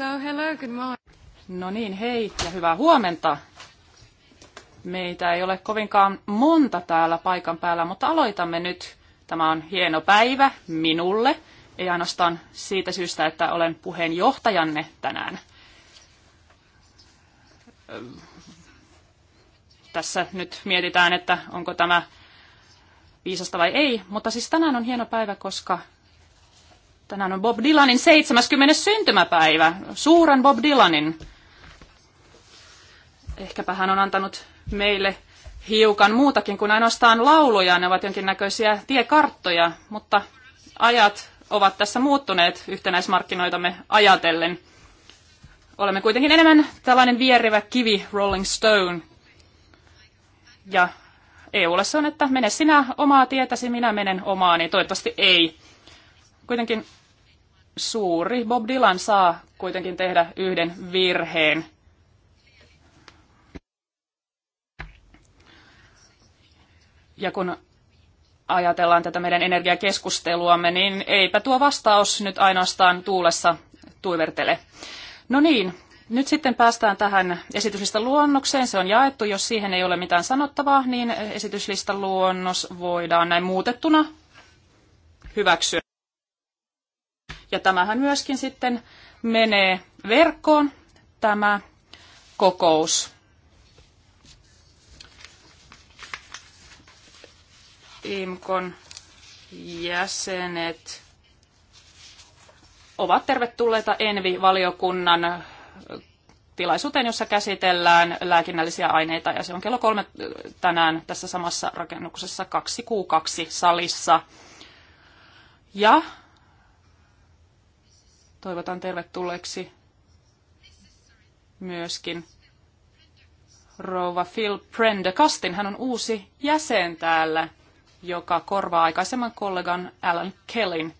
So, hello, good morning. No niin, hei ja hyvää huomenta. Meitä ei ole kovinkaan monta täällä paikan päällä, mutta aloitamme nyt. Tämä on hieno päivä minulle, ei ainoastaan siitä syystä, että olen puheenjohtajanne tänään. Tässä nyt mietitään, että onko tämä viisasta vai ei, mutta siis tänään on hieno päivä, koska tänään on Bob Dylanin 70. syntymäpäivä, suuren Bob Dylanin. Ehkäpä hän on antanut meille hiukan muutakin kuin ainoastaan lauluja, ne ovat jonkinnäköisiä tiekarttoja, mutta ajat ovat tässä muuttuneet yhtenäismarkkinoitamme ajatellen. Olemme kuitenkin enemmän tällainen vierivä kivi, Rolling Stone. Ja EUlle se on, että mene sinä omaa tietäsi, minä menen omaani. Toivottavasti ei. Kuitenkin suuri Bob Dylan saa kuitenkin tehdä yhden virheen. Ja kun ajatellaan tätä meidän energiakeskusteluamme, niin eipä tuo vastaus nyt ainoastaan tuulessa tuivertele. No niin, nyt sitten päästään tähän esityslista luonnokseen. Se on jaettu, jos siihen ei ole mitään sanottavaa, niin esityslista luonnos voidaan näin muutettuna hyväksyä. Ja tämähän myöskin sitten menee verkkoon tämä kokous. IMKON jäsenet ovat tervetulleita ENVI-valiokunnan tilaisuuteen, jossa käsitellään lääkinnällisiä aineita, ja se on kello kolme tänään tässä samassa rakennuksessa 2Q2 salissa. Ja Toivotan tervetulleeksi myöskin rouva Phil Prendekastin. Hän on uusi jäsen täällä, joka korvaa aikaisemman kollegan Alan Kellin,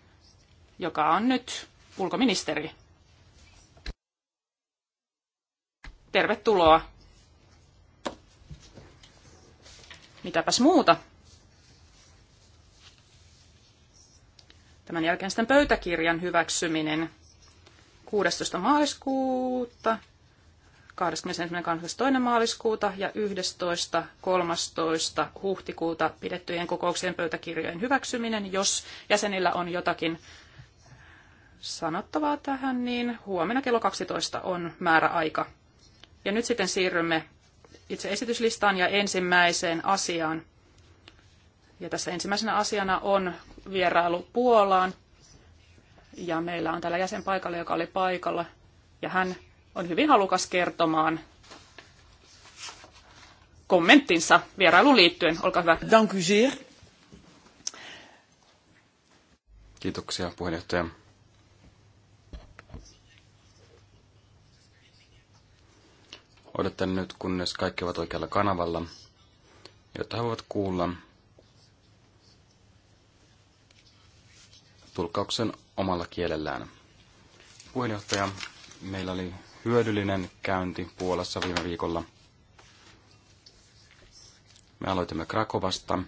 joka on nyt ulkoministeri. Tervetuloa. Mitäpäs muuta? Tämän jälkeen sitten pöytäkirjan hyväksyminen. 16. maaliskuuta, 22. maaliskuuta ja 11. 13. huhtikuuta pidettyjen kokouksien pöytäkirjojen hyväksyminen. Jos jäsenillä on jotakin sanottavaa tähän, niin huomenna kello 12 on määräaika. Ja nyt sitten siirrymme itse esityslistaan ja ensimmäiseen asiaan. Ja tässä ensimmäisenä asiana on vierailu Puolaan ja meillä on täällä jäsen paikalla, joka oli paikalla ja hän on hyvin halukas kertomaan kommenttinsa vierailuun liittyen. Olkaa hyvä. Dank Kiitoksia puheenjohtaja. Odotan nyt, kunnes kaikki ovat oikealla kanavalla, jotta he voivat kuulla tulkauksen omalla kielellään. Puheenjohtaja, meillä oli hyödyllinen käynti Puolassa viime viikolla. Me aloitimme Krakovasta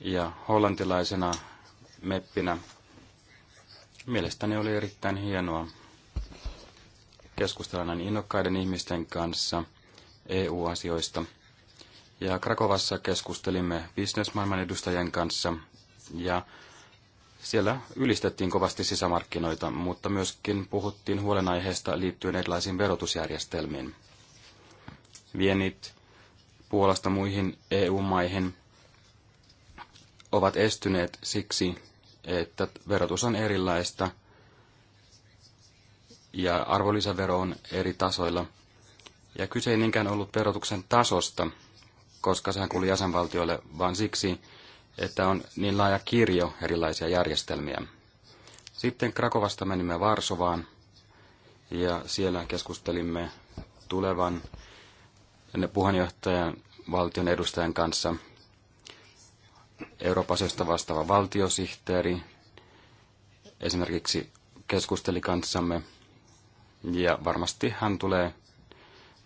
ja hollantilaisena meppinä mielestäni oli erittäin hienoa keskustella näin innokkaiden ihmisten kanssa EU-asioista. Ja Krakovassa keskustelimme bisnesmaailman edustajien kanssa ja siellä ylistettiin kovasti sisämarkkinoita, mutta myöskin puhuttiin huolenaiheesta liittyen erilaisiin verotusjärjestelmiin. Vienit Puolasta muihin EU-maihin ovat estyneet siksi, että verotus on erilaista ja arvonlisävero on eri tasoilla. Ja kyse ei niinkään ollut verotuksen tasosta, koska sehän kuuli jäsenvaltioille, vaan siksi, että on niin laaja kirjo erilaisia järjestelmiä. Sitten Krakovasta menimme Varsovaan ja siellä keskustelimme tulevan puheenjohtajan valtion edustajan kanssa Euroopasesta vastaava valtiosihteeri esimerkiksi keskusteli kanssamme ja varmasti hän tulee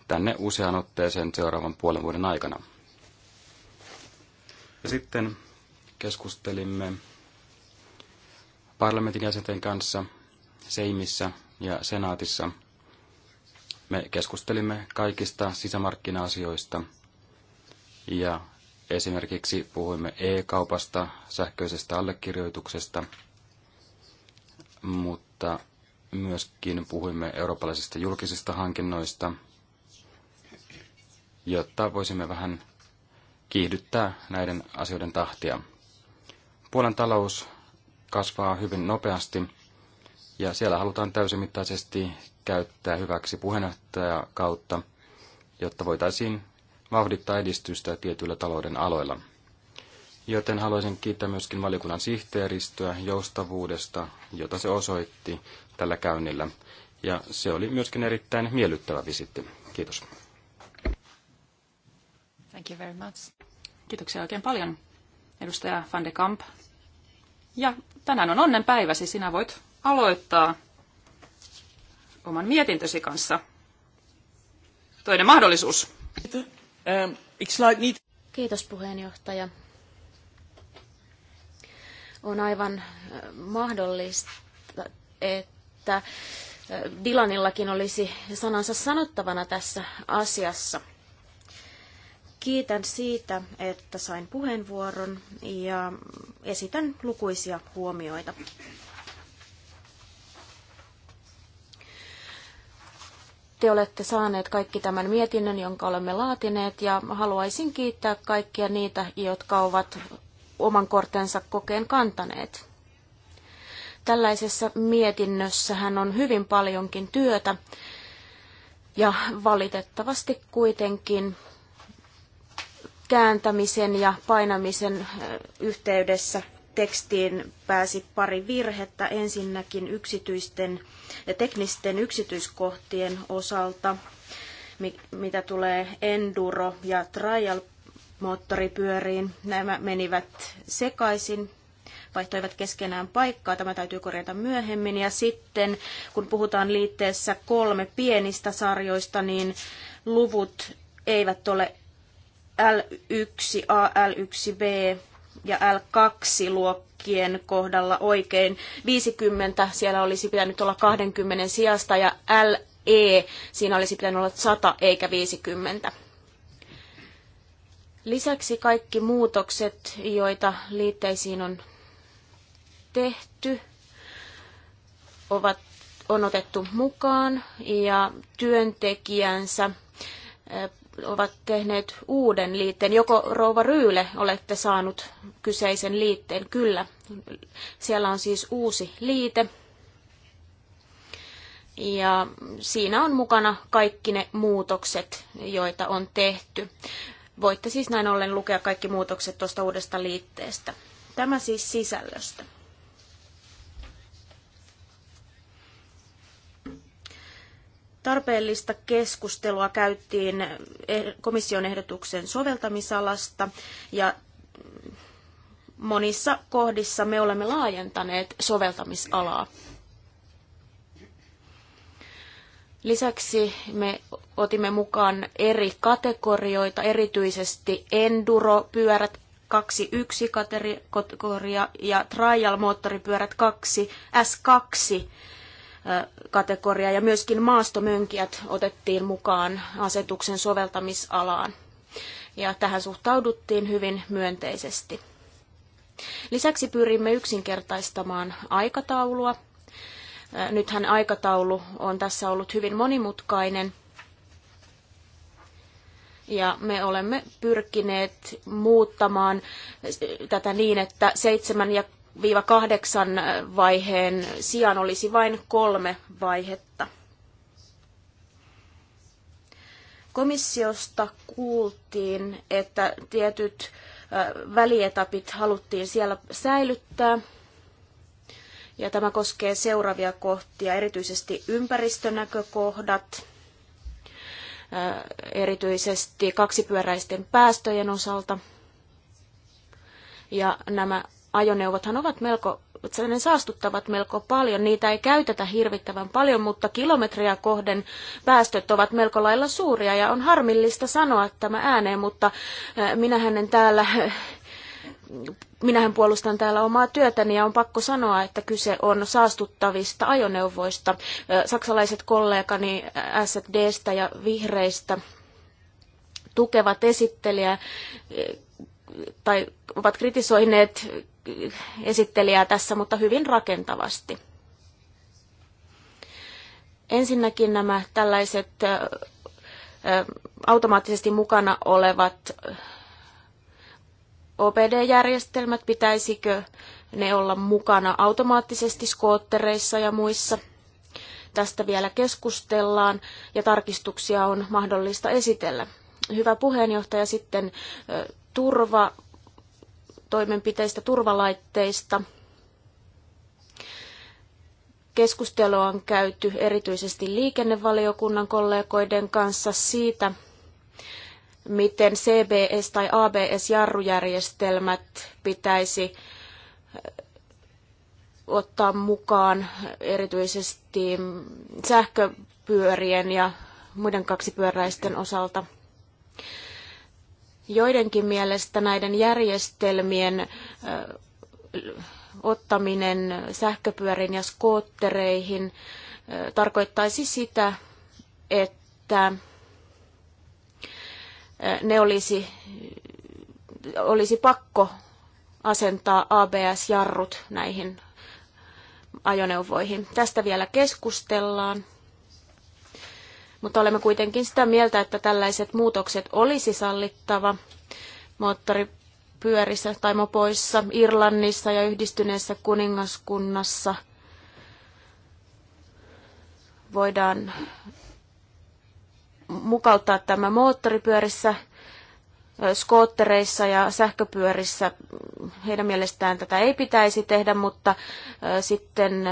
tänne useaan otteeseen seuraavan puolen vuoden aikana. Ja sitten keskustelimme parlamentin jäsenten kanssa Seimissä ja Senaatissa. Me keskustelimme kaikista sisämarkkina-asioista ja esimerkiksi puhuimme e-kaupasta, sähköisestä allekirjoituksesta, mutta myöskin puhuimme eurooppalaisista julkisista hankinnoista, jotta voisimme vähän kiihdyttää näiden asioiden tahtia. Puolan talous kasvaa hyvin nopeasti ja siellä halutaan täysimittaisesti käyttää hyväksi puheenjohtaja kautta, jotta voitaisiin vauhdittaa edistystä tietyillä talouden aloilla. Joten haluaisin kiittää myöskin valiokunnan sihteeristöä joustavuudesta, jota se osoitti tällä käynnillä. Ja se oli myöskin erittäin miellyttävä visitti. Kiitos. Thank you very much. Kiitoksia oikein paljon edustaja Van de Kamp. Ja tänään on onnenpäiväsi, sinä voit aloittaa oman mietintösi kanssa. Toinen mahdollisuus. Ähm, Kiitos puheenjohtaja. On aivan äh, mahdollista, että äh, Dilanillakin olisi sanansa sanottavana tässä asiassa – Kiitän siitä, että sain puheenvuoron ja esitän lukuisia huomioita. te olette saaneet kaikki tämän mietinnön, jonka olemme laatineet, ja haluaisin kiittää kaikkia niitä, jotka ovat oman kortensa kokeen kantaneet. Tällaisessa mietinnössä hän on hyvin paljonkin työtä, ja valitettavasti kuitenkin kääntämisen ja painamisen yhteydessä tekstiin pääsi pari virhettä. Ensinnäkin yksityisten ja teknisten yksityiskohtien osalta, mitä tulee enduro- ja trial-moottoripyöriin. Nämä menivät sekaisin vaihtoivat keskenään paikkaa. Tämä täytyy korjata myöhemmin. Ja sitten, kun puhutaan liitteessä kolme pienistä sarjoista, niin luvut eivät ole L1A, L1B ja L2 luokkien kohdalla oikein. 50 siellä olisi pitänyt olla 20 sijasta ja LE siinä olisi pitänyt olla 100 eikä 50. Lisäksi kaikki muutokset, joita liitteisiin on tehty, ovat, on otettu mukaan ja työntekijänsä ovat tehneet uuden liitteen. Joko Rouva Ryyle olette saanut kyseisen liitteen? Kyllä. Siellä on siis uusi liite. Ja siinä on mukana kaikki ne muutokset, joita on tehty. Voitte siis näin ollen lukea kaikki muutokset tuosta uudesta liitteestä. Tämä siis sisällöstä. Tarpeellista keskustelua käyttiin eh, komission ehdotuksen soveltamisalasta ja monissa kohdissa me olemme laajentaneet soveltamisalaa. Lisäksi me otimme mukaan eri kategorioita, erityisesti enduro-pyörät 2.1 kategoria ja trial-moottoripyörät 2, S2 kategoria ja myöskin maastomönkijät otettiin mukaan asetuksen soveltamisalaan. Ja tähän suhtauduttiin hyvin myönteisesti. Lisäksi pyrimme yksinkertaistamaan aikataulua. Nythän aikataulu on tässä ollut hyvin monimutkainen. Ja me olemme pyrkineet muuttamaan tätä niin, että 7 ja kahdeksan vaiheen sijaan olisi vain kolme vaihetta. Komissiosta kuultiin, että tietyt välietapit haluttiin siellä säilyttää. Ja tämä koskee seuraavia kohtia, erityisesti ympäristönäkökohdat, erityisesti kaksipyöräisten päästöjen osalta. Ja nämä ajoneuvothan ovat melko, ne saastuttavat melko paljon. Niitä ei käytetä hirvittävän paljon, mutta kilometriä kohden päästöt ovat melko lailla suuria ja on harmillista sanoa tämä ääneen, mutta eh, minähän en täällä eh, minähän puolustan täällä omaa työtäni ja on pakko sanoa, että kyse on saastuttavista ajoneuvoista. Eh, saksalaiset kollegani SFDstä ja vihreistä tukevat esittelijä tai ovat kritisoineet esittelijää tässä, mutta hyvin rakentavasti. Ensinnäkin nämä tällaiset automaattisesti mukana olevat OPD-järjestelmät, pitäisikö ne olla mukana automaattisesti skoottereissa ja muissa. Tästä vielä keskustellaan ja tarkistuksia on mahdollista esitellä. Hyvä puheenjohtaja, sitten turva toimenpiteistä, turvalaitteista. Keskustelua on käyty erityisesti liikennevaliokunnan kollegoiden kanssa siitä, miten CBS- tai ABS-jarrujärjestelmät pitäisi eh, ottaa mukaan erityisesti sähköpyörien ja muiden kaksipyöräisten osalta. Joidenkin mielestä näiden järjestelmien ottaminen sähköpyörin ja skoottereihin tarkoittaisi sitä, että ne olisi, olisi pakko asentaa ABS-jarrut näihin ajoneuvoihin. Tästä vielä keskustellaan mutta olemme kuitenkin sitä mieltä, että tällaiset muutokset olisi sallittava moottoripyörissä tai mopoissa Irlannissa ja yhdistyneessä kuningaskunnassa. Voidaan mukauttaa tämä moottoripyörissä, skoottereissa ja sähköpyörissä. Heidän mielestään tätä ei pitäisi tehdä, mutta sitten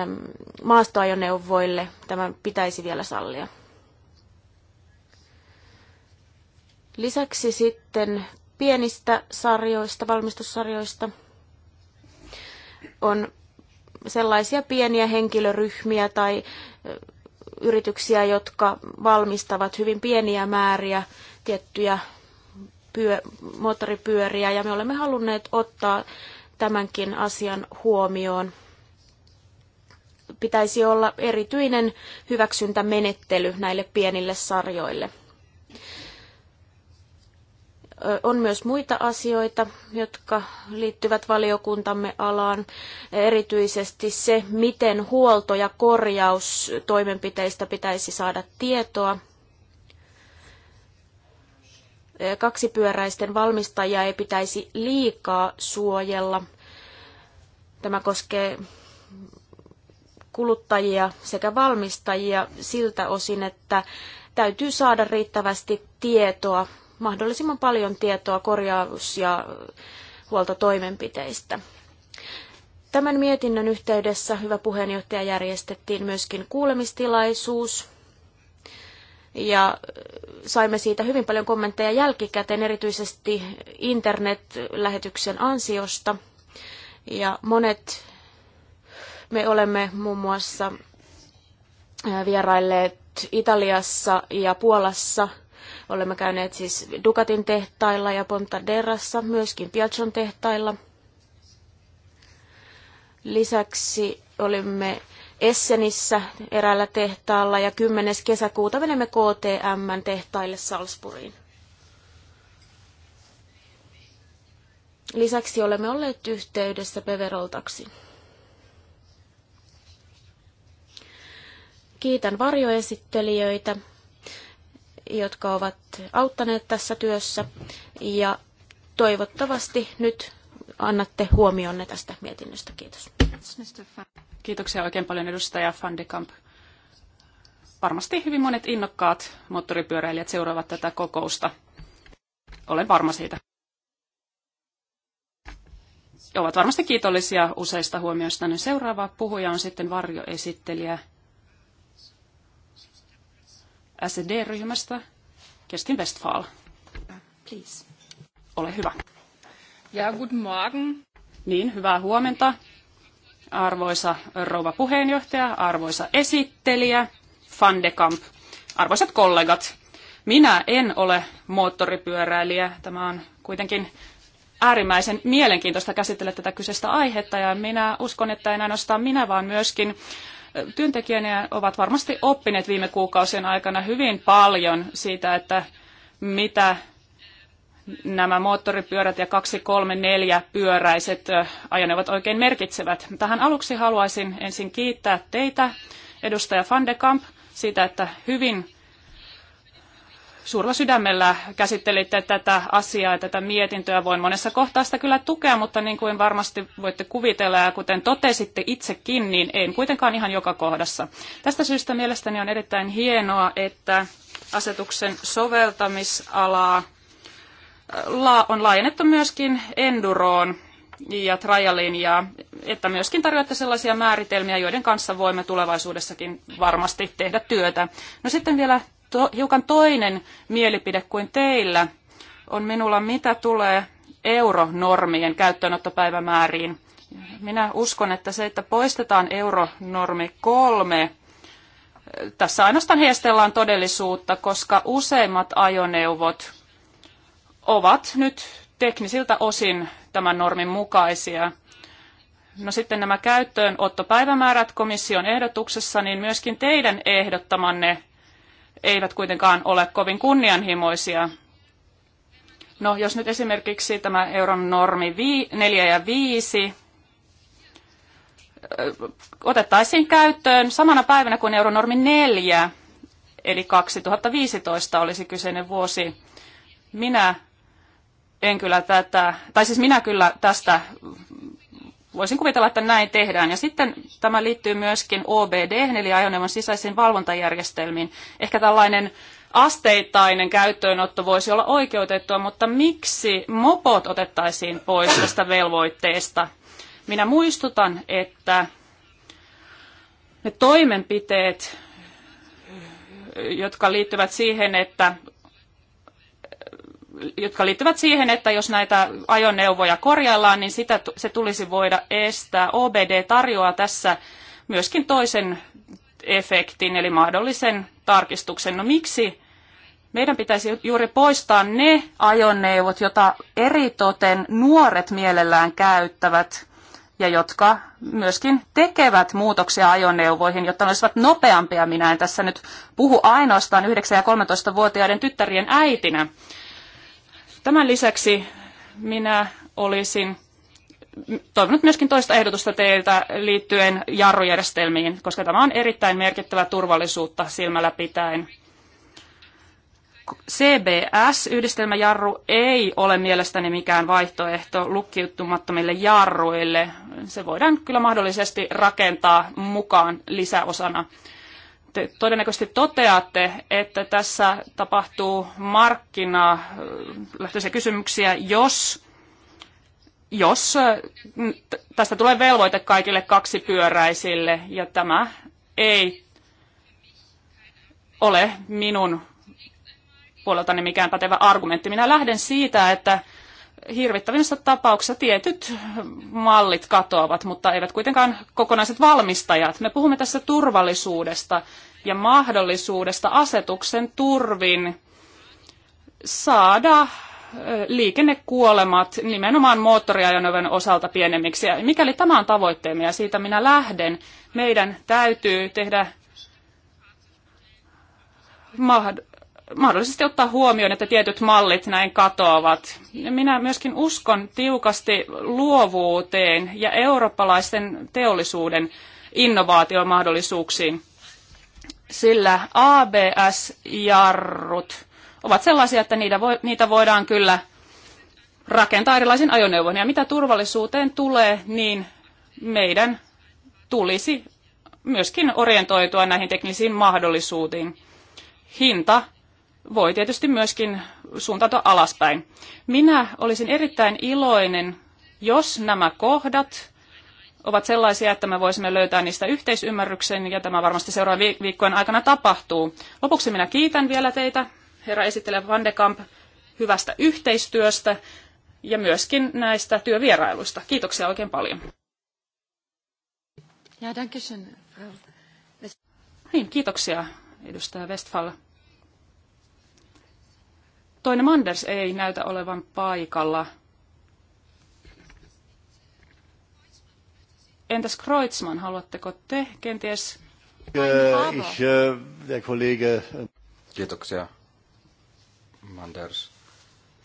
maastoajoneuvoille tämä pitäisi vielä sallia. Lisäksi sitten pienistä sarjoista, valmistussarjoista on sellaisia pieniä henkilöryhmiä tai yrityksiä, jotka valmistavat hyvin pieniä määriä tiettyjä pyö, moottoripyöriä ja me olemme halunneet ottaa tämänkin asian huomioon. Pitäisi olla erityinen hyväksyntämenettely näille pienille sarjoille. On myös muita asioita, jotka liittyvät valiokuntamme alaan, erityisesti se, miten huolto- ja korjaustoimenpiteistä pitäisi saada tietoa. Kaksipyöräisten valmistajia ei pitäisi liikaa suojella. Tämä koskee kuluttajia sekä valmistajia siltä osin, että täytyy saada riittävästi tietoa mahdollisimman paljon tietoa korjaus- ja huoltotoimenpiteistä. Tämän mietinnön yhteydessä, hyvä puheenjohtaja, järjestettiin myöskin kuulemistilaisuus. Ja äh, saimme siitä hyvin paljon kommentteja jälkikäteen, erityisesti internet internet-lähetyksen ansiosta. Ja monet me olemme muun muassa äh, vierailleet Italiassa ja Puolassa Olemme käyneet siis Ducatin tehtailla ja Pontaderassa, myöskin Piazzon tehtailla. Lisäksi olimme Essenissä eräällä tehtaalla ja 10. kesäkuuta menemme KTM-tehtaille Salzburgiin. Lisäksi olemme olleet yhteydessä Peveroltaksi. Kiitän varjoesittelijöitä jotka ovat auttaneet tässä työssä ja toivottavasti nyt annatte huomionne tästä mietinnöstä. Kiitos. Kiitoksia oikein paljon edustaja Van de Kamp. Varmasti hyvin monet innokkaat moottoripyöräilijät seuraavat tätä kokousta. Olen varma siitä. Ovat varmasti kiitollisia useista huomioista. No, seuraava puhuja on sitten varjoesittelijä SD-ryhmästä Kerstin Westfall. Please. Ole hyvä. Ja good morning. Niin, hyvää huomenta. Arvoisa rouva puheenjohtaja, arvoisa esittelijä, Van de Kamp, arvoisat kollegat. Minä en ole moottoripyöräilijä. Tämä on kuitenkin äärimmäisen mielenkiintoista käsitellä tätä kyseistä aihetta ja minä uskon, että en ainoastaan minä, vaan myöskin työntekijänä ovat varmasti oppineet viime kuukausien aikana hyvin paljon siitä, että mitä nämä moottoripyörät ja kaksi kolme neljä pyöräiset ajoneuvot oikein merkitsevät. Tähän aluksi haluaisin ensin kiittää teitä, edustaja Van de Kamp, siitä, että hyvin suurella sydämellä käsittelitte tätä asiaa, tätä mietintöä. Voin monessa kohtaa sitä kyllä tukea, mutta niin kuin varmasti voitte kuvitella ja kuten totesitte itsekin, niin ei kuitenkaan ihan joka kohdassa. Tästä syystä mielestäni on erittäin hienoa, että asetuksen soveltamisalaa äh, on laajennettu myöskin enduroon ja trialin ja että myöskin tarjoatte sellaisia määritelmiä, joiden kanssa voimme tulevaisuudessakin varmasti tehdä työtä. No sitten vielä to, hiukan toinen mielipide kuin teillä on minulla, mitä tulee euronormien käyttöönottopäivämääriin. Minä uskon, että se, että poistetaan euronormi kolme, eh, tässä ainoastaan heistellaan todellisuutta, koska useimmat ajoneuvot ovat nyt teknisiltä osin tämän normin mukaisia. No sitten nämä käyttöönottopäivämäärät komission ehdotuksessa, niin myöskin teidän ehdottamanne eivät kuitenkaan ole kovin kunnianhimoisia. No, jos nyt esimerkiksi tämä euron normi 4 ja 5 otettaisiin käyttöön samana päivänä kuin euronormi 4, eli 2015 olisi kyseinen vuosi. Minä en kyllä tätä, tai siis minä kyllä tästä voisin kuvitella, että näin tehdään. Ja sitten tämä liittyy myöskin OBD, eli ajoneuvon sisäisiin valvontajärjestelmiin. Ehkä tällainen asteittainen käyttöönotto voisi olla oikeutettua, mutta miksi mopot otettaisiin pois tästä velvoitteesta? Minä muistutan, että ne toimenpiteet, jotka liittyvät siihen, että jotka liittyvät siihen, että jos näitä ajoneuvoja korjaillaan, niin sitä, se tulisi voida estää. OBD tarjoaa tässä myöskin toisen efektin, eli mahdollisen tarkistuksen. No miksi meidän pitäisi juuri poistaa ne ajoneuvot, joita eritoten nuoret mielellään käyttävät ja jotka myöskin tekevät muutoksia ajoneuvoihin, jotta ne olisivat nopeampia. Minä en tässä nyt puhu ainoastaan 9- ja 13-vuotiaiden tyttärien äitinä. Tämän lisäksi minä olisin toivonut myöskin toista ehdotusta teiltä liittyen jarrujärjestelmiin, koska tämä on erittäin merkittävä turvallisuutta silmällä pitäen. CBS-yhdistelmäjarru ei ole mielestäni mikään vaihtoehto lukkiuttumattomille jarruille. Se voidaan kyllä mahdollisesti rakentaa mukaan lisäosana te todennäköisesti toteatte, että tässä tapahtuu äh, lähtöisiä kysymyksiä, jos, jos mm, tästä tulee velvoite kaikille kaksipyöräisille, ja tämä ei ole minun puoleltani mikään pätevä argumentti. Minä lähden siitä, että hirvittävissä tapauksissa tietyt mallit katoavat, mutta eivät kuitenkaan kokonaiset valmistajat. Me puhumme tässä turvallisuudesta ja mahdollisuudesta asetuksen turvin saada liikennekuolemat nimenomaan moottoriajoneuvon osalta pienemmiksi. Ja mikäli tämä on tavoitteemme ja siitä minä lähden, meidän täytyy tehdä mahd- mahdollisesti ottaa huomioon, että tietyt mallit näin katoavat. Minä myöskin uskon tiukasti luovuuteen ja eurooppalaisten teollisuuden innovaatiomahdollisuuksiin, sillä ABS-jarrut ovat sellaisia, että niitä, niitä voidaan kyllä rakentaa erilaisiin ajoneuvoihin. Ja mitä turvallisuuteen tulee, niin meidän tulisi myöskin orientoitua näihin teknisiin mahdollisuutiin. Hinta voi tietysti myöskin suuntautua alaspäin. Minä olisin erittäin iloinen, jos nämä kohdat ovat sellaisia, että me voisimme löytää niistä yhteisymmärryksen, ja tämä varmasti seuraavien viikkojen aikana tapahtuu. Lopuksi minä kiitän vielä teitä, herra esittelee Van de Kamp, hyvästä yhteistyöstä ja myöskin näistä työvierailuista. Kiitoksia oikein paljon. Ja, danke schön. Niin, kiitoksia, edustaja Westfall. Toinen Manders ei näytä olevan paikalla. Entäs Kreutzmann, haluatteko te kenties? Äh, ich, äh, der Kollege. Äh, Kiitoksia. Manders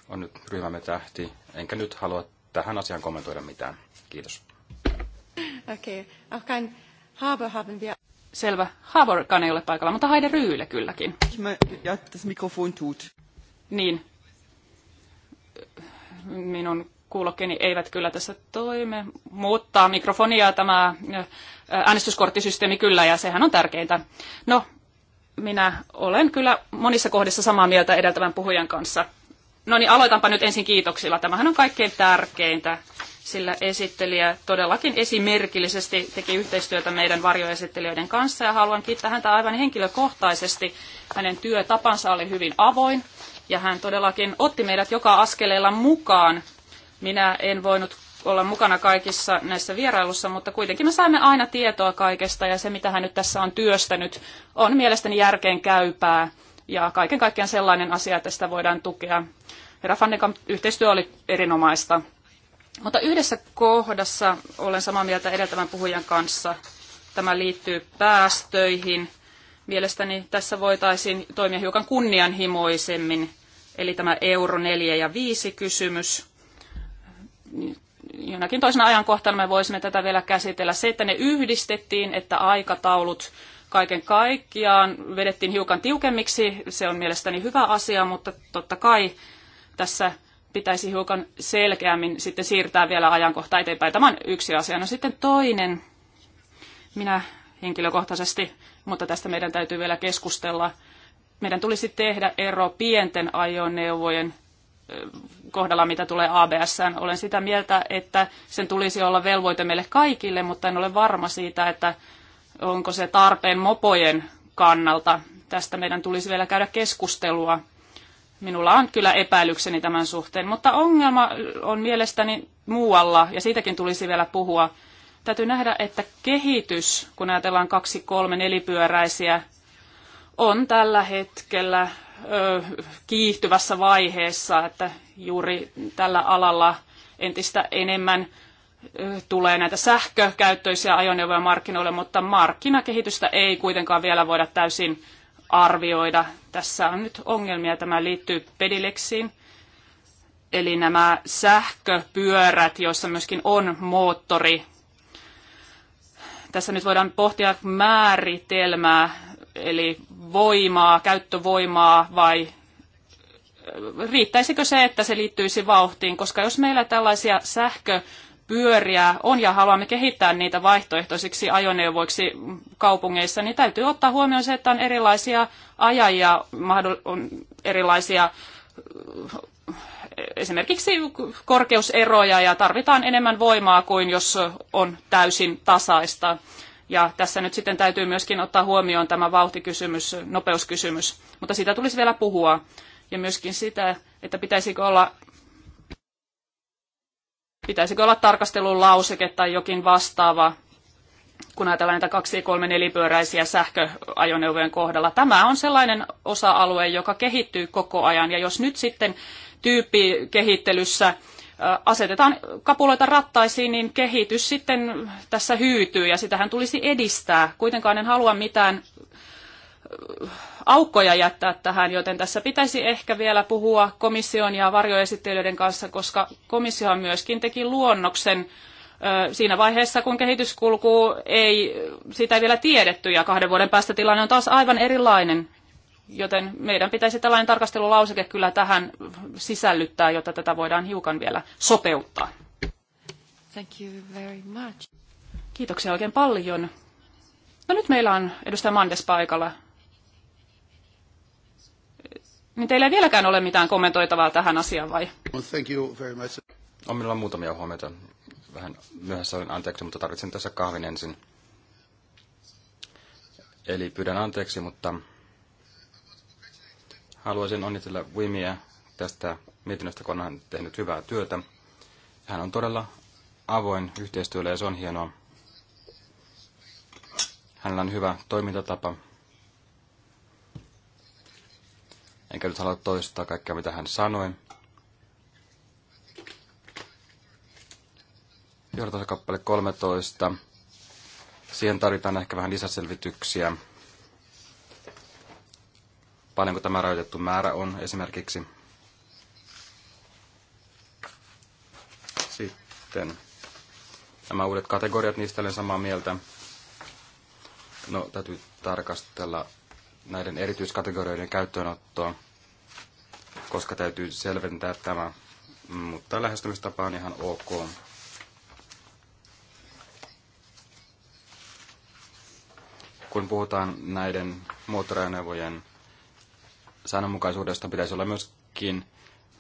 on nyt ryhmämme tähti, enkä nyt halua tähän asiaan kommentoida mitään. Kiitos. Okei, okay. auch kein Haber haben wir. Selvä. Haberkaan ei ole paikalla, mutta Haide Ryyle kylläkin. Ich jättäs Mikrofon tut. Niin, minun kuulokkeeni eivät kyllä tässä toime, mutta mikrofoni ja tämä äänestyskorttisysteemi kyllä, ja sehän on tärkeintä. No, minä olen kyllä monissa kohdissa samaa mieltä edeltävän puhujan kanssa. No niin, aloitanpa nyt ensin kiitoksilla. Tämähän on kaikkein tärkeintä, sillä esittelijä todellakin esimerkillisesti teki yhteistyötä meidän varjoesittelijöiden kanssa, ja haluan kiittää häntä aivan henkilökohtaisesti. Hänen työtapansa oli hyvin avoin, ja hän todellakin otti meidät joka askeleella mukaan. Minä en voinut olla mukana kaikissa näissä vierailussa, mutta kuitenkin me saimme aina tietoa kaikesta ja se, mitä hän nyt tässä on työstänyt, on mielestäni järkeen käypää ja kaiken kaikkiaan sellainen asia, että sitä voidaan tukea. Herra Fannekan yhteistyö oli erinomaista. Mutta yhdessä kohdassa olen samaa mieltä edeltävän puhujan kanssa. Tämä liittyy päästöihin – Mielestäni tässä voitaisiin toimia hiukan kunnianhimoisemmin, eli tämä euro 4 ja 5 kysymys. Jonakin toisena ajankohtana me voisimme tätä vielä käsitellä. Se, että ne yhdistettiin, että aikataulut kaiken kaikkiaan vedettiin hiukan tiukemmiksi, se on mielestäni hyvä asia, mutta totta kai tässä pitäisi hiukan selkeämmin sitten siirtää vielä ajankohta eteenpäin. Tämä on yksi asia. No sitten toinen. Minä henkilökohtaisesti mutta tästä meidän täytyy vielä keskustella. Meidän tulisi tehdä ero pienten ajoneuvojen kohdalla, mitä tulee ABS. Olen sitä mieltä, että sen tulisi olla velvoite meille kaikille, mutta en ole varma siitä, että onko se tarpeen mopojen kannalta. Tästä meidän tulisi vielä käydä keskustelua. Minulla on kyllä epäilykseni tämän suhteen, mutta ongelma on mielestäni muualla, ja siitäkin tulisi vielä puhua. Täytyy nähdä, että kehitys, kun ajatellaan kaksi, kolme, nelipyöräisiä, on tällä hetkellä ö, kiihtyvässä vaiheessa, että juuri tällä alalla entistä enemmän tulee näitä sähkökäyttöisiä ajoneuvoja markkinoille, mutta markkinakehitystä ei kuitenkaan vielä voida täysin arvioida. Tässä on nyt ongelmia. Tämä liittyy pedileksiin. Eli nämä sähköpyörät, joissa myöskin on moottori, tässä nyt voidaan pohtia määritelmää, eli voimaa, käyttövoimaa vai äh, riittäisikö se, että se liittyisi vauhtiin, koska jos meillä tällaisia sähkö pyöriä on ja haluamme kehittää niitä vaihtoehtoisiksi ajoneuvoiksi kaupungeissa, niin täytyy ottaa huomioon se, että on erilaisia ajajia, on erilaisia äh, esimerkiksi korkeuseroja ja tarvitaan enemmän voimaa kuin jos on täysin tasaista. Ja tässä nyt sitten täytyy myöskin ottaa huomioon tämä vauhtikysymys, nopeuskysymys, mutta siitä tulisi vielä puhua. Ja myöskin sitä, että pitäisikö olla, pitäisikö olla tarkastelun lauseke tai jokin vastaava, kun ajatellaan näitä kaksi, kolme, nelipyöräisiä sähköajoneuvojen kohdalla. Tämä on sellainen osa-alue, joka kehittyy koko ajan, ja jos nyt sitten tyyppikehittelyssä asetetaan kapuloita rattaisiin, niin kehitys sitten tässä hyytyy ja sitähän tulisi edistää. Kuitenkaan en halua mitään aukkoja jättää tähän, joten tässä pitäisi ehkä vielä puhua komission ja varjoesittelijöiden kanssa, koska on myöskin teki luonnoksen siinä vaiheessa, kun kehityskulku ei, sitä ei vielä tiedetty ja kahden vuoden päästä tilanne on taas aivan erilainen. Joten meidän pitäisi tällainen tarkastelulauseke kyllä tähän sisällyttää, jotta tätä voidaan hiukan vielä sopeuttaa. Thank you very much. Kiitoksia oikein paljon. No nyt meillä on edustaja Mandes paikalla. Niin teillä ei vieläkään ole mitään kommentoitavaa tähän asiaan vai? Well, thank you very much. On minulla muutamia huomioita. Vähän myöhässä olin anteeksi, mutta tarvitsen tässä kahvin ensin. Eli pyydän anteeksi, mutta Haluaisin onnitella Wimiä tästä mietinnöstä, kun hän on tehnyt hyvää työtä. Hän on todella avoin yhteistyölle ja se on hienoa. Hänellä on hyvä toimintatapa. Enkä nyt halua toistaa kaikkea, mitä hän sanoi. kappale 13. Siihen tarvitaan ehkä vähän lisäselvityksiä paljonko tämä rajoitettu määrä on esimerkiksi. Sitten nämä uudet kategoriat, niistä olen samaa mieltä. No, täytyy tarkastella näiden erityiskategorioiden käyttöönottoa, koska täytyy selventää tämä, mutta lähestymistapa on ihan ok. Kun puhutaan näiden moottoriajoneuvojen säännönmukaisuudesta pitäisi olla myöskin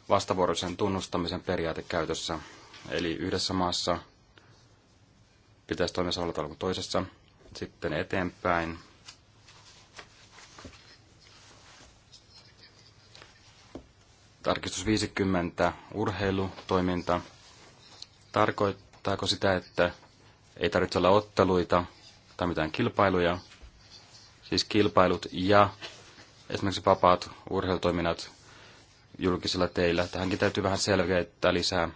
vastavuoroisen tunnustamisen periaate käytössä. Eli yhdessä maassa pitäisi toimia samalla tavalla kuin toisessa. Sitten eteenpäin. Tarkistus 50, urheilutoiminta. Tarkoittaako sitä, että ei tarvitse olla otteluita tai mitään kilpailuja? Siis kilpailut ja esimerkiksi vapaat urheilutoiminnat julkisilla teillä. Tähänkin täytyy vähän selkeyttää lisää.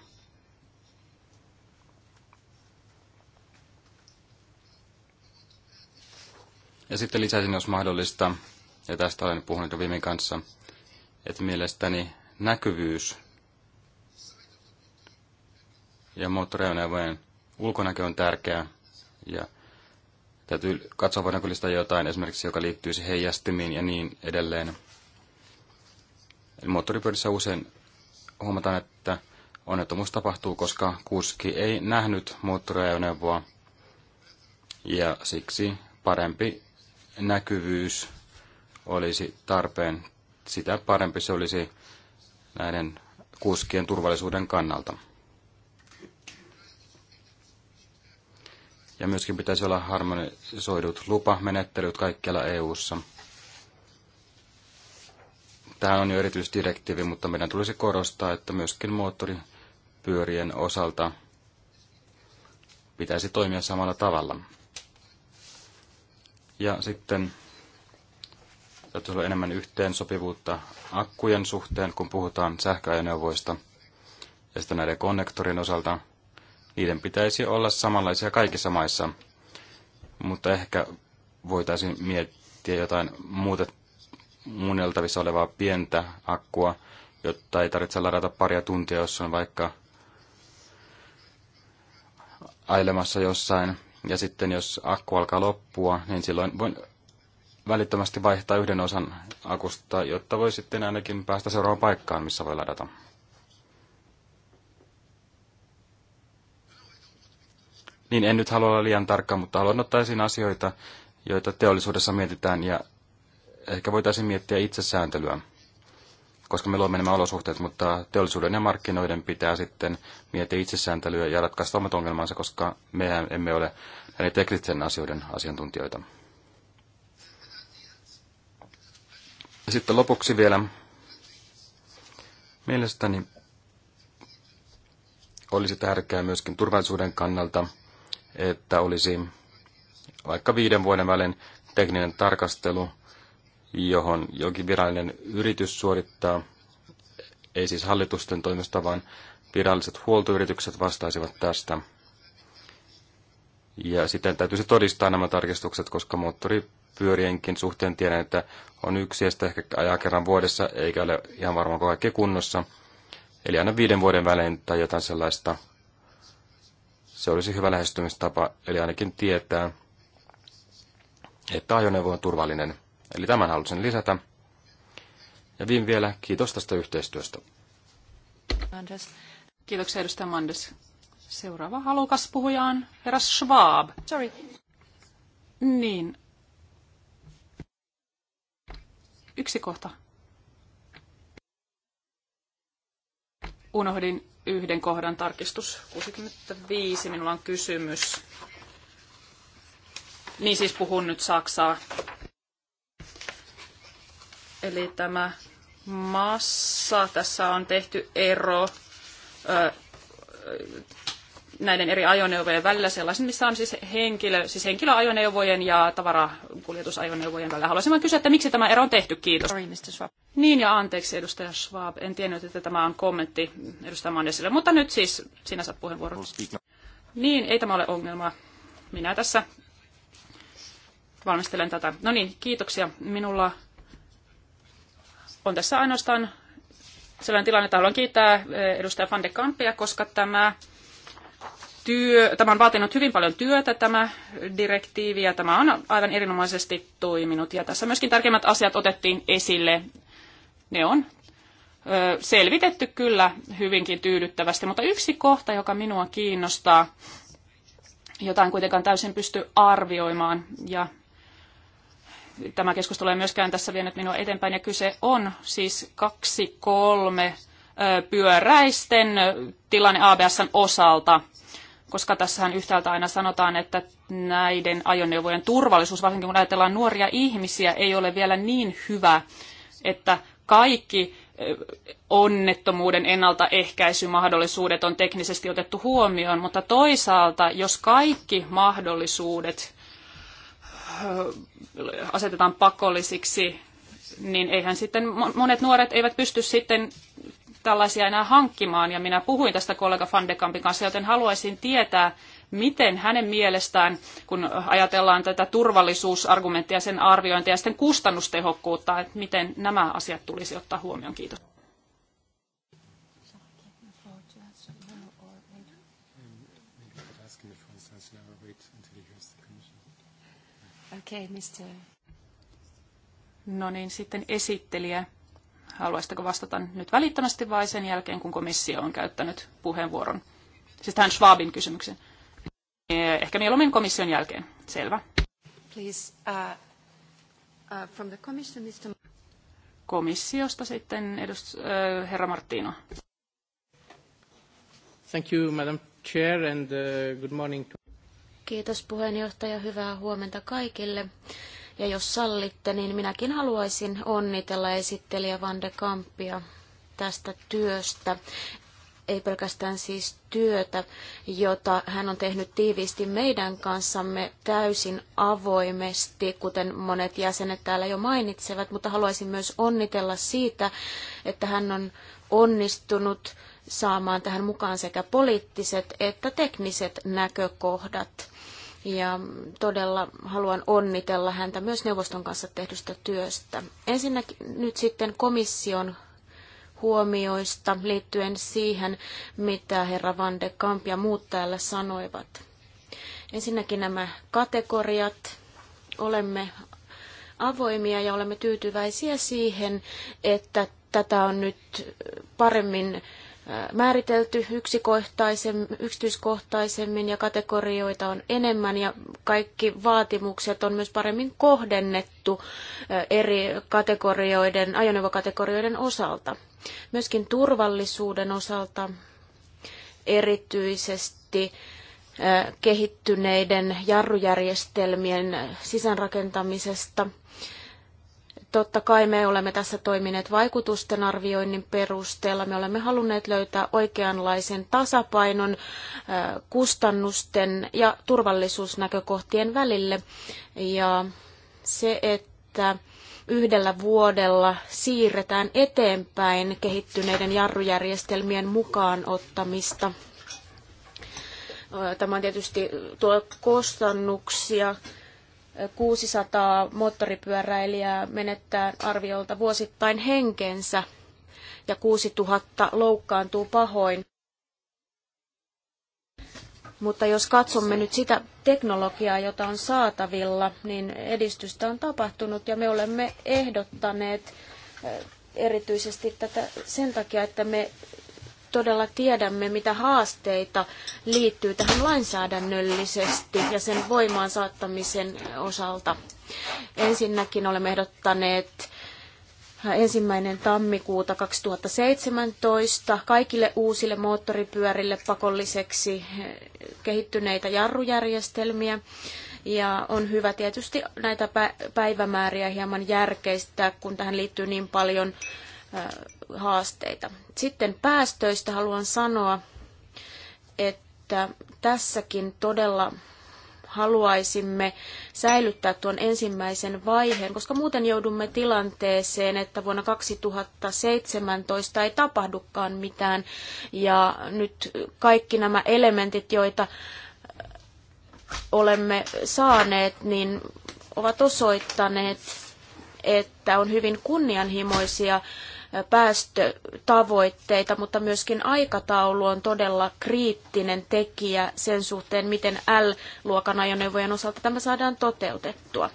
Ja sitten lisäisin, jos mahdollista, ja tästä olen puhunut jo viime kanssa, että mielestäni näkyvyys ja moottoriajoneuvojen ulkonäkö on tärkeä Ja Täytyy katsoa, voidaanko listaa jotain esimerkiksi, joka liittyisi heijastimiin ja niin edelleen. Eli moottoripyörissä usein huomataan, että onnettomuus tapahtuu, koska kuski ei nähnyt moottoriajoneuvoa ja siksi parempi näkyvyys olisi tarpeen. Sitä parempi se olisi näiden kuskien turvallisuuden kannalta. Ja myöskin pitäisi olla harmonisoidut lupamenettelyt kaikkialla EU-ssa. Tämä on jo erityisdirektiivi, mutta meidän tulisi korostaa, että myöskin moottoripyörien osalta pitäisi toimia samalla tavalla. Ja sitten täytyy olla enemmän yhteensopivuutta akkujen suhteen, kun puhutaan sähköajoneuvoista. Ja sitten näiden konnektorin osalta niiden pitäisi olla samanlaisia kaikissa maissa, mutta ehkä voitaisiin miettiä jotain muuta muunneltavissa olevaa pientä akkua, jotta ei tarvitse ladata paria tuntia, jos on vaikka ailemassa jossain. Ja sitten jos akku alkaa loppua, niin silloin voin välittömästi vaihtaa yhden osan akusta, jotta voi sitten ainakin päästä seuraavaan paikkaan, missä voi ladata. niin en nyt halua olla liian tarkka, mutta haluan ottaa esiin asioita, joita teollisuudessa mietitään ja ehkä voitaisiin miettiä itsesääntelyä, koska me luomme nämä olosuhteet, mutta teollisuuden ja markkinoiden pitää sitten miettiä itsesääntelyä ja ratkaista omat ongelmansa, koska mehän emme ole näiden teknisten asioiden asiantuntijoita. Ja sitten lopuksi vielä mielestäni olisi tärkeää myöskin turvallisuuden kannalta – että olisi vaikka viiden vuoden välein tekninen tarkastelu, johon jokin virallinen yritys suorittaa, ei siis hallitusten toimesta, vaan viralliset huoltoyritykset vastaisivat tästä. Ja sitten täytyisi todistaa nämä tarkistukset, koska moottoripyörienkin suhteen tiedän, että on yksi ja ehkä ajaa kerran vuodessa, eikä ole ihan varmaan kaikki kunnossa. Eli aina viiden vuoden välein tai jotain sellaista se olisi hyvä lähestymistapa, eli ainakin tietää, että ajoneuvo on turvallinen. Eli tämän halusin lisätä. Ja viin vielä kiitos tästä yhteistyöstä. Mandes. Kiitoksia edustaja Mandes. Seuraava halukas puhuja on herra Schwab. Sorry. Niin. Yksi kohta. Unohdin yhden kohdan tarkistus 65. Minulla on kysymys. Niin siis puhun nyt Saksaa. Eli tämä massa, tässä on tehty ero näiden eri ajoneuvojen välillä sellaisen, missä on siis, henkilö, siis henkilöajoneuvojen ja tavarakuljetusajoneuvojen välillä. Haluaisin vain kysyä, että miksi tämä ero on tehty. Kiitos. Sorry, Mr. Schwab. Niin ja anteeksi edustaja Schwab. En tiennyt, että tämä on kommentti edustaja Mannesille. Mutta nyt siis sinä saat puheenvuoron. Niin, ei tämä ole ongelma. Minä tässä valmistelen tätä. No niin, kiitoksia. Minulla on tässä ainoastaan sellainen tilanne, että haluan kiittää eh, edustaja Van de Kampia, koska tämä työ, tämä on vaatinut hyvin paljon työtä tämä direktiivi ja tämä on aivan erinomaisesti toiminut. Ja tässä myöskin tärkeimmät asiat otettiin esille. Ne on selvitetty kyllä hyvinkin tyydyttävästi, mutta yksi kohta, joka minua kiinnostaa, jota en kuitenkaan täysin pysty arvioimaan ja tämä keskustelu ei myöskään tässä vienyt minua eteenpäin ja kyse on siis kaksi kolme pyöräisten tilanne ABSn osalta koska tässähän yhtäältä aina sanotaan, että näiden ajoneuvojen turvallisuus, varsinkin kun ajatellaan nuoria ihmisiä, ei ole vielä niin hyvä, että kaikki onnettomuuden ennaltaehkäisymahdollisuudet on teknisesti otettu huomioon, mutta toisaalta, jos kaikki mahdollisuudet asetetaan pakollisiksi, niin eihän sitten monet nuoret eivät pysty sitten tällaisia enää hankkimaan, ja minä puhuin tästä kollega Van de Kampin kanssa, joten haluaisin tietää, miten hänen mielestään, kun ajatellaan tätä turvallisuusargumenttia, sen arviointia ja sitten kustannustehokkuutta, että miten nämä asiat tulisi ottaa huomioon. Kiitos. Okay, Mr. No niin, sitten esittelijä. Haluaisitteko vastata nyt välittömästi vai sen jälkeen, kun komissio on käyttänyt puheenvuoron? Siis tähän Schwabin kysymykseen. Eh, ehkä mieluummin komission jälkeen. Selvä. Please, uh, uh, from the commission, Mr. Komissiosta sitten edust, uh, herra Martino. Thank you, Madam Chair, and uh, good morning. To... Kiitos puheenjohtaja. Hyvää huomenta kaikille. Ja jos sallitte, niin minäkin haluaisin onnitella esittelijä Van de Kampia tästä työstä. Ei pelkästään siis työtä, jota hän on tehnyt tiiviisti meidän kanssamme täysin avoimesti, kuten monet jäsenet täällä jo mainitsevat, mutta haluaisin myös onnitella siitä, että hän on onnistunut saamaan tähän mukaan sekä poliittiset että tekniset näkökohdat ja todella haluan onnitella häntä myös neuvoston kanssa tehdystä työstä. Ensinnäkin nyt sitten komission huomioista liittyen siihen, mitä herra Van de Kamp ja muut täällä sanoivat. Ensinnäkin nämä kategoriat. Olemme avoimia ja olemme tyytyväisiä siihen, että tätä on nyt paremmin määritelty yksityiskohtaisemmin ja kategorioita on enemmän ja kaikki vaatimukset on myös paremmin kohdennettu eri kategorioiden, ajoneuvokategorioiden osalta. Myöskin turvallisuuden osalta erityisesti kehittyneiden jarrujärjestelmien sisäänrakentamisesta – Totta kai me olemme tässä toimineet vaikutusten arvioinnin perusteella. Me olemme halunneet löytää oikeanlaisen tasapainon kustannusten ja turvallisuusnäkökohtien välille. Ja se, että yhdellä vuodella siirretään eteenpäin kehittyneiden jarrujärjestelmien mukaan ottamista. Tämä tietysti tuo kustannuksia 600 moottoripyöräilijää menettää arviolta vuosittain henkensä ja 6000 loukkaantuu pahoin. Mutta jos katsomme nyt sitä teknologiaa, jota on saatavilla, niin edistystä on tapahtunut ja me olemme ehdottaneet eh, erityisesti tätä sen takia, että me todella tiedämme, mitä haasteita liittyy tähän lainsäädännöllisesti ja sen voimaan saattamisen osalta. Ensinnäkin olemme ehdottaneet ensimmäinen tammikuuta 2017 kaikille uusille moottoripyörille pakolliseksi kehittyneitä jarrujärjestelmiä. Ja on hyvä tietysti näitä päivämääriä hieman järkeistää, kun tähän liittyy niin paljon haasteita. Sitten päästöistä haluan sanoa, että tässäkin todella haluaisimme säilyttää tuon ensimmäisen vaiheen, koska muuten joudumme tilanteeseen, että vuonna 2017 ei tapahdukaan mitään. Ja nyt kaikki nämä elementit, joita olemme saaneet, niin ovat osoittaneet, että on hyvin kunnianhimoisia päästötavoitteita, mutta myöskin aikataulu on todella kriittinen tekijä sen suhteen, miten L-luokan ajoneuvojen osalta tämä saadaan toteutettua.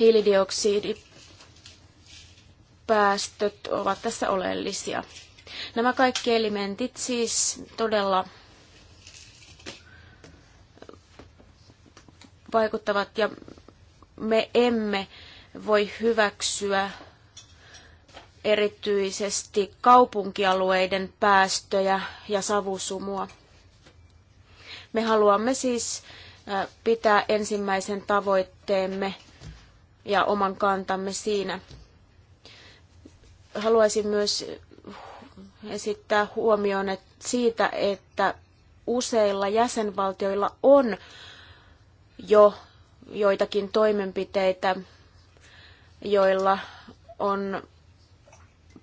Hiilidioksidipäästöt ovat tässä oleellisia. Nämä kaikki elementit siis todella vaikuttavat ja me emme voi hyväksyä erityisesti kaupunkialueiden päästöjä ja savusumua. Me haluamme siis pitää ensimmäisen tavoitteemme ja oman kantamme siinä. Haluaisin myös esittää huomioon siitä, että useilla jäsenvaltioilla on jo joitakin toimenpiteitä, joilla on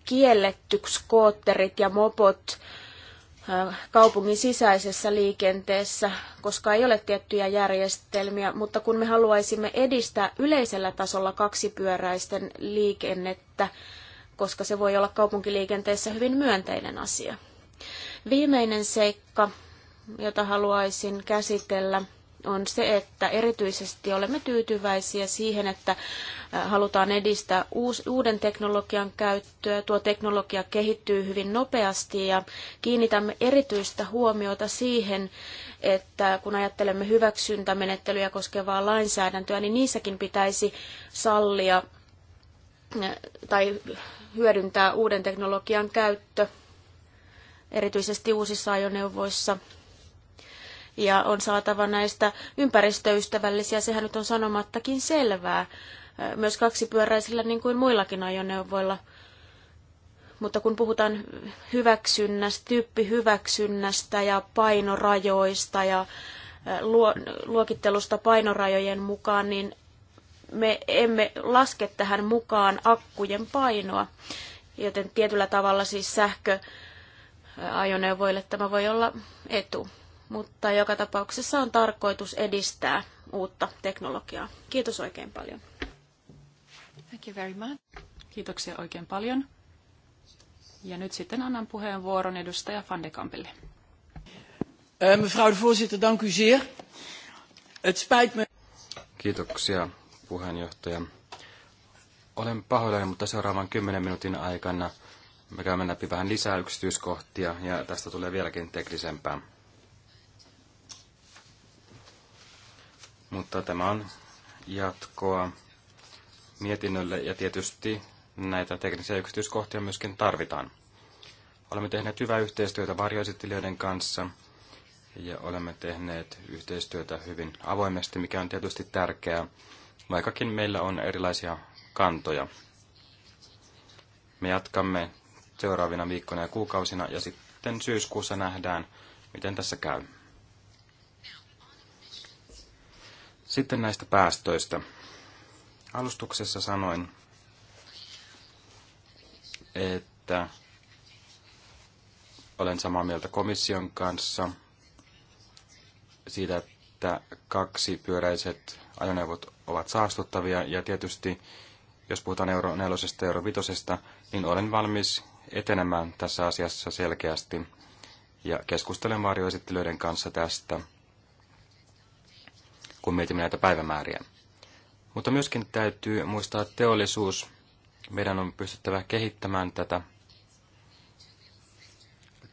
kielletty skootterit ja mopot kaupungin sisäisessä liikenteessä, koska ei ole tiettyjä järjestelmiä, mutta kun me haluaisimme edistää yleisellä tasolla kaksipyöräisten liikennettä, koska se voi olla kaupunkiliikenteessä hyvin myönteinen asia. Viimeinen seikka, jota haluaisin käsitellä, on se, että erityisesti olemme tyytyväisiä siihen, että äh, halutaan edistää uuden teknologian käyttöä. Tuo teknologia kehittyy hyvin nopeasti ja kiinnitämme erityistä huomiota siihen, että kun ajattelemme hyväksyntämenettelyjä koskevaa lainsäädäntöä, niin niissäkin pitäisi sallia äh, tai hyödyntää uuden teknologian käyttö, erityisesti uusissa ajoneuvoissa – ja on saatava näistä ympäristöystävällisiä. Sehän nyt on sanomattakin selvää. Myös kaksipyöräisillä niin kuin muillakin ajoneuvoilla. Mutta kun puhutaan hyväksynnästä, tyyppihyväksynnästä ja painorajoista ja luokittelusta painorajojen mukaan, niin me emme laske tähän mukaan akkujen painoa, joten tietyllä tavalla siis sähköajoneuvoille tämä voi olla etu mutta joka tapauksessa on tarkoitus edistää uutta teknologiaa. Kiitos oikein paljon. Thank you very much. Kiitoksia oikein paljon. Ja nyt sitten annan puheenvuoron edustaja Van de Kampille. Eh, mevrouw de voorzitter, dank u zeer. Het spijt me. Kiitoksia puheenjohtaja. Olen pahoillani, mutta seuraavan kymmenen minuutin aikana me käymme läpi vähän lisää yksityiskohtia ja tästä tulee vieläkin teknisempää. mutta tämä on jatkoa mietinnölle ja tietysti näitä teknisiä yksityiskohtia myöskin tarvitaan. Olemme tehneet hyvää yhteistyötä varjoesittelijöiden kanssa ja olemme tehneet yhteistyötä hyvin avoimesti, mikä on tietysti tärkeää, vaikkakin meillä on erilaisia kantoja. Me jatkamme seuraavina viikkoina ja kuukausina ja sitten syyskuussa nähdään, miten tässä käy. Sitten näistä päästöistä. Alustuksessa sanoin, että olen samaa mieltä komission kanssa siitä, että kaksi pyöräiset ajoneuvot ovat saastuttavia ja tietysti jos puhutaan euro 4 ja euro 5, niin olen valmis etenemään tässä asiassa selkeästi ja keskustelen varjoesittelyiden kanssa tästä – kun mietimme näitä päivämääriä. Mutta myöskin täytyy muistaa teollisuus. Meidän on pystyttävä kehittämään tätä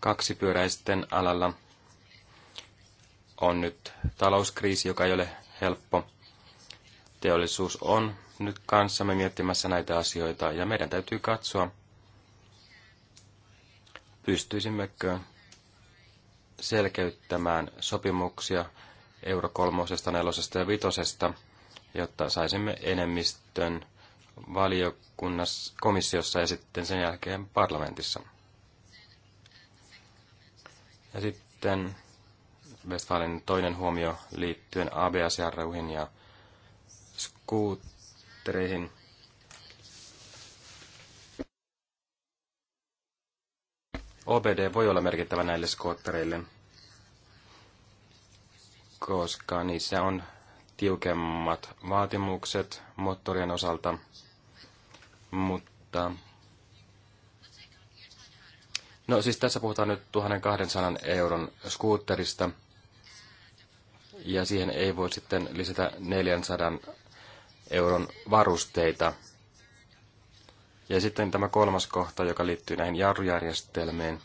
kaksipyöräisten alalla. On nyt talouskriisi, joka ei ole helppo. Teollisuus on nyt kanssamme miettimässä näitä asioita ja meidän täytyy katsoa, pystyisimmekö selkeyttämään sopimuksia euro kolmosesta, nelosesta ja vitosesta, jotta saisimme enemmistön valiokunnassa, komissiossa ja sitten sen jälkeen parlamentissa. Ja sitten Westfalen toinen huomio liittyen ABS-jarruihin ja skuuttereihin. OBD voi olla merkittävä näille skoottereille, koska niissä on tiukemmat vaatimukset moottorien osalta, mutta No siis tässä puhutaan nyt 1200 euron skuutterista, ja siihen ei voi sitten lisätä 400 euron varusteita. Ja sitten tämä kolmas kohta, joka liittyy näihin jarrujärjestelmiin.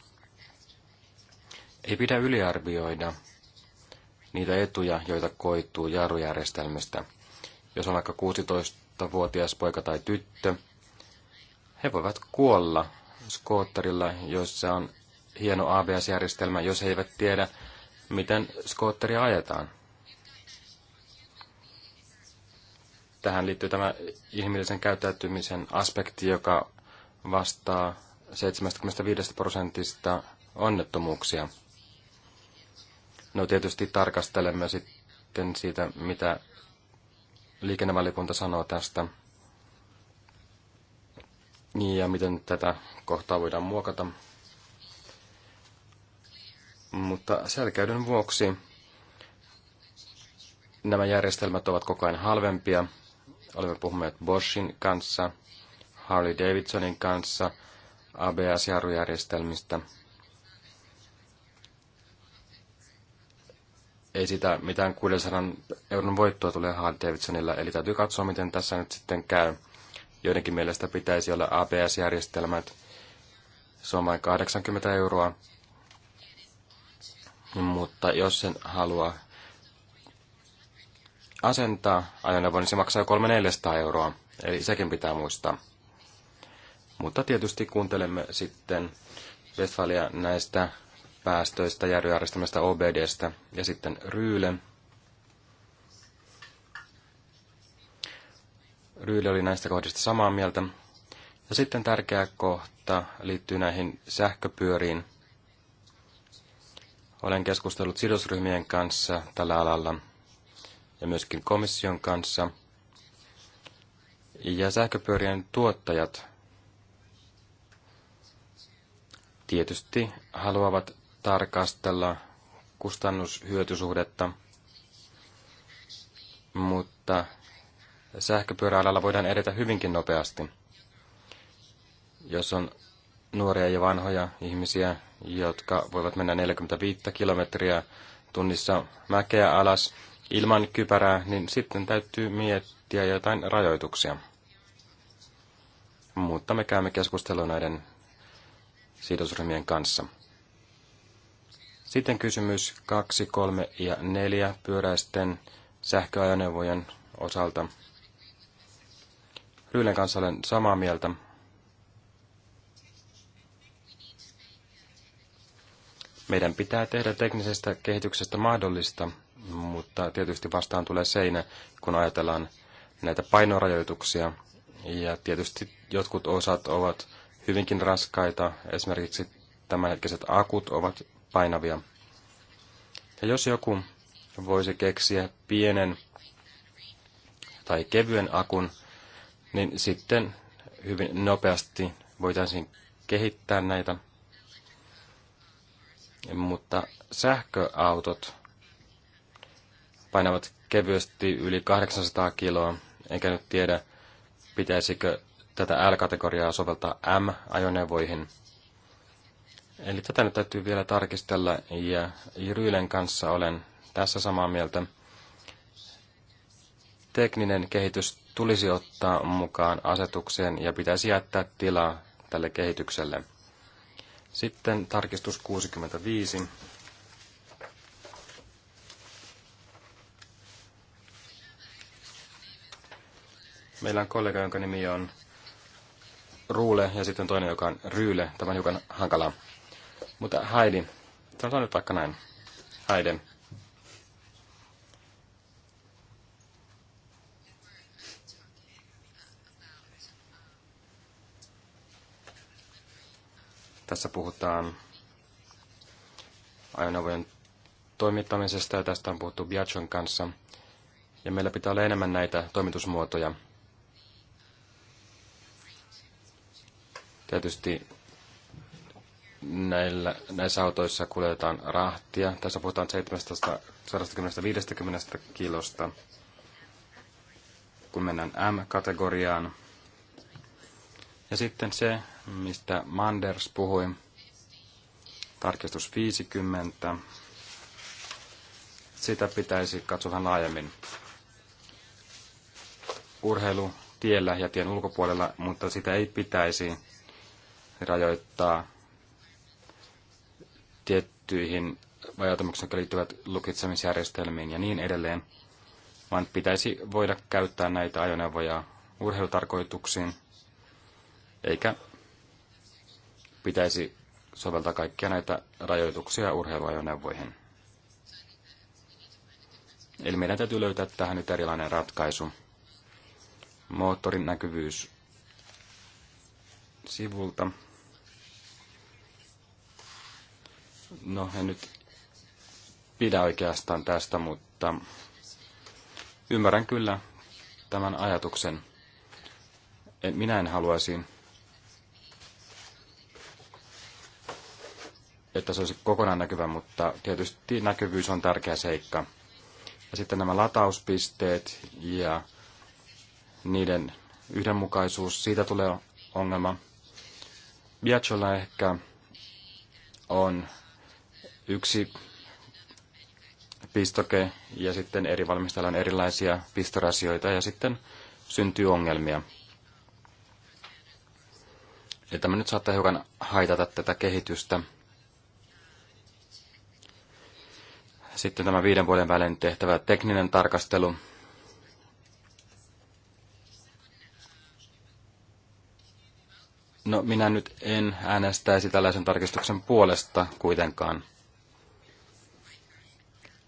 Ei pidä yliarvioida niitä etuja, joita koituu jarrujärjestelmistä. Jos on vaikka 16-vuotias poika tai tyttö, he voivat kuolla skootterilla, jossa on hieno ABS-järjestelmä, jos he eivät tiedä, miten skootteria ajetaan. Tähän liittyy tämä ihmisen käyttäytymisen aspekti, joka vastaa 75 prosentista onnettomuuksia. No tietysti tarkastelemme sitten siitä, mitä liikennevaliokunta sanoo tästä niin ja miten tätä kohtaa voidaan muokata. Mutta selkeyden vuoksi nämä järjestelmät ovat koko ajan halvempia. Olemme puhuneet Boschin kanssa, Harley Davidsonin kanssa, ABS-jarrujärjestelmistä – ei sitä mitään 600 euron voittoa tule Harley Davidsonilla, eli täytyy katsoa, miten tässä nyt sitten käy. Joidenkin mielestä pitäisi olla ABS-järjestelmät, se on vain 80 euroa, mutta jos sen haluaa asentaa ajoneuvon, niin se maksaa jo 300-400 euroa, eli sekin pitää muistaa. Mutta tietysti kuuntelemme sitten Westfalia näistä päästöistä, järjestelmästä OBDstä ja sitten Ryyle. Ryyle oli näistä kohdista samaa mieltä. Ja sitten tärkeä kohta liittyy näihin sähköpyöriin. Olen keskustellut sidosryhmien kanssa tällä alalla ja myöskin komission kanssa. Ja sähköpyörien tuottajat tietysti haluavat tarkastella kustannushyötysuhdetta, mutta sähköpyöräalalla voidaan edetä hyvinkin nopeasti. Jos on nuoria ja vanhoja ihmisiä, jotka voivat mennä 45 kilometriä tunnissa mäkeä alas ilman kypärää, niin sitten täytyy miettiä jotain rajoituksia. Mutta me käymme keskustelua näiden sidosryhmien kanssa. Sitten kysymys 2, 3 ja 4 pyöräisten sähköajoneuvojen osalta. Ryylen kanssa olen samaa mieltä. Meidän pitää tehdä teknisestä kehityksestä mahdollista, mutta tietysti vastaan tulee seinä, kun ajatellaan näitä painorajoituksia. Ja tietysti jotkut osat ovat hyvinkin raskaita, esimerkiksi tämänhetkiset akut ovat painavia. Ja jos joku voisi keksiä pienen tai kevyen akun, niin sitten hyvin nopeasti voitaisiin kehittää näitä. Mutta sähköautot painavat kevyesti yli 800 kiloa, enkä nyt tiedä, pitäisikö tätä L-kategoriaa soveltaa M-ajoneuvoihin. Eli tätä nyt täytyy vielä tarkistella ja Jyrylen kanssa olen tässä samaa mieltä. Tekninen kehitys tulisi ottaa mukaan asetukseen ja pitäisi jättää tilaa tälle kehitykselle. Sitten tarkistus 65. Meillä on kollega, jonka nimi on Ruule ja sitten toinen, joka on Ryyle. Tämä on hiukan hankalaa. Mutta Heidi, sanotaan nyt vaikka näin. Heidi. Tässä puhutaan ajoneuvojen toimittamisesta ja tästä on puhuttu Biachon kanssa. Ja meillä pitää olla enemmän näitä toimitusmuotoja. Tietysti näillä, näissä autoissa kuljetaan rahtia. Tässä puhutaan 750 kilosta. Kun mennään M-kategoriaan, ja sitten se, mistä Manders puhui, tarkistus 50. Sitä pitäisi katsoa vähän laajemmin. Urheilu tiellä ja tien ulkopuolella, mutta sitä ei pitäisi rajoittaa tiettyihin vajautumuksen liittyvät lukitsemisjärjestelmiin ja niin edelleen, vaan pitäisi voida käyttää näitä ajoneuvoja urheilutarkoituksiin, eikä pitäisi soveltaa kaikkia näitä rajoituksia urheiluajoneuvoihin. Eli meidän täytyy löytää tähän nyt erilainen ratkaisu. Moottorin näkyvyys sivulta No, en nyt pidä oikeastaan tästä, mutta ymmärrän kyllä tämän ajatuksen. minä en haluaisi, että se olisi kokonaan näkyvä, mutta tietysti näkyvyys on tärkeä seikka. Ja sitten nämä latauspisteet ja niiden yhdenmukaisuus, siitä tulee ongelma. Biacholla ehkä on yksi pistoke ja sitten eri valmistajilla on erilaisia pistorasioita ja sitten syntyy ongelmia. Ja tämä nyt saattaa hiukan haitata tätä kehitystä. Sitten tämä viiden vuoden välein tehtävä tekninen tarkastelu. No minä nyt en äänestäisi tällaisen tarkistuksen puolesta kuitenkaan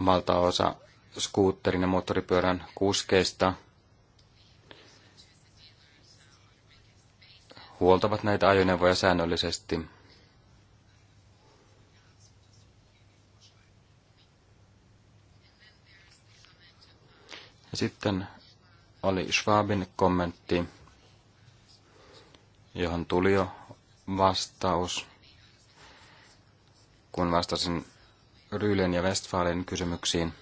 valtaosa skuutterin ja moottoripyörän kuskeista huoltavat näitä ajoneuvoja säännöllisesti. Ja sitten oli Schwabin kommentti, johon tuli jo vastaus, kun vastasin Ryylen ja Westfalen kysymyksiin.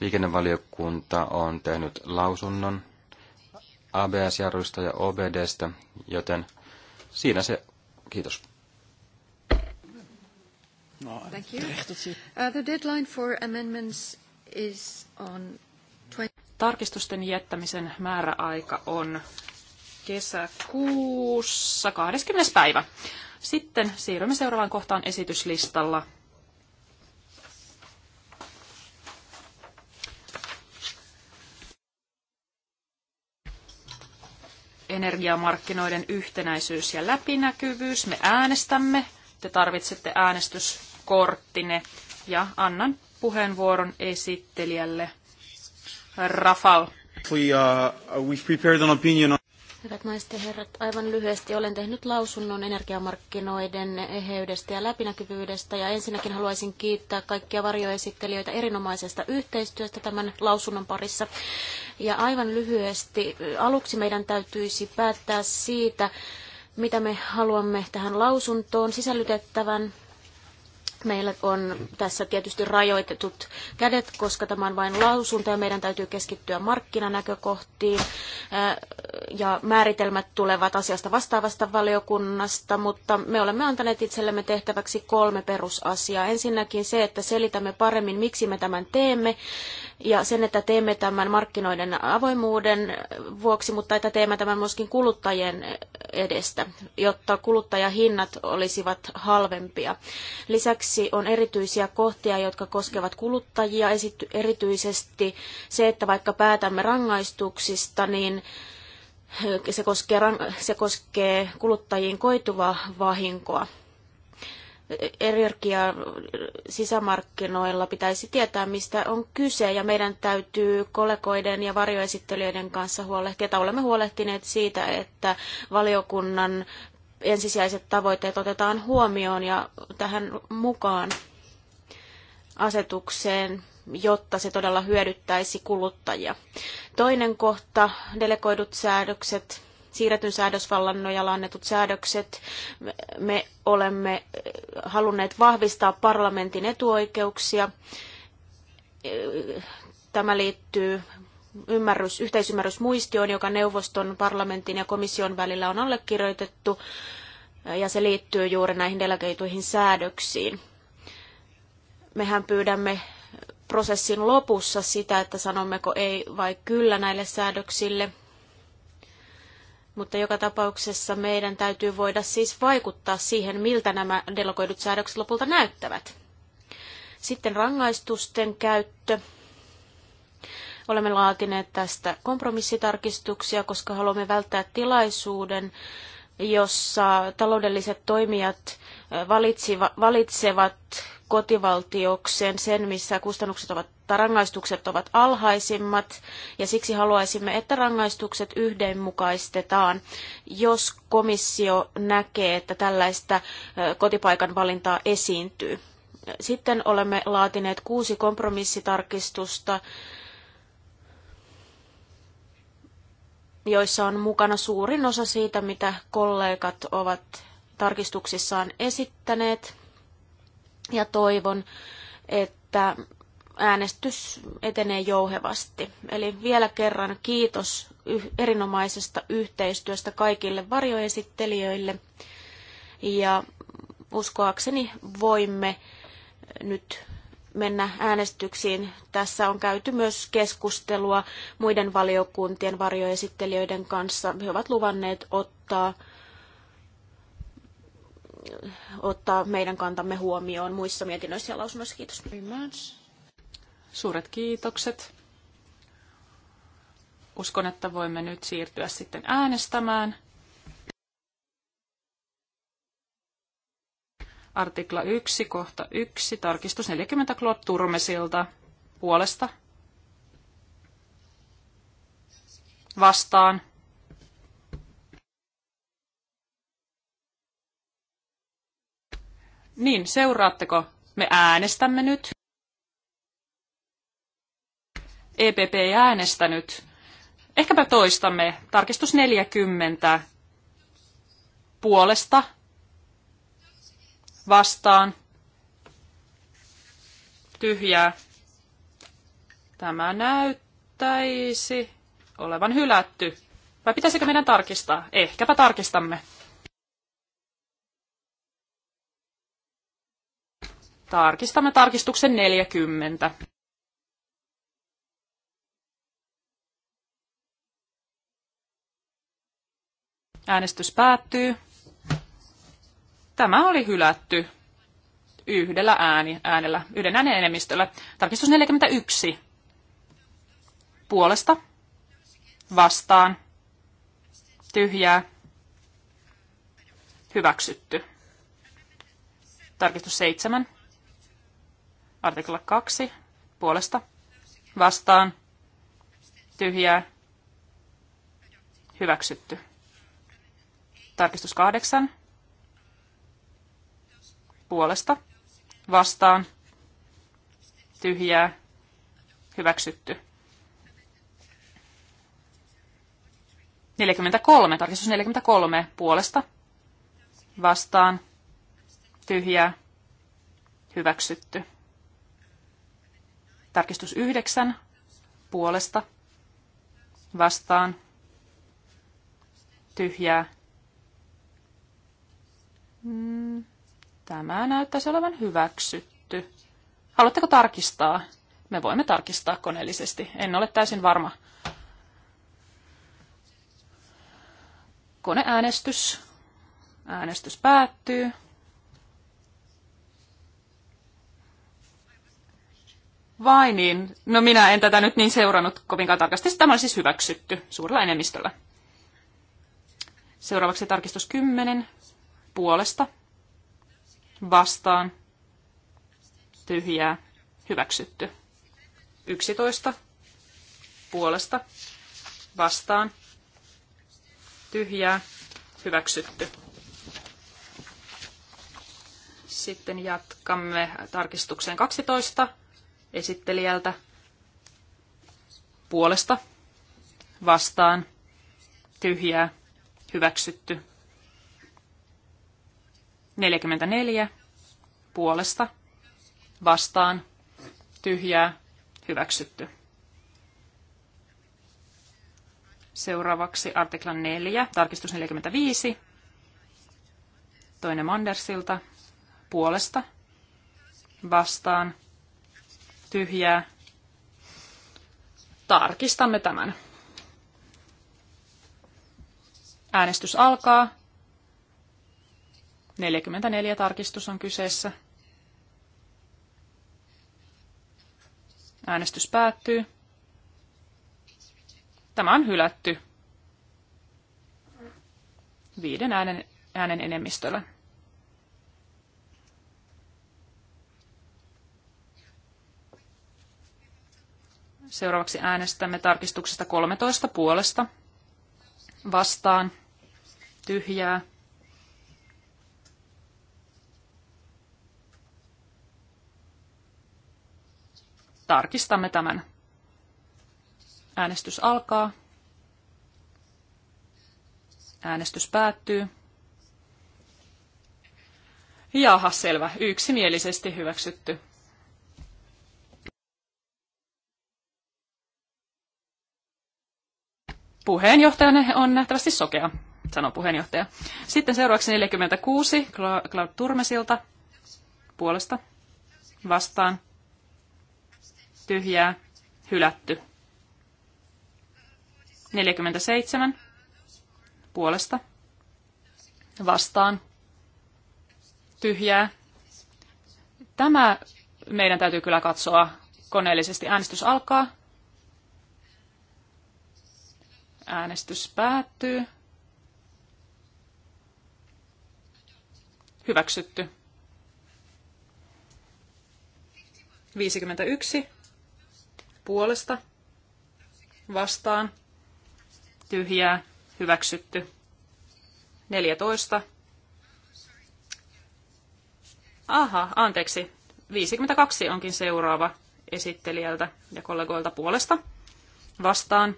Liikennevaliokunta on tehnyt lausunnon ABS-jarruista ja OBDstä, joten siinä se. Kiitos. No, Thank you. Uh, the deadline for amendments is on 20... Tarkistusten jättämisen määräaika on kesäkuussa 20. päivä. Sitten siirrymme seuraavaan kohtaan esityslistalla. Energiamarkkinoiden yhtenäisyys ja läpinäkyvyys. Me äänestämme. Te tarvitsette äänestyskorttine ja annan puheenvuoron esittelijälle Rafal. We, uh, we've prepared an opinion on... Hyvät naiset ja herrat, aivan lyhyesti olen tehnyt lausunnon energiamarkkinoiden eheydestä ja läpinäkyvyydestä. Ja ensinnäkin haluaisin kiittää kaikkia varjoesittelijöitä erinomaisesta yhteistyöstä tämän lausunnon parissa. Ja aivan lyhyesti aluksi meidän täytyisi päättää siitä, mitä me haluamme tähän lausuntoon sisällytettävän. Meillä on tässä tietysti rajoitetut kädet, koska tämä on vain lausunto ja meidän täytyy keskittyä markkinanäkökohtiin. Ja määritelmät tulevat asiasta vastaavasta valiokunnasta, mutta me olemme antaneet itsellemme tehtäväksi kolme perusasiaa. Ensinnäkin se, että selitämme paremmin, miksi me tämän teemme ja sen, että teemme tämän markkinoiden avoimuuden vuoksi, mutta että teemme tämän myöskin kuluttajien edestä, jotta kuluttajahinnat olisivat halvempia. Lisäksi on erityisiä kohtia, jotka koskevat kuluttajia, erityisesti se, että vaikka päätämme rangaistuksista, niin se koskee, se koskee kuluttajiin koituvaa vahinkoa energiaa sisämarkkinoilla pitäisi tietää, mistä on kyse, ja meidän täytyy kollegoiden ja varjoesittelijöiden kanssa huolehtia, että olemme huolehtineet siitä, että valiokunnan ensisijaiset tavoitteet otetaan huomioon ja tähän mukaan asetukseen, jotta se todella hyödyttäisi kuluttajia. Toinen kohta, delegoidut säädökset siirretyn säädösvallan nojalla annetut säädökset. Me olemme eh, halunneet vahvistaa parlamentin etuoikeuksia. Eh, tämä liittyy ymmärrys, yhteisymmärrysmuistioon, joka neuvoston, parlamentin ja komission välillä on allekirjoitettu, ja se liittyy juuri näihin delegoituihin säädöksiin. Mehän pyydämme prosessin lopussa sitä, että sanommeko ei vai kyllä näille säädöksille mutta joka tapauksessa meidän täytyy voida siis vaikuttaa siihen, miltä nämä delegoidut säädökset lopulta näyttävät. Sitten rangaistusten käyttö. Olemme laatineet tästä kompromissitarkistuksia, koska haluamme välttää tilaisuuden, jossa taloudelliset toimijat valitsevat kotivaltiokseen sen, missä kustannukset ovat, tai rangaistukset ovat alhaisimmat, ja siksi haluaisimme, että rangaistukset yhdenmukaistetaan, jos komissio näkee, että tällaista kotipaikan valintaa esiintyy. Sitten olemme laatineet kuusi kompromissitarkistusta, joissa on mukana suurin osa siitä, mitä kollegat ovat tarkistuksissaan esittäneet ja toivon, että äänestys etenee jouhevasti. Eli vielä kerran kiitos erinomaisesta yhteistyöstä kaikille varjoesittelijöille ja uskoakseni voimme nyt mennä äänestyksiin. Tässä on käyty myös keskustelua muiden valiokuntien varjoesittelijöiden kanssa. He ovat luvanneet ottaa ottaa meidän kantamme huomioon muissa mietinnöissä ja lausunnoissa. Kiitos. Suuret kiitokset. Uskon, että voimme nyt siirtyä sitten äänestämään. Artikla 1, kohta 1, tarkistus 40 Claude Turmesilta puolesta. Vastaan. Niin, seuraatteko? Me äänestämme nyt. EPP ei äänestänyt. Ehkäpä toistamme. Tarkistus 40 puolesta vastaan tyhjää. Tämä näyttäisi olevan hylätty. Vai pitäisikö meidän tarkistaa? Ehkäpä tarkistamme. Tarkistamme tarkistuksen 40. Äänestys päättyy. Tämä oli hylätty yhdellä ääni, äänellä, yhden äänen enemmistöllä. Tarkistus 41. Puolesta. Vastaan. Tyhjää. Hyväksytty. Tarkistus 7. Artikla 2 puolesta vastaan tyhjää hyväksytty. Tarkistus 8 puolesta vastaan tyhjää hyväksytty. 43, tarkistus 43 puolesta vastaan tyhjää hyväksytty. Tarkistus 9 puolesta vastaan tyhjää. Mm, tämä näyttäisi olevan hyväksytty. Haluatteko tarkistaa? Me voimme tarkistaa koneellisesti. En ole täysin varma. Koneäänestys. Äänestys päättyy. Vai niin? No minä en tätä nyt niin seurannut kovinkaan tarkasti. Tämä on siis hyväksytty suurella enemmistöllä. Seuraavaksi tarkistus 10. Puolesta. Vastaan. Tyhjää. Hyväksytty. 11. Puolesta. Vastaan. Tyhjää. Hyväksytty. Sitten jatkamme tarkistukseen 12 esittelijältä puolesta vastaan tyhjää hyväksytty. 44 puolesta vastaan tyhjää hyväksytty. Seuraavaksi artiklan 4, tarkistus 45, toinen Mandersilta, puolesta, vastaan, tyhjää. Tarkistamme tämän. Äänestys alkaa. 44 tarkistus on kyseessä. Äänestys päättyy. Tämä on hylätty viiden äänen, äänen enemmistöllä. Seuraavaksi äänestämme tarkistuksesta 13 puolesta. Vastaan. Tyhjää. Tarkistamme tämän. Äänestys alkaa. Äänestys päättyy. Jaha, selvä. Yksimielisesti hyväksytty. puheenjohtajanne on nähtävästi sokea, sanoo puheenjohtaja. Sitten seuraavaksi 46, Claude Turmesilta puolesta vastaan tyhjää, hylätty. 47 puolesta vastaan tyhjää. Tämä meidän täytyy kyllä katsoa koneellisesti. Äänestys alkaa. Äänestys päättyy. Hyväksytty. 51 puolesta vastaan tyhjää hyväksytty. 14. Aha, anteeksi. 52 onkin seuraava esittelijältä ja kollegoilta puolesta vastaan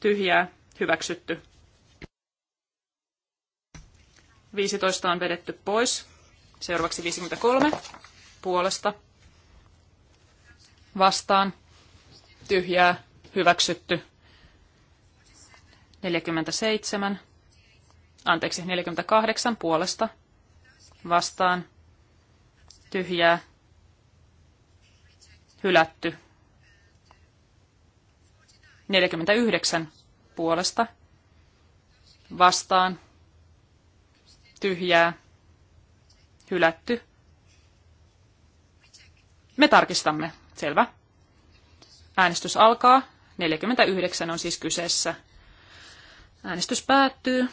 tyhjää, hyväksytty. 15 on vedetty pois. Seuraavaksi 53 puolesta vastaan tyhjää hyväksytty 47 anteeksi 48 puolesta vastaan tyhjää hylätty 49 puolesta vastaan tyhjää hylätty. Me tarkistamme. Selvä. Äänestys alkaa. 49 on siis kyseessä. Äänestys päättyy.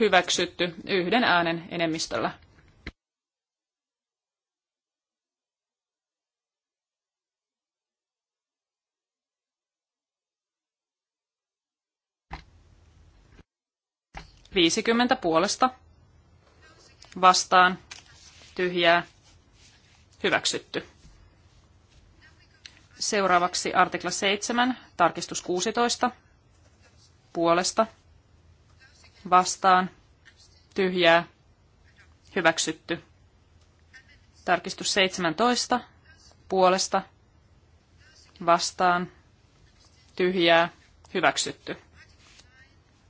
Hyväksytty yhden äänen enemmistöllä. 50 puolesta vastaan tyhjää hyväksytty. Seuraavaksi artikla 7, tarkistus 16 puolesta vastaan tyhjää hyväksytty. Tarkistus 17 puolesta vastaan tyhjää hyväksytty.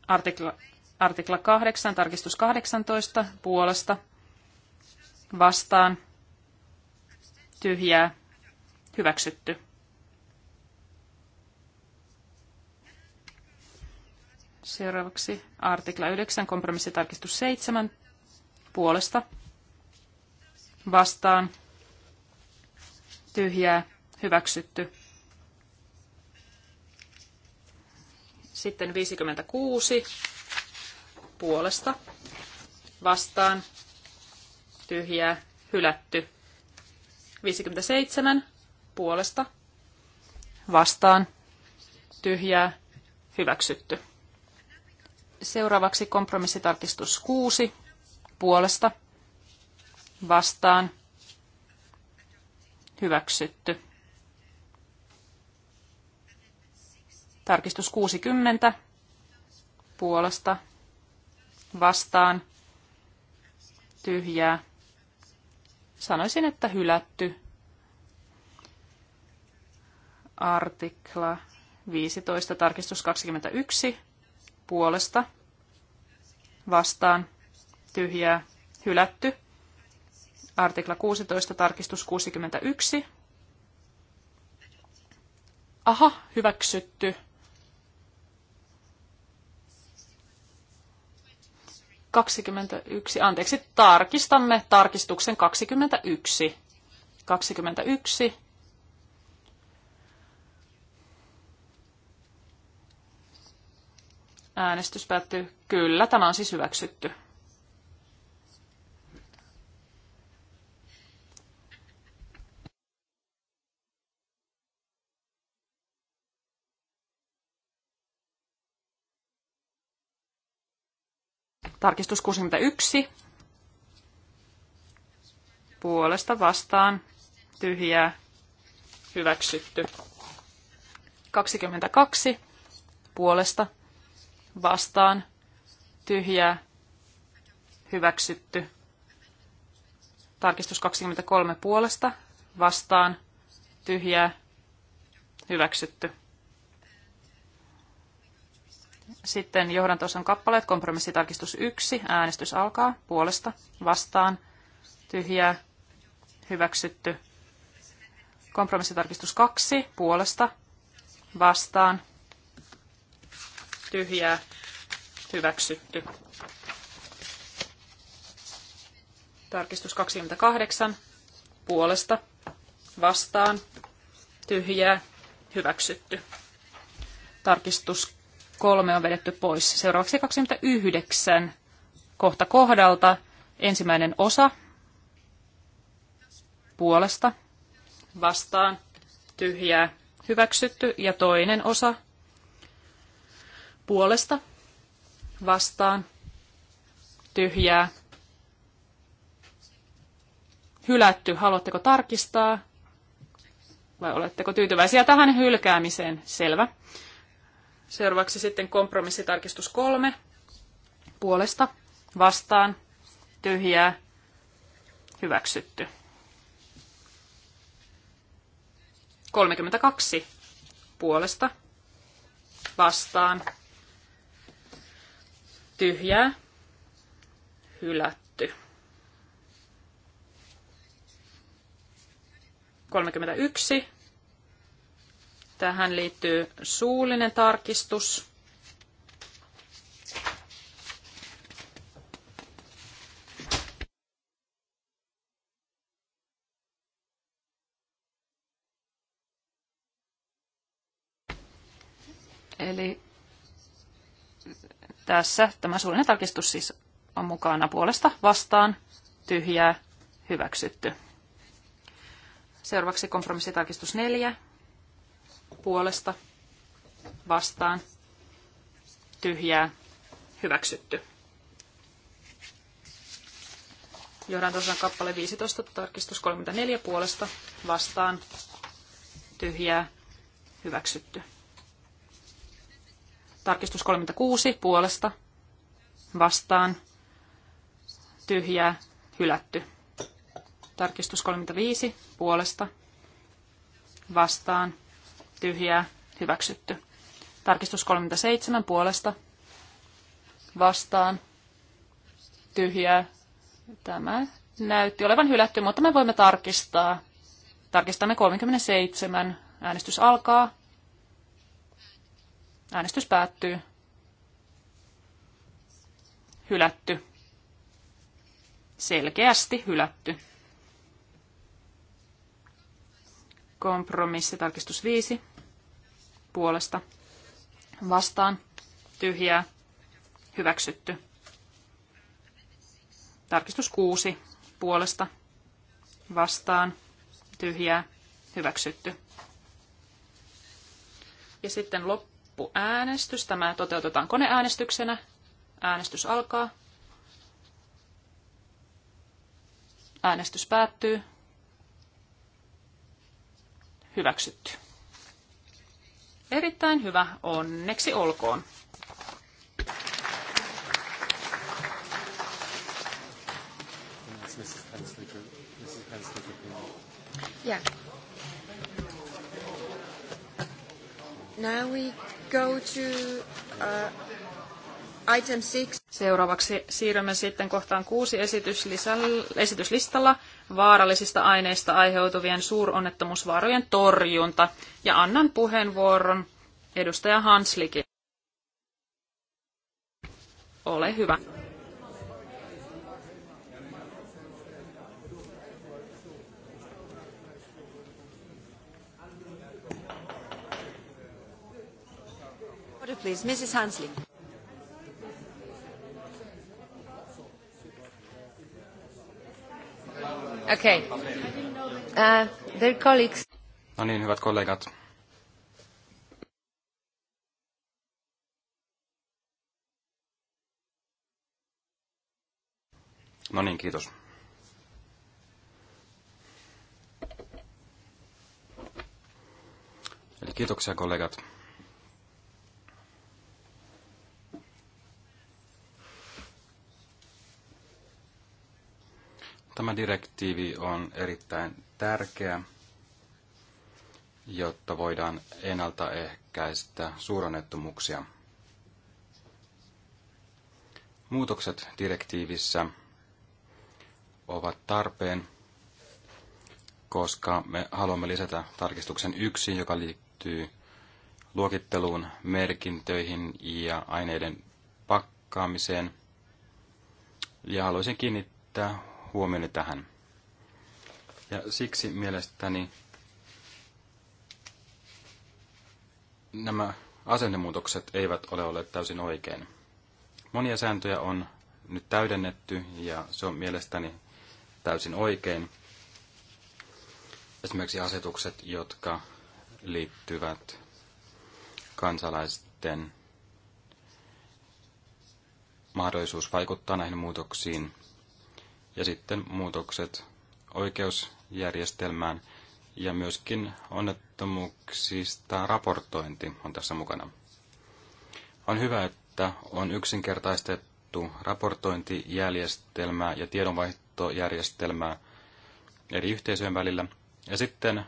Artikla Artikla 8, tarkistus 18, puolesta, vastaan, tyhjää, hyväksytty. Seuraavaksi artikla 9, kompromissitarkistus 7, puolesta, vastaan, tyhjää, hyväksytty. Sitten 56 puolesta vastaan tyhjää hylätty. 57 puolesta vastaan tyhjää hyväksytty. Seuraavaksi kompromissitarkistus 6 puolesta vastaan hyväksytty. Tarkistus 60 puolesta vastaan tyhjää. Sanoisin, että hylätty. Artikla 15, tarkistus 21, puolesta, vastaan, tyhjää, hylätty. Artikla 16, tarkistus 61. Aha, hyväksytty. 21, anteeksi, tarkistamme tarkistuksen 21. 21. Äänestys päättyy. Kyllä, tämä on siis hyväksytty. Tarkistus 61. Puolesta vastaan tyhjää hyväksytty. 22. Puolesta vastaan tyhjää hyväksytty. Tarkistus 23 puolesta vastaan tyhjää hyväksytty. Sitten johdantosan kappaleet, kompromissitarkistus 1, äänestys alkaa, puolesta, vastaan, tyhjää, hyväksytty. Kompromissitarkistus 2, puolesta, vastaan, tyhjää, hyväksytty. Tarkistus 28, puolesta, vastaan, tyhjää, hyväksytty. Tarkistus Kolme on vedetty pois. Seuraavaksi 29 kohta kohdalta. Ensimmäinen osa puolesta vastaan tyhjää hyväksytty ja toinen osa puolesta vastaan tyhjää hylätty. Haluatteko tarkistaa vai oletteko tyytyväisiä tähän hylkäämiseen? Selvä. Seuraavaksi sitten kompromissitarkistus kolme. Puolesta, vastaan, tyhjää, hyväksytty. 32 puolesta, vastaan, tyhjää, hylätty. 31 Tähän liittyy suullinen tarkistus. Eli tässä tämä suullinen tarkistus siis on mukana puolesta vastaan, tyhjää, hyväksytty. Seuraavaksi kompromissitarkistus neljä puolesta vastaan tyhjää hyväksytty. tosiaan kappale 15, tarkistus 34 puolesta vastaan tyhjää hyväksytty. Tarkistus 36 puolesta vastaan tyhjää hylätty. Tarkistus 35 puolesta vastaan tyhjää, hyväksytty. Tarkistus 37 puolesta, vastaan, tyhjää. Tämä näytti olevan hylätty, mutta me voimme tarkistaa. Tarkistamme 37. Äänestys alkaa. Äänestys päättyy. Hylätty. Selkeästi hylätty. Kompromissi tarkistus 5 puolesta vastaan tyhjää hyväksytty. Tarkistus 6 puolesta vastaan tyhjää hyväksytty. Ja sitten loppuäänestys. Tämä toteutetaan koneäänestyksenä. Äänestys alkaa. Äänestys päättyy. Hyväksytty. Erittäin hyvä. Onneksi olkoon. Yeah. Now we go to uh, item six. Seuraavaksi siirrymme sitten kohtaan kuusi esityslistalla vaarallisista aineista aiheutuvien suuronnettomuusvaarojen torjunta. Ja annan puheenvuoron edustaja Hanslikin. Ole hyvä. Please, Mrs. Hansley. Okay. Uh, colleagues. No niin, hyvät kollegat. No niin, kiitos. Eli kiitoksia kollegat. Tämä direktiivi on erittäin tärkeä, jotta voidaan ennaltaehkäistä suuronnettomuuksia. Muutokset direktiivissä ovat tarpeen, koska me haluamme lisätä tarkistuksen yksi, joka liittyy luokitteluun, merkintöihin ja aineiden pakkaamiseen. Ja haluaisin kiinnittää huomioni tähän. Ja siksi mielestäni nämä asennemuutokset eivät ole olleet täysin oikein. Monia sääntöjä on nyt täydennetty ja se on mielestäni täysin oikein. Esimerkiksi asetukset, jotka liittyvät kansalaisten mahdollisuus vaikuttaa näihin muutoksiin ja sitten muutokset oikeusjärjestelmään ja myöskin onnettomuuksista raportointi on tässä mukana. On hyvä, että on yksinkertaistettu raportointijärjestelmää ja tiedonvaihtojärjestelmää eri yhteisöjen välillä. Ja sitten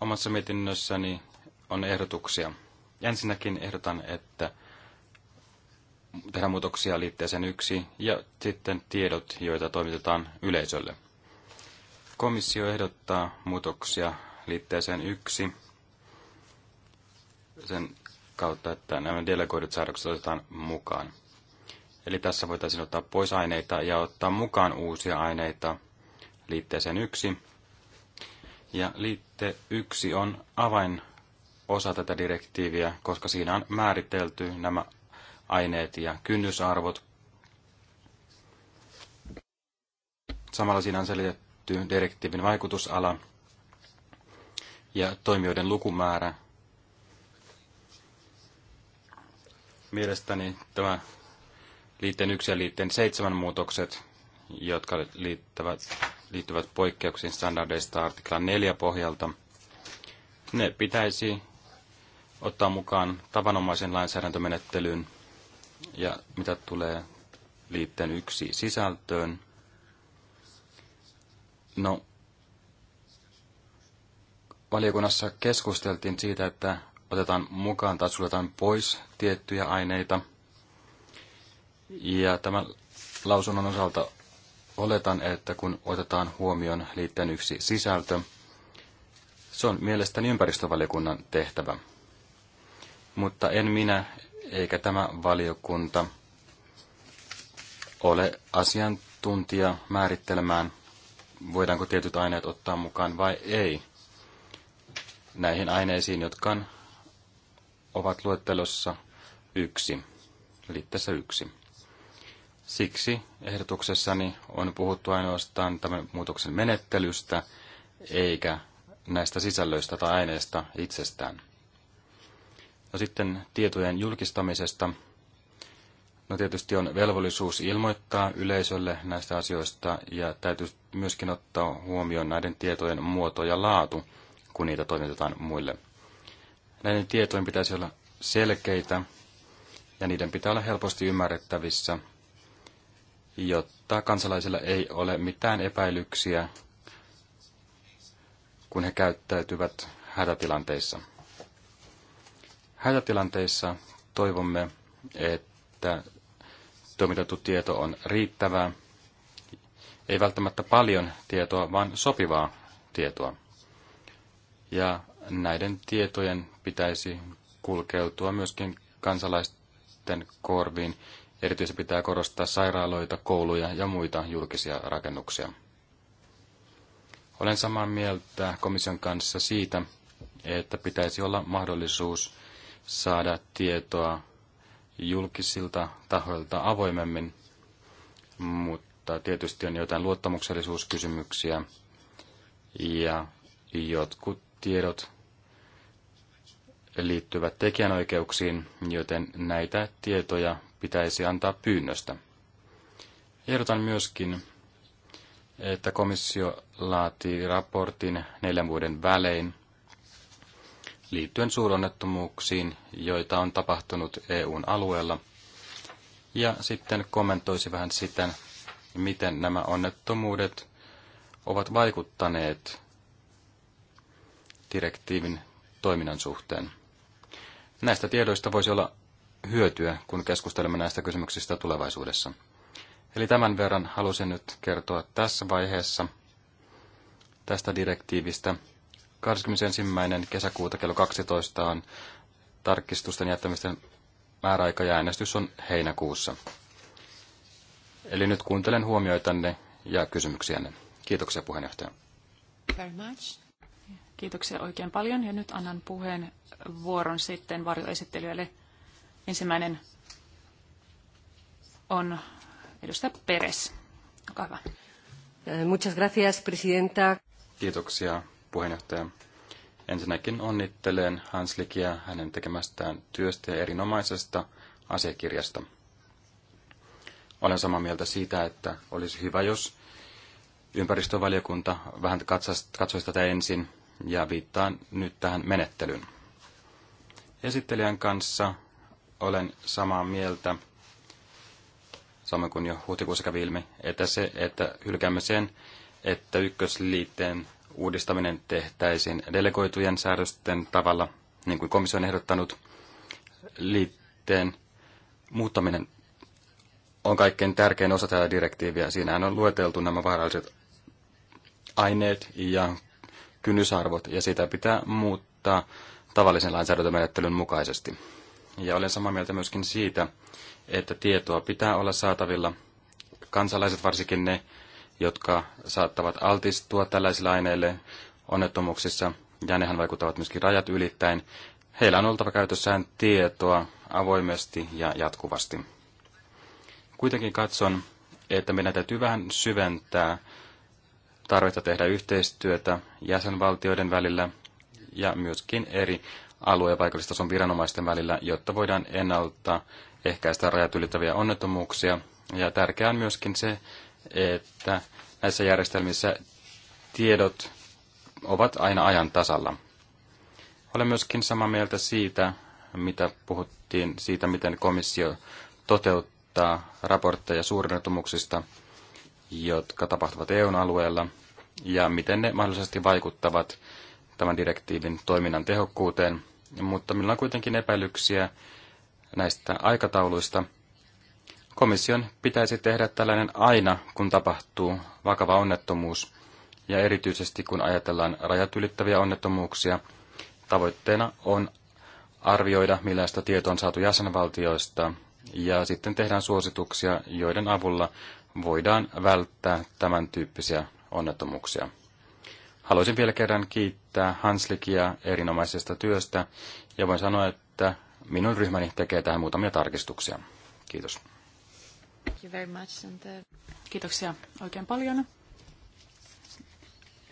omassa mietinnössäni on ehdotuksia. Ensinnäkin ehdotan, että tehdä muutoksia liitteeseen yksi ja sitten tiedot, joita toimitetaan yleisölle. Komissio ehdottaa muutoksia liitteeseen yksi sen kautta, että nämä delegoidut säädökset otetaan mukaan. Eli tässä voitaisiin ottaa pois aineita ja ottaa mukaan uusia aineita liitteeseen yksi. Ja liitte yksi on avain osa tätä direktiiviä, koska siinä on määritelty nämä aineet ja kynnysarvot. Samalla siinä on selitetty direktiivin vaikutusala ja toimijoiden lukumäärä. Mielestäni tämä liitteen 1 ja liitteen 7 muutokset, jotka liittyvät, liittyvät poikkeuksiin standardeista artiklan 4 pohjalta, ne pitäisi ottaa mukaan tavanomaisen lainsäädäntömenettelyyn ja mitä tulee liitteen yksi sisältöön, no valiokunnassa keskusteltiin siitä, että otetaan mukaan tai suljetaan pois tiettyjä aineita. Ja tämän lausunnon osalta oletan, että kun otetaan huomioon liitteen yksi sisältö, se on mielestäni ympäristövaliokunnan tehtävä. Mutta en minä eikä tämä valiokunta ole asiantuntija määrittelemään, voidaanko tietyt aineet ottaa mukaan vai ei näihin aineisiin, jotka ovat luettelossa yksi, liitteessä yksi. Siksi ehdotuksessani on puhuttu ainoastaan tämän muutoksen menettelystä, eikä näistä sisällöistä tai aineista itsestään. No sitten tietojen julkistamisesta. No tietysti on velvollisuus ilmoittaa yleisölle näistä asioista ja täytyy myöskin ottaa huomioon näiden tietojen muoto ja laatu, kun niitä toimitetaan muille. Näiden tietojen pitäisi olla selkeitä ja niiden pitää olla helposti ymmärrettävissä, jotta kansalaisilla ei ole mitään epäilyksiä, kun he käyttäytyvät hätätilanteissa. Hätätilanteissa toivomme, että toimitettu tieto on riittävää, ei välttämättä paljon tietoa, vaan sopivaa tietoa. Ja näiden tietojen pitäisi kulkeutua myöskin kansalaisten korviin. Erityisesti pitää korostaa sairaaloita, kouluja ja muita julkisia rakennuksia. Olen samaa mieltä komission kanssa siitä, että pitäisi olla mahdollisuus saada tietoa julkisilta tahoilta avoimemmin, mutta tietysti on jotain luottamuksellisuuskysymyksiä ja jotkut tiedot liittyvät tekijänoikeuksiin, joten näitä tietoja pitäisi antaa pyynnöstä. Ehdotan myöskin, että komissio laatii raportin neljän vuoden välein liittyen suuronnettomuuksiin, joita on tapahtunut EUn alueella. Ja sitten kommentoisi vähän sitä, miten nämä onnettomuudet ovat vaikuttaneet direktiivin toiminnan suhteen. Näistä tiedoista voisi olla hyötyä, kun keskustelemme näistä kysymyksistä tulevaisuudessa. Eli tämän verran halusin nyt kertoa tässä vaiheessa tästä direktiivistä 21. kesäkuuta kello 12 on tarkistusten jättämisten määräaika ja äänestys on heinäkuussa. Eli nyt kuuntelen huomioitanne ja kysymyksiänne. Kiitoksia puheenjohtaja. Very much. Kiitoksia oikein paljon ja nyt annan puheen vuoron sitten varjoesittelijöille. Ensimmäinen on edustaja Peres. Olkaa hyvä. Muchas gracias, presidenta. Kiitoksia puheenjohtaja. Ensinnäkin onnittelen Hanslikia hänen tekemästään työstä ja erinomaisesta asiakirjasta. Olen samaa mieltä siitä, että olisi hyvä, jos ympäristövaliokunta vähän katsoisi tätä ensin ja viittaan nyt tähän menettelyyn. Esittelijän kanssa olen samaa mieltä, samoin kuin jo huhtikuussa kävi ilmi, että se, että hylkäämme sen, että ykkösliitteen uudistaminen tehtäisiin delegoitujen säädösten tavalla, niin kuin komissio on ehdottanut, liitteen muuttaminen on kaikkein tärkein osa tätä direktiiviä. Siinähän on lueteltu nämä vaaralliset aineet ja kynnysarvot, ja sitä pitää muuttaa tavallisen lainsäädäntömenettelyn mukaisesti. Ja olen samaa mieltä myöskin siitä, että tietoa pitää olla saatavilla. Kansalaiset, varsinkin ne, jotka saattavat altistua tällaisille aineille onnettomuuksissa, ja nehän vaikuttavat myöskin rajat ylittäin. Heillä on oltava käytössään tietoa avoimesti ja jatkuvasti. Kuitenkin katson, että meidän täytyy vähän syventää tarvetta tehdä yhteistyötä jäsenvaltioiden välillä ja myöskin eri alue- ja paikallistason viranomaisten välillä, jotta voidaan ennalta ehkäistä rajat ylittäviä onnettomuuksia. Ja tärkeää on myöskin se, että näissä järjestelmissä tiedot ovat aina ajan tasalla. Olen myöskin samaa mieltä siitä, mitä puhuttiin siitä, miten komissio toteuttaa raportteja suurennetumuksista, jotka tapahtuvat EUn alueella, ja miten ne mahdollisesti vaikuttavat tämän direktiivin toiminnan tehokkuuteen. Mutta minulla on kuitenkin epäilyksiä näistä aikatauluista, Komission pitäisi tehdä tällainen aina, kun tapahtuu vakava onnettomuus, ja erityisesti kun ajatellaan rajat ylittäviä onnettomuuksia, tavoitteena on arvioida, millaista tietoa on saatu jäsenvaltioista, ja sitten tehdään suosituksia, joiden avulla voidaan välttää tämän tyyppisiä onnettomuuksia. Haluaisin vielä kerran kiittää Hanslikia erinomaisesta työstä, ja voin sanoa, että minun ryhmäni tekee tähän muutamia tarkistuksia. Kiitos. Thank you very much. And, uh... Kiitoksia oikein paljon.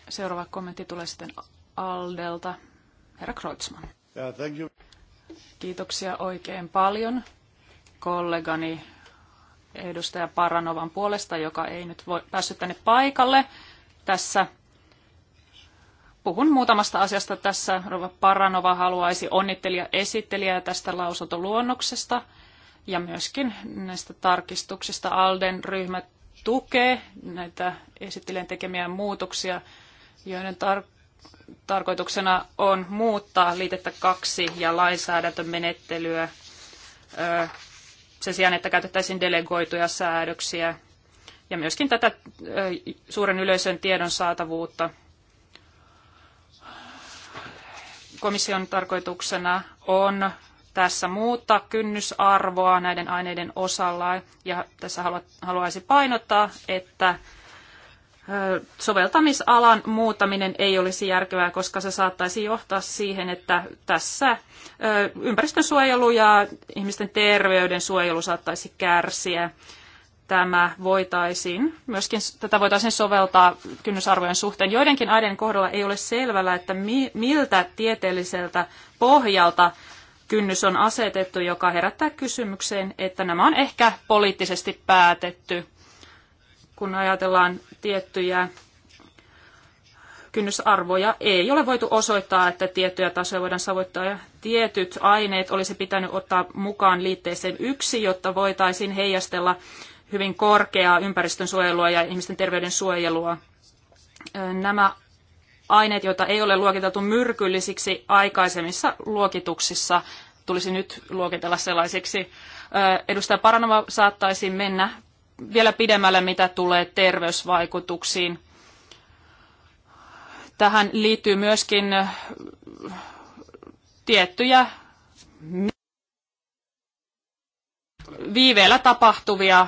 Seuraava kommentti tulee sitten Aldelta. Herra Kreutzmann. Yeah, thank you. Kiitoksia oikein paljon kollegani edustaja Paranovan puolesta, joka ei nyt voi, päässyt tänne paikalle. Tässä puhun muutamasta asiasta tässä. Rova Paranova haluaisi onnittelia esittelijää tästä lausuntoluonnoksesta. luonnoksesta ja myöskin näistä tarkistuksista Alden ryhmä tukee näitä esittelijän tekemiä muutoksia, joiden tar- tarkoituksena on muuttaa liitettä kaksi ja lainsäädäntömenettelyä ö, sen sijaan, että käytettäisiin delegoituja säädöksiä ja myöskin tätä suuren yleisön tiedon saatavuutta. Komission tarkoituksena on tässä muuttaa kynnysarvoa näiden aineiden osalla. Ja tässä haluaisin painottaa, että soveltamisalan muuttaminen ei olisi järkevää, koska se saattaisi johtaa siihen, että tässä ympäristön suojelu ja ihmisten terveyden suojelu saattaisi kärsiä. Tämä voitaisiin, myöskin tätä voitaisiin soveltaa kynnysarvojen suhteen. Joidenkin aineiden kohdalla ei ole selvällä, että miltä tieteelliseltä pohjalta kynnys on asetettu, joka herättää kysymykseen, että nämä on ehkä poliittisesti päätetty, kun ajatellaan tiettyjä kynnysarvoja. Ei ole voitu osoittaa, että tiettyjä tasoja voidaan savoittaa ja tietyt aineet olisi pitänyt ottaa mukaan liitteeseen yksi, jotta voitaisiin heijastella hyvin korkeaa ympäristön suojelua ja ihmisten terveyden suojelua. Nämä aineet, joita ei ole luokiteltu myrkyllisiksi aikaisemmissa luokituksissa, tulisi nyt luokitella sellaisiksi. Edustaja Paranova saattaisi mennä vielä pidemmälle, mitä tulee terveysvaikutuksiin. Tähän liittyy myöskin tiettyjä viiveellä tapahtuvia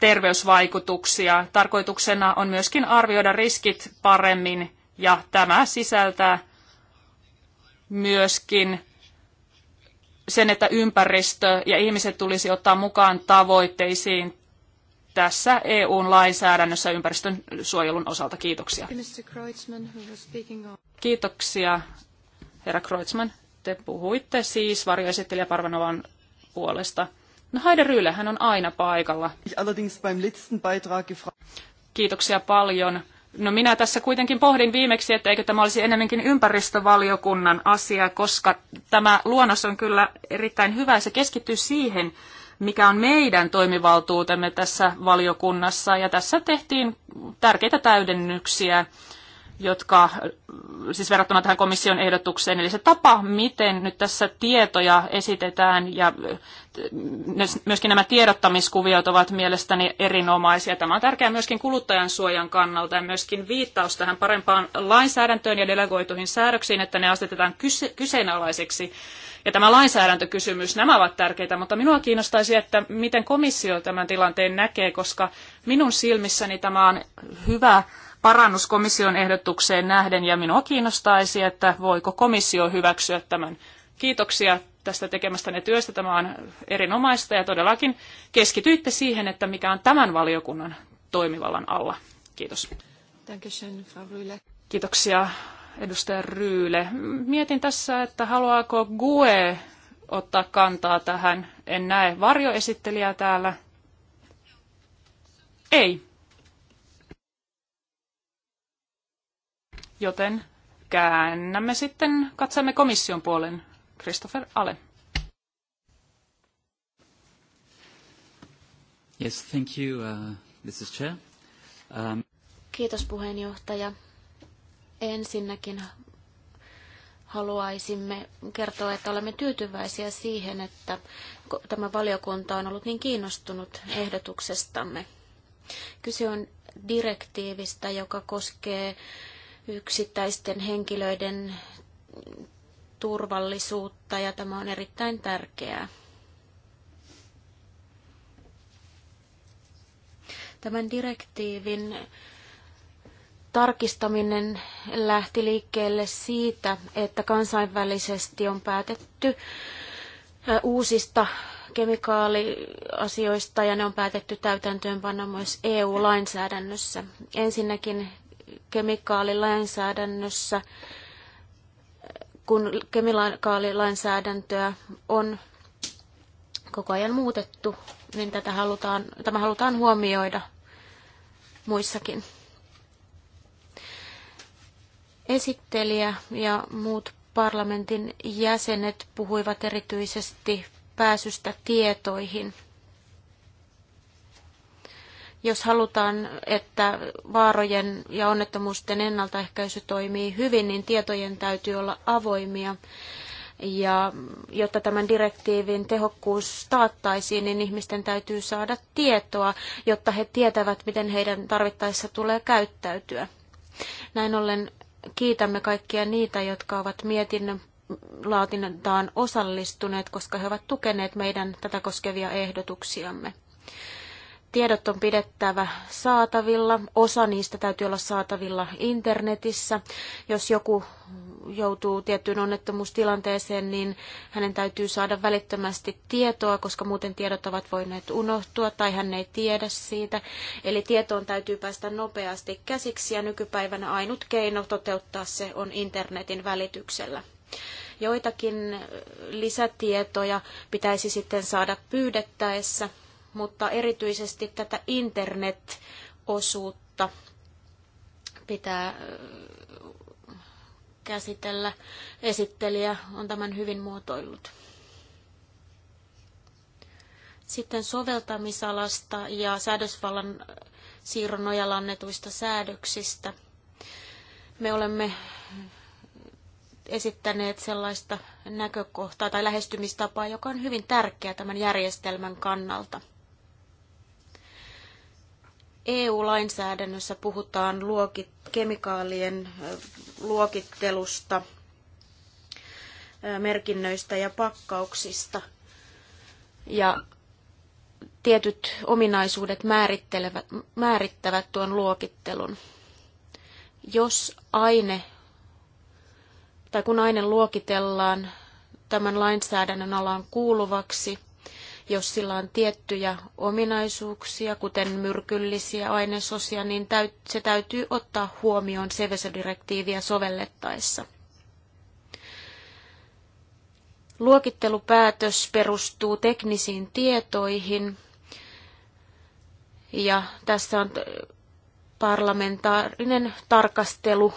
terveysvaikutuksia. Tarkoituksena on myöskin arvioida riskit paremmin ja tämä sisältää myöskin sen, että ympäristö ja ihmiset tulisi ottaa mukaan tavoitteisiin tässä EUn lainsäädännössä ympäristön suojelun osalta. Kiitoksia. Kiitoksia, herra Kreutzmann. Te puhuitte siis varjoesittelijä Parvanovan puolesta. No Haide Ryyle, hän on aina paikalla. Kiitoksia paljon. No minä tässä kuitenkin pohdin viimeksi, että eikö tämä olisi enemmänkin ympäristövaliokunnan asia, koska tämä luonnos on kyllä erittäin hyvä ja se keskittyy siihen, mikä on meidän toimivaltuutemme tässä valiokunnassa. Ja tässä tehtiin tärkeitä täydennyksiä jotka, siis verrattuna tähän komission ehdotukseen, eli se tapa, miten nyt tässä tietoja esitetään ja äh, myöskin nämä tiedottamiskuviot ovat mielestäni erinomaisia. Tämä on tärkeää myöskin kuluttajan suojan kannalta ja myöskin viittaus tähän parempaan lainsäädäntöön ja delegoituihin säädöksiin, että ne asetetaan kyse- kyseenalaiseksi. Ja tämä lainsäädäntökysymys, nämä ovat tärkeitä, mutta minua kiinnostaisi, että miten komissio tämän tilanteen näkee, koska minun silmissäni tämä on hyvä parannus komission ehdotukseen nähden ja minua kiinnostaisi, että voiko komissio hyväksyä tämän. Kiitoksia tästä tekemästänne työstä. Tämä on erinomaista ja todellakin keskityitte siihen, että mikä on tämän valiokunnan toimivallan alla. Kiitos. Kiitoksia edustaja Ryyle. Mietin tässä, että haluaako GUE ottaa kantaa tähän. En näe varjoesittelijää täällä. Ei. Joten käännämme sitten, katsomme komission puolen. Christopher Ale. Yes, thank you, uh, Mrs. Chair. Um... Kiitos puheenjohtaja. Ensinnäkin haluaisimme kertoa, että olemme tyytyväisiä siihen, että tämä valiokunta on ollut niin kiinnostunut ehdotuksestamme. Kyse on direktiivistä, joka koskee yksittäisten henkilöiden turvallisuutta ja tämä on erittäin tärkeää. Tämän direktiivin tarkistaminen lähti liikkeelle siitä, että kansainvälisesti on päätetty uusista kemikaaliasioista ja ne on päätetty täytäntöönpanna myös EU-lainsäädännössä. Ensinnäkin kemikaalilainsäädännössä, kun kemikaalilainsäädäntöä on koko ajan muutettu, niin tätä halutaan, tämä halutaan huomioida muissakin. Esittelijä ja muut parlamentin jäsenet puhuivat erityisesti pääsystä tietoihin – jos halutaan, että vaarojen ja onnettomuusten ennaltaehkäisy toimii hyvin, niin tietojen täytyy olla avoimia. Ja jotta tämän direktiivin tehokkuus taattaisiin, niin ihmisten täytyy saada tietoa, jotta he tietävät, miten heidän tarvittaessa tulee käyttäytyä. Näin ollen kiitämme kaikkia niitä, jotka ovat mietinnön laatintaan osallistuneet, koska he ovat tukeneet meidän tätä koskevia ehdotuksiamme. Tiedot on pidettävä saatavilla, osa niistä täytyy olla saatavilla internetissä. Jos joku joutuu tiettyyn onnettomuustilanteeseen, niin hänen täytyy saada välittömästi tietoa, koska muuten tiedot ovat voineet unohtua tai hän ei tiedä siitä. Eli tietoon täytyy päästä nopeasti käsiksi ja nykypäivänä ainut keino toteuttaa se on internetin välityksellä joitakin lisätietoja pitäisi sitten saada pyydettäessä, mutta erityisesti tätä internet-osuutta pitää käsitellä. Esittelijä on tämän hyvin muotoillut. Sitten soveltamisalasta ja säädösvallan siirron nojalla annetuista säädöksistä. Me olemme esittäneet sellaista näkökohtaa tai lähestymistapaa, joka on hyvin tärkeä tämän järjestelmän kannalta. EU-lainsäädännössä puhutaan luokit, kemikaalien luokittelusta, merkinnöistä ja pakkauksista. Ja tietyt ominaisuudet määrittelevät, määrittävät tuon luokittelun. Jos aine tai kun aine luokitellaan tämän lainsäädännön alaan kuuluvaksi – jos sillä on tiettyjä ominaisuuksia, kuten myrkyllisiä ainesosia, niin se täytyy ottaa huomioon CVS-direktiiviä sovellettaessa. Luokittelupäätös perustuu teknisiin tietoihin ja tässä on parlamentaarinen tarkastelu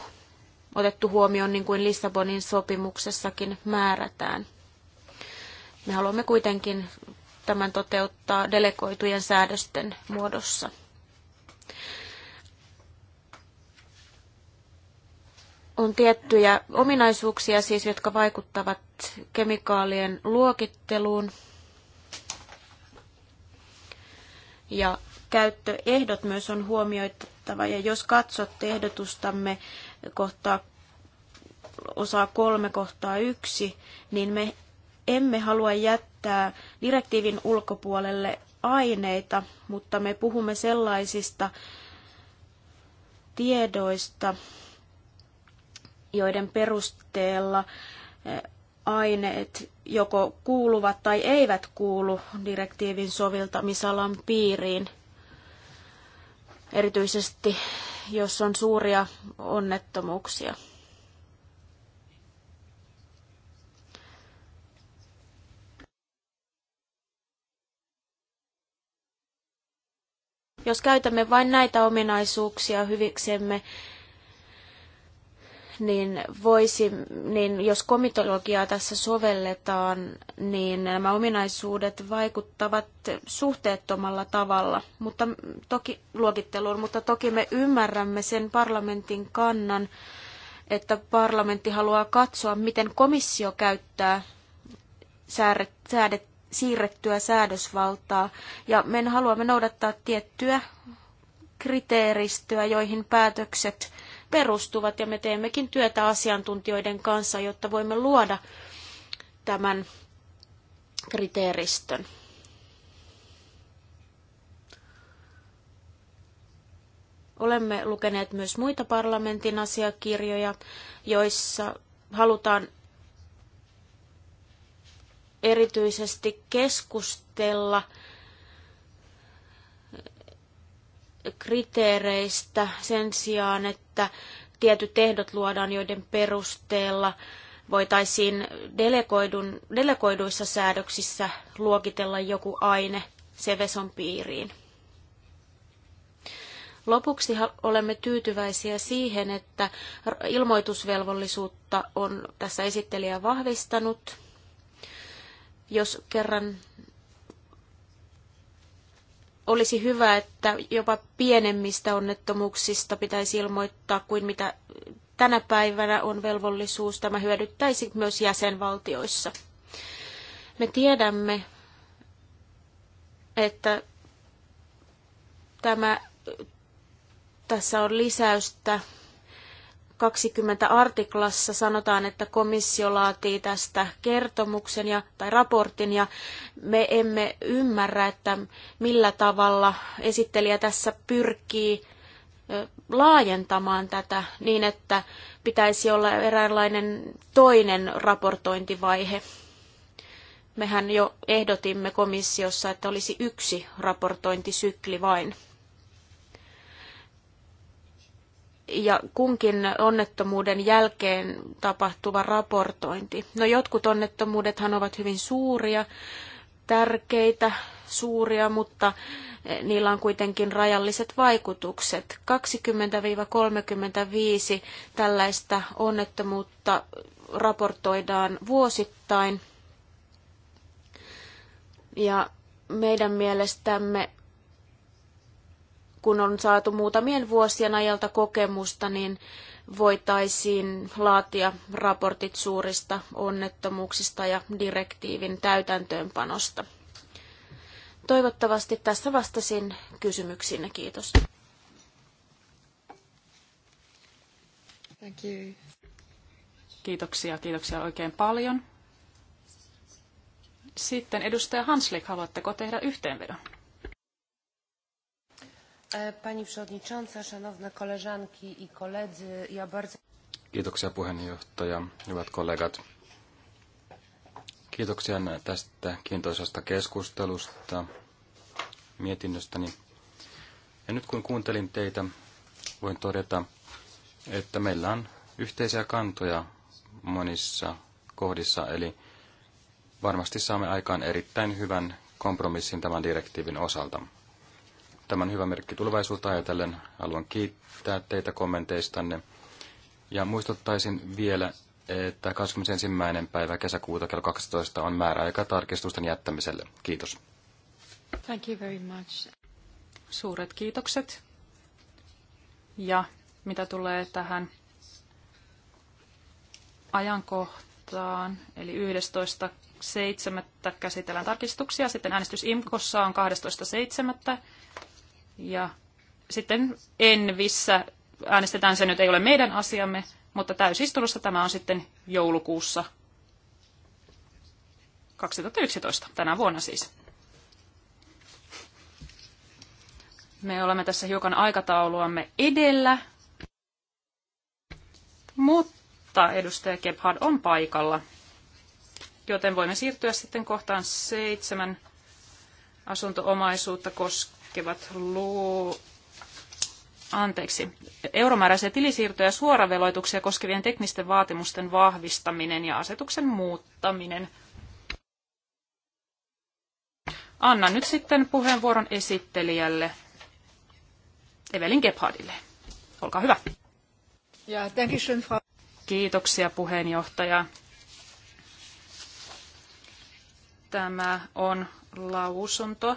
otettu huomioon niin kuin Lissabonin sopimuksessakin määrätään. Me haluamme kuitenkin tämän toteuttaa delegoitujen säädösten muodossa. On tiettyjä ominaisuuksia siis, jotka vaikuttavat kemikaalien luokitteluun ja käyttöehdot myös on huomioitettava. Ja jos katsot ehdotustamme kohtaa osaa kolme kohtaa yksi, niin me emme halua jättää direktiivin ulkopuolelle aineita, mutta me puhumme sellaisista tiedoista, joiden perusteella eh, aineet joko kuuluvat tai eivät kuulu direktiivin soveltamisalan piiriin. Erityisesti jos on suuria onnettomuuksia. Jos käytämme vain näitä ominaisuuksia hyviksemme, niin, voisi, niin jos komitologiaa tässä sovelletaan, niin nämä ominaisuudet vaikuttavat suhteettomalla tavalla, mutta toki luokitteluun, mutta toki me ymmärrämme sen parlamentin kannan, että parlamentti haluaa katsoa, miten komissio käyttää säädet, siirrettyä säädösvaltaa. Ja me haluamme noudattaa tiettyä kriteeristöä, joihin päätökset perustuvat, ja me teemmekin työtä asiantuntijoiden kanssa, jotta voimme luoda tämän kriteeristön. Olemme lukeneet myös muita parlamentin asiakirjoja, joissa halutaan erityisesti keskustella kriteereistä sen sijaan, että tietyt ehdot luodaan, joiden perusteella voitaisiin delegoidun, delegoiduissa säädöksissä luokitella joku aine Seveson piiriin. Lopuksi olemme tyytyväisiä siihen, että ilmoitusvelvollisuutta on tässä esittelijä vahvistanut jos kerran olisi hyvä, että jopa pienemmistä onnettomuuksista pitäisi ilmoittaa kuin mitä tänä päivänä on velvollisuus. Tämä hyödyttäisi myös jäsenvaltioissa. Me tiedämme, että tämä, tässä on lisäystä 20 artiklassa sanotaan, että komissio laatii tästä kertomuksen ja, tai raportin ja me emme ymmärrä, että millä tavalla esittelijä tässä pyrkii laajentamaan tätä niin, että pitäisi olla eräänlainen toinen raportointivaihe. Mehän jo ehdotimme komissiossa, että olisi yksi raportointisykli vain. ja kunkin onnettomuuden jälkeen tapahtuva raportointi. No jotkut onnettomuudethan ovat hyvin suuria, tärkeitä, suuria, mutta eh, niillä on kuitenkin rajalliset vaikutukset. 20-35 tällaista onnettomuutta raportoidaan vuosittain. Ja meidän mielestämme kun on saatu muutamien vuosien ajalta kokemusta, niin voitaisiin laatia raportit suurista onnettomuuksista ja direktiivin täytäntöönpanosta. Toivottavasti tässä vastasin kysymyksiinne. Kiitos. Thank you. Kiitoksia, kiitoksia oikein paljon. Sitten edustaja Hanslik, haluatteko tehdä yhteenvedon? E, pani przewodnicząca, szanowne koleżanki i koledzy, ja bardzo... Kiitoksia puheenjohtaja, hyvät kollegat. Kiitoksia tästä kiintoisesta keskustelusta mietinnöstäni. Ja nyt kun kuuntelin teitä, voin todeta, että meillä on yhteisiä kantoja monissa kohdissa, eli varmasti saamme aikaan erittäin hyvän kompromissin tämän direktiivin osalta. Tämä on hyvä merkki tulevaisuutta ajatellen. Haluan kiittää teitä kommenteistanne. Ja muistuttaisin vielä, että 21. päivä kesäkuuta kello 12 on määräaika tarkistusten jättämiselle. Kiitos. Thank you very much. Suuret kiitokset. Ja mitä tulee tähän ajankohtaan, eli 11.7. käsitellään tarkistuksia. Sitten äänestys IMKossa on 12.7. Ja sitten Envissä äänestetään, se nyt ei ole meidän asiamme, mutta täysistunnossa tämä on sitten joulukuussa 2011, tänä vuonna siis. Me olemme tässä hiukan aikatauluamme edellä, mutta edustaja Gebhard on paikalla, joten voimme siirtyä sitten kohtaan seitsemän asuntoomaisuutta koskien koskevat Anteeksi. Euromääräisiä tilisiirtoja ja suoraveloituksia koskevien teknisten vaatimusten vahvistaminen ja asetuksen muuttaminen. Annan nyt sitten puheenvuoron esittelijälle Evelin Gebhardille. Olkaa hyvä. Ja, Frau. Kiitoksia puheenjohtaja. Tämä on lausunto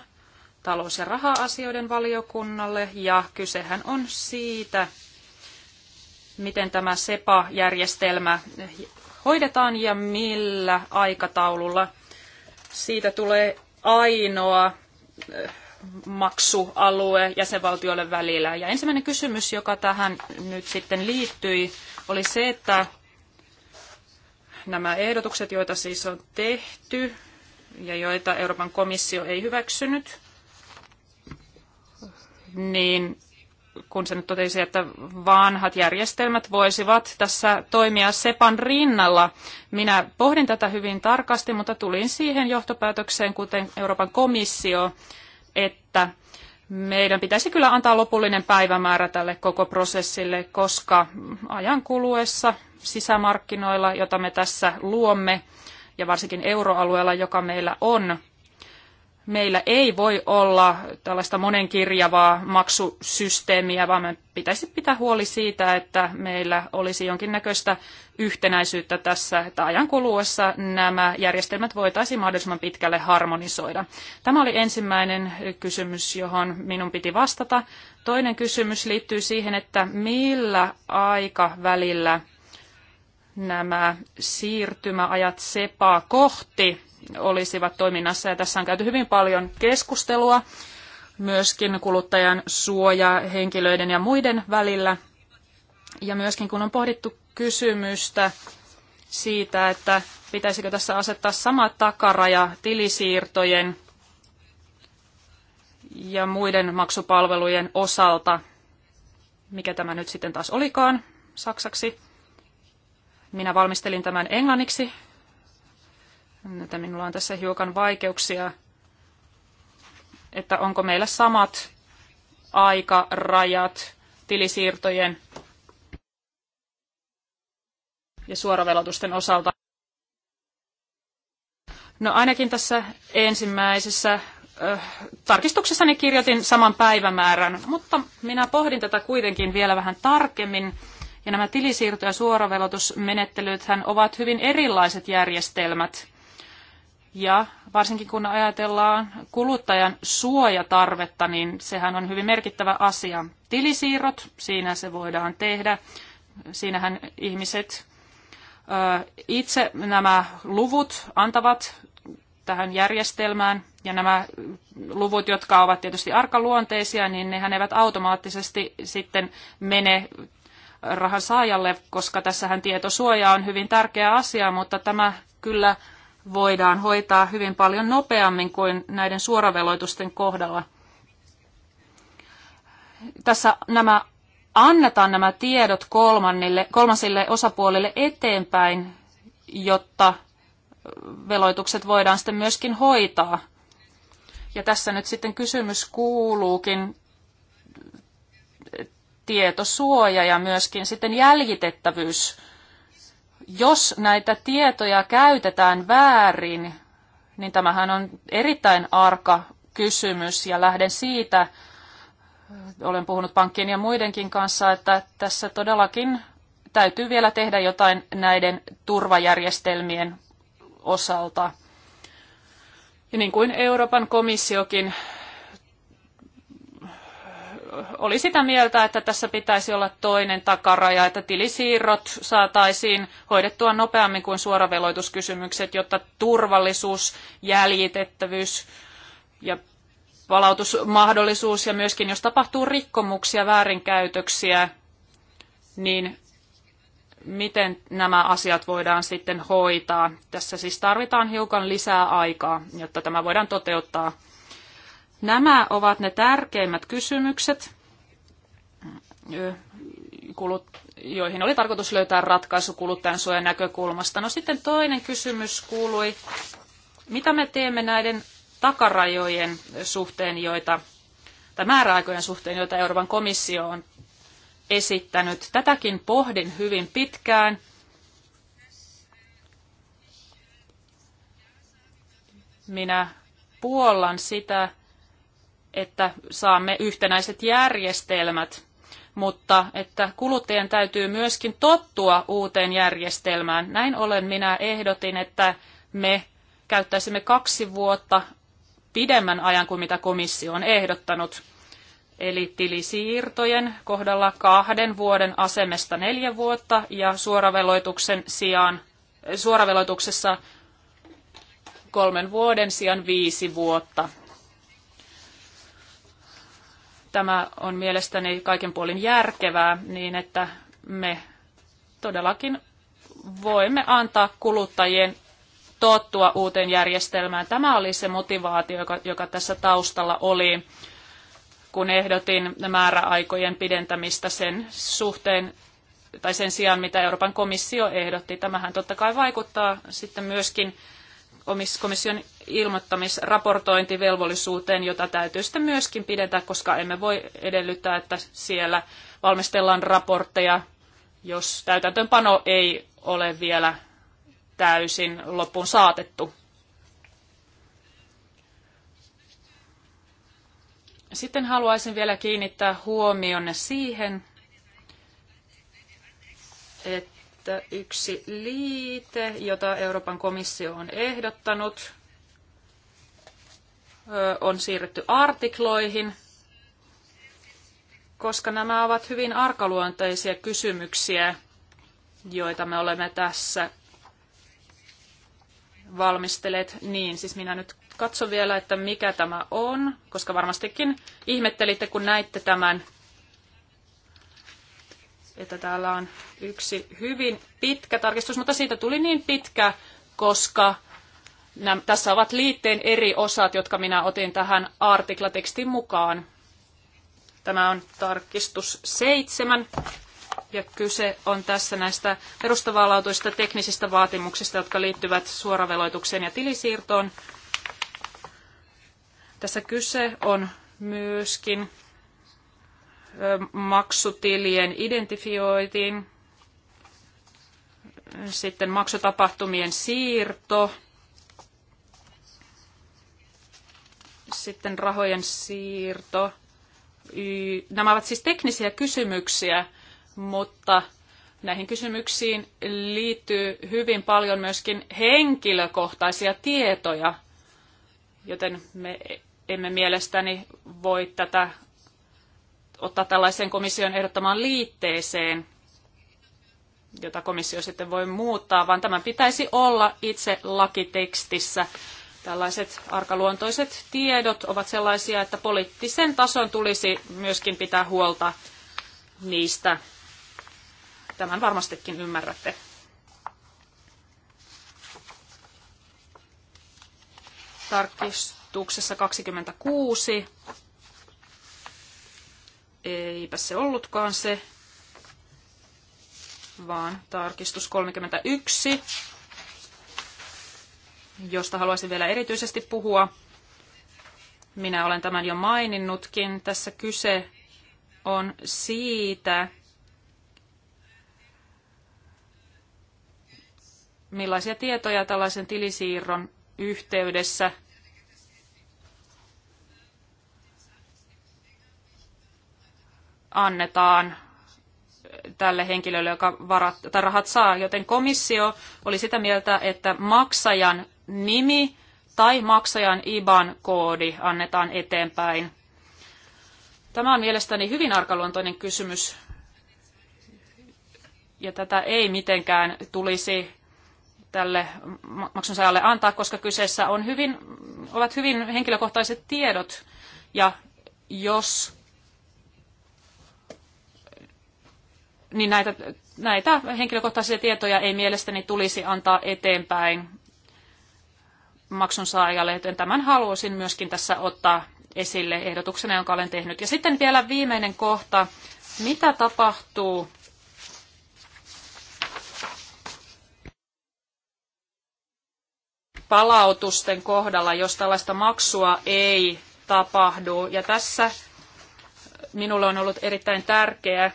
talous- ja raha-asioiden valiokunnalle ja kysehän on siitä, miten tämä SEPA-järjestelmä hoidetaan ja millä aikataululla. Siitä tulee ainoa maksualue jäsenvaltioille välillä. Ja ensimmäinen kysymys, joka tähän nyt sitten liittyi, oli se, että nämä ehdotukset, joita siis on tehty ja joita Euroopan komissio ei hyväksynyt, niin kun se nyt totesi, että vanhat järjestelmät voisivat tässä toimia SEPAn rinnalla. Minä pohdin tätä hyvin tarkasti, mutta tulin siihen johtopäätökseen, kuten Euroopan komissio, että meidän pitäisi kyllä antaa lopullinen päivämäärä tälle koko prosessille, koska ajan kuluessa sisämarkkinoilla, jota me tässä luomme, ja varsinkin euroalueella, joka meillä on, meillä ei voi olla tällaista monenkirjavaa maksusysteemiä, vaan me pitäisi pitää huoli siitä, että meillä olisi jonkinnäköistä yhtenäisyyttä tässä, että ajan kuluessa nämä järjestelmät voitaisiin mahdollisimman pitkälle harmonisoida. Tämä oli ensimmäinen kysymys, johon minun piti vastata. Toinen kysymys liittyy siihen, että millä aikavälillä nämä siirtymäajat sepaa kohti olisivat toiminnassa. Ja tässä on käyty hyvin paljon keskustelua myöskin kuluttajan suoja henkilöiden ja muiden välillä. Ja myöskin kun on pohdittu kysymystä siitä, että pitäisikö tässä asettaa sama takaraja tilisiirtojen ja muiden maksupalvelujen osalta, mikä tämä nyt sitten taas olikaan saksaksi. Minä valmistelin tämän englanniksi että minulla on tässä hiukan vaikeuksia, että onko meillä samat aikarajat tilisiirtojen ja suoravelotusten osalta. No ainakin tässä ensimmäisessä äh, tarkistuksessani kirjoitin saman päivämäärän, mutta minä pohdin tätä kuitenkin vielä vähän tarkemmin. Ja nämä tilisiirto- ja suoravelotusmenettelythän ovat hyvin erilaiset järjestelmät. Ja varsinkin kun ajatellaan kuluttajan suojatarvetta, niin sehän on hyvin merkittävä asia. Tilisiirrot, siinä se voidaan tehdä. Siinähän ihmiset itse nämä luvut antavat tähän järjestelmään. Ja nämä luvut, jotka ovat tietysti arkaluonteisia, niin nehän eivät automaattisesti sitten mene rahan saajalle, koska tässähän tietosuoja on hyvin tärkeä asia, mutta tämä kyllä voidaan hoitaa hyvin paljon nopeammin kuin näiden suoraveloitusten kohdalla. Tässä nämä annetaan nämä tiedot kolmannille, kolmasille osapuolille eteenpäin, jotta veloitukset voidaan sitten myöskin hoitaa. Ja tässä nyt sitten kysymys kuuluukin tietosuoja ja myöskin sitten jäljitettävyys jos näitä tietoja käytetään väärin, niin tämähän on erittäin arka kysymys ja lähden siitä, olen puhunut pankkien ja muidenkin kanssa, että tässä todellakin täytyy vielä tehdä jotain näiden turvajärjestelmien osalta. Ja niin kuin Euroopan komissiokin oli sitä mieltä, että tässä pitäisi olla toinen takaraja, että tilisiirrot saataisiin hoidettua nopeammin kuin suoraveloituskysymykset, jotta turvallisuus, jäljitettävyys ja palautusmahdollisuus ja myöskin jos tapahtuu rikkomuksia, väärinkäytöksiä, niin miten nämä asiat voidaan sitten hoitaa. Tässä siis tarvitaan hiukan lisää aikaa, jotta tämä voidaan toteuttaa Nämä ovat ne tärkeimmät kysymykset, joihin oli tarkoitus löytää ratkaisu kuluttajan suojan näkökulmasta. No sitten toinen kysymys kuului, mitä me teemme näiden takarajojen suhteen, joita, tai määräaikojen suhteen, joita Euroopan komissio on esittänyt. Tätäkin pohdin hyvin pitkään. Minä puollan sitä, että saamme yhtenäiset järjestelmät, mutta että kuluttajien täytyy myöskin tottua uuteen järjestelmään. Näin ollen minä ehdotin, että me käyttäisimme kaksi vuotta pidemmän ajan kuin mitä komissio on ehdottanut. Eli tilisiirtojen kohdalla kahden vuoden asemesta neljä vuotta ja suoraveloituksen sijaan, suoraveloituksessa kolmen vuoden sijaan viisi vuotta. Tämä on mielestäni kaiken puolin järkevää niin, että me todellakin voimme antaa kuluttajien tottua uuteen järjestelmään. Tämä oli se motivaatio, joka, joka tässä taustalla oli, kun ehdotin määräaikojen pidentämistä sen suhteen tai sen sijaan, mitä Euroopan komissio ehdotti. Tämähän totta kai vaikuttaa sitten myöskin komission ilmoittamisraportointivelvollisuuteen, jota täytyy sitten myöskin pidetä, koska emme voi edellyttää, että siellä valmistellaan raportteja, jos täytäntöönpano ei ole vielä täysin loppuun saatettu. Sitten haluaisin vielä kiinnittää huomionne siihen, että että yksi liite, jota Euroopan komissio on ehdottanut, on siirretty artikloihin, koska nämä ovat hyvin arkaluonteisia kysymyksiä, joita me olemme tässä valmistelet. Niin, siis minä nyt katson vielä, että mikä tämä on, koska varmastikin ihmettelitte, kun näitte tämän että täällä on yksi hyvin pitkä tarkistus, mutta siitä tuli niin pitkä, koska nämä, tässä ovat liitteen eri osat, jotka minä otin tähän artiklatekstin mukaan. Tämä on tarkistus seitsemän ja kyse on tässä näistä perustavaa teknisistä vaatimuksista, jotka liittyvät suoraveloitukseen ja tilisiirtoon. Tässä kyse on myöskin maksutilien identifiointiin, sitten maksutapahtumien siirto, sitten rahojen siirto. Nämä ovat siis teknisiä kysymyksiä, mutta näihin kysymyksiin liittyy hyvin paljon myöskin henkilökohtaisia tietoja, joten me emme mielestäni voi tätä ottaa tällaisen komission ehdottamaan liitteeseen, jota komissio sitten voi muuttaa, vaan tämän pitäisi olla itse lakitekstissä. Tällaiset arkaluontoiset tiedot ovat sellaisia, että poliittisen tason tulisi myöskin pitää huolta niistä. Tämän varmastikin ymmärrätte. Tarkistuksessa 26 Eipä se ollutkaan se, vaan tarkistus 31, josta haluaisin vielä erityisesti puhua. Minä olen tämän jo maininnutkin. Tässä kyse on siitä, millaisia tietoja tällaisen tilisiirron yhteydessä – annetaan tälle henkilölle, joka varat, tai rahat saa. Joten komissio oli sitä mieltä, että maksajan nimi tai maksajan IBAN-koodi annetaan eteenpäin. Tämä on mielestäni hyvin arkaluontoinen kysymys, ja tätä ei mitenkään tulisi tälle maksunsaajalle antaa, koska kyseessä on hyvin, ovat hyvin henkilökohtaiset tiedot, ja jos niin näitä, näitä henkilökohtaisia tietoja ei mielestäni tulisi antaa eteenpäin maksun saajalle, joten tämän haluaisin myöskin tässä ottaa esille ehdotuksena, jonka olen tehnyt. Ja sitten vielä viimeinen kohta, mitä tapahtuu palautusten kohdalla, jos tällaista maksua ei tapahdu. Ja tässä minulle on ollut erittäin tärkeää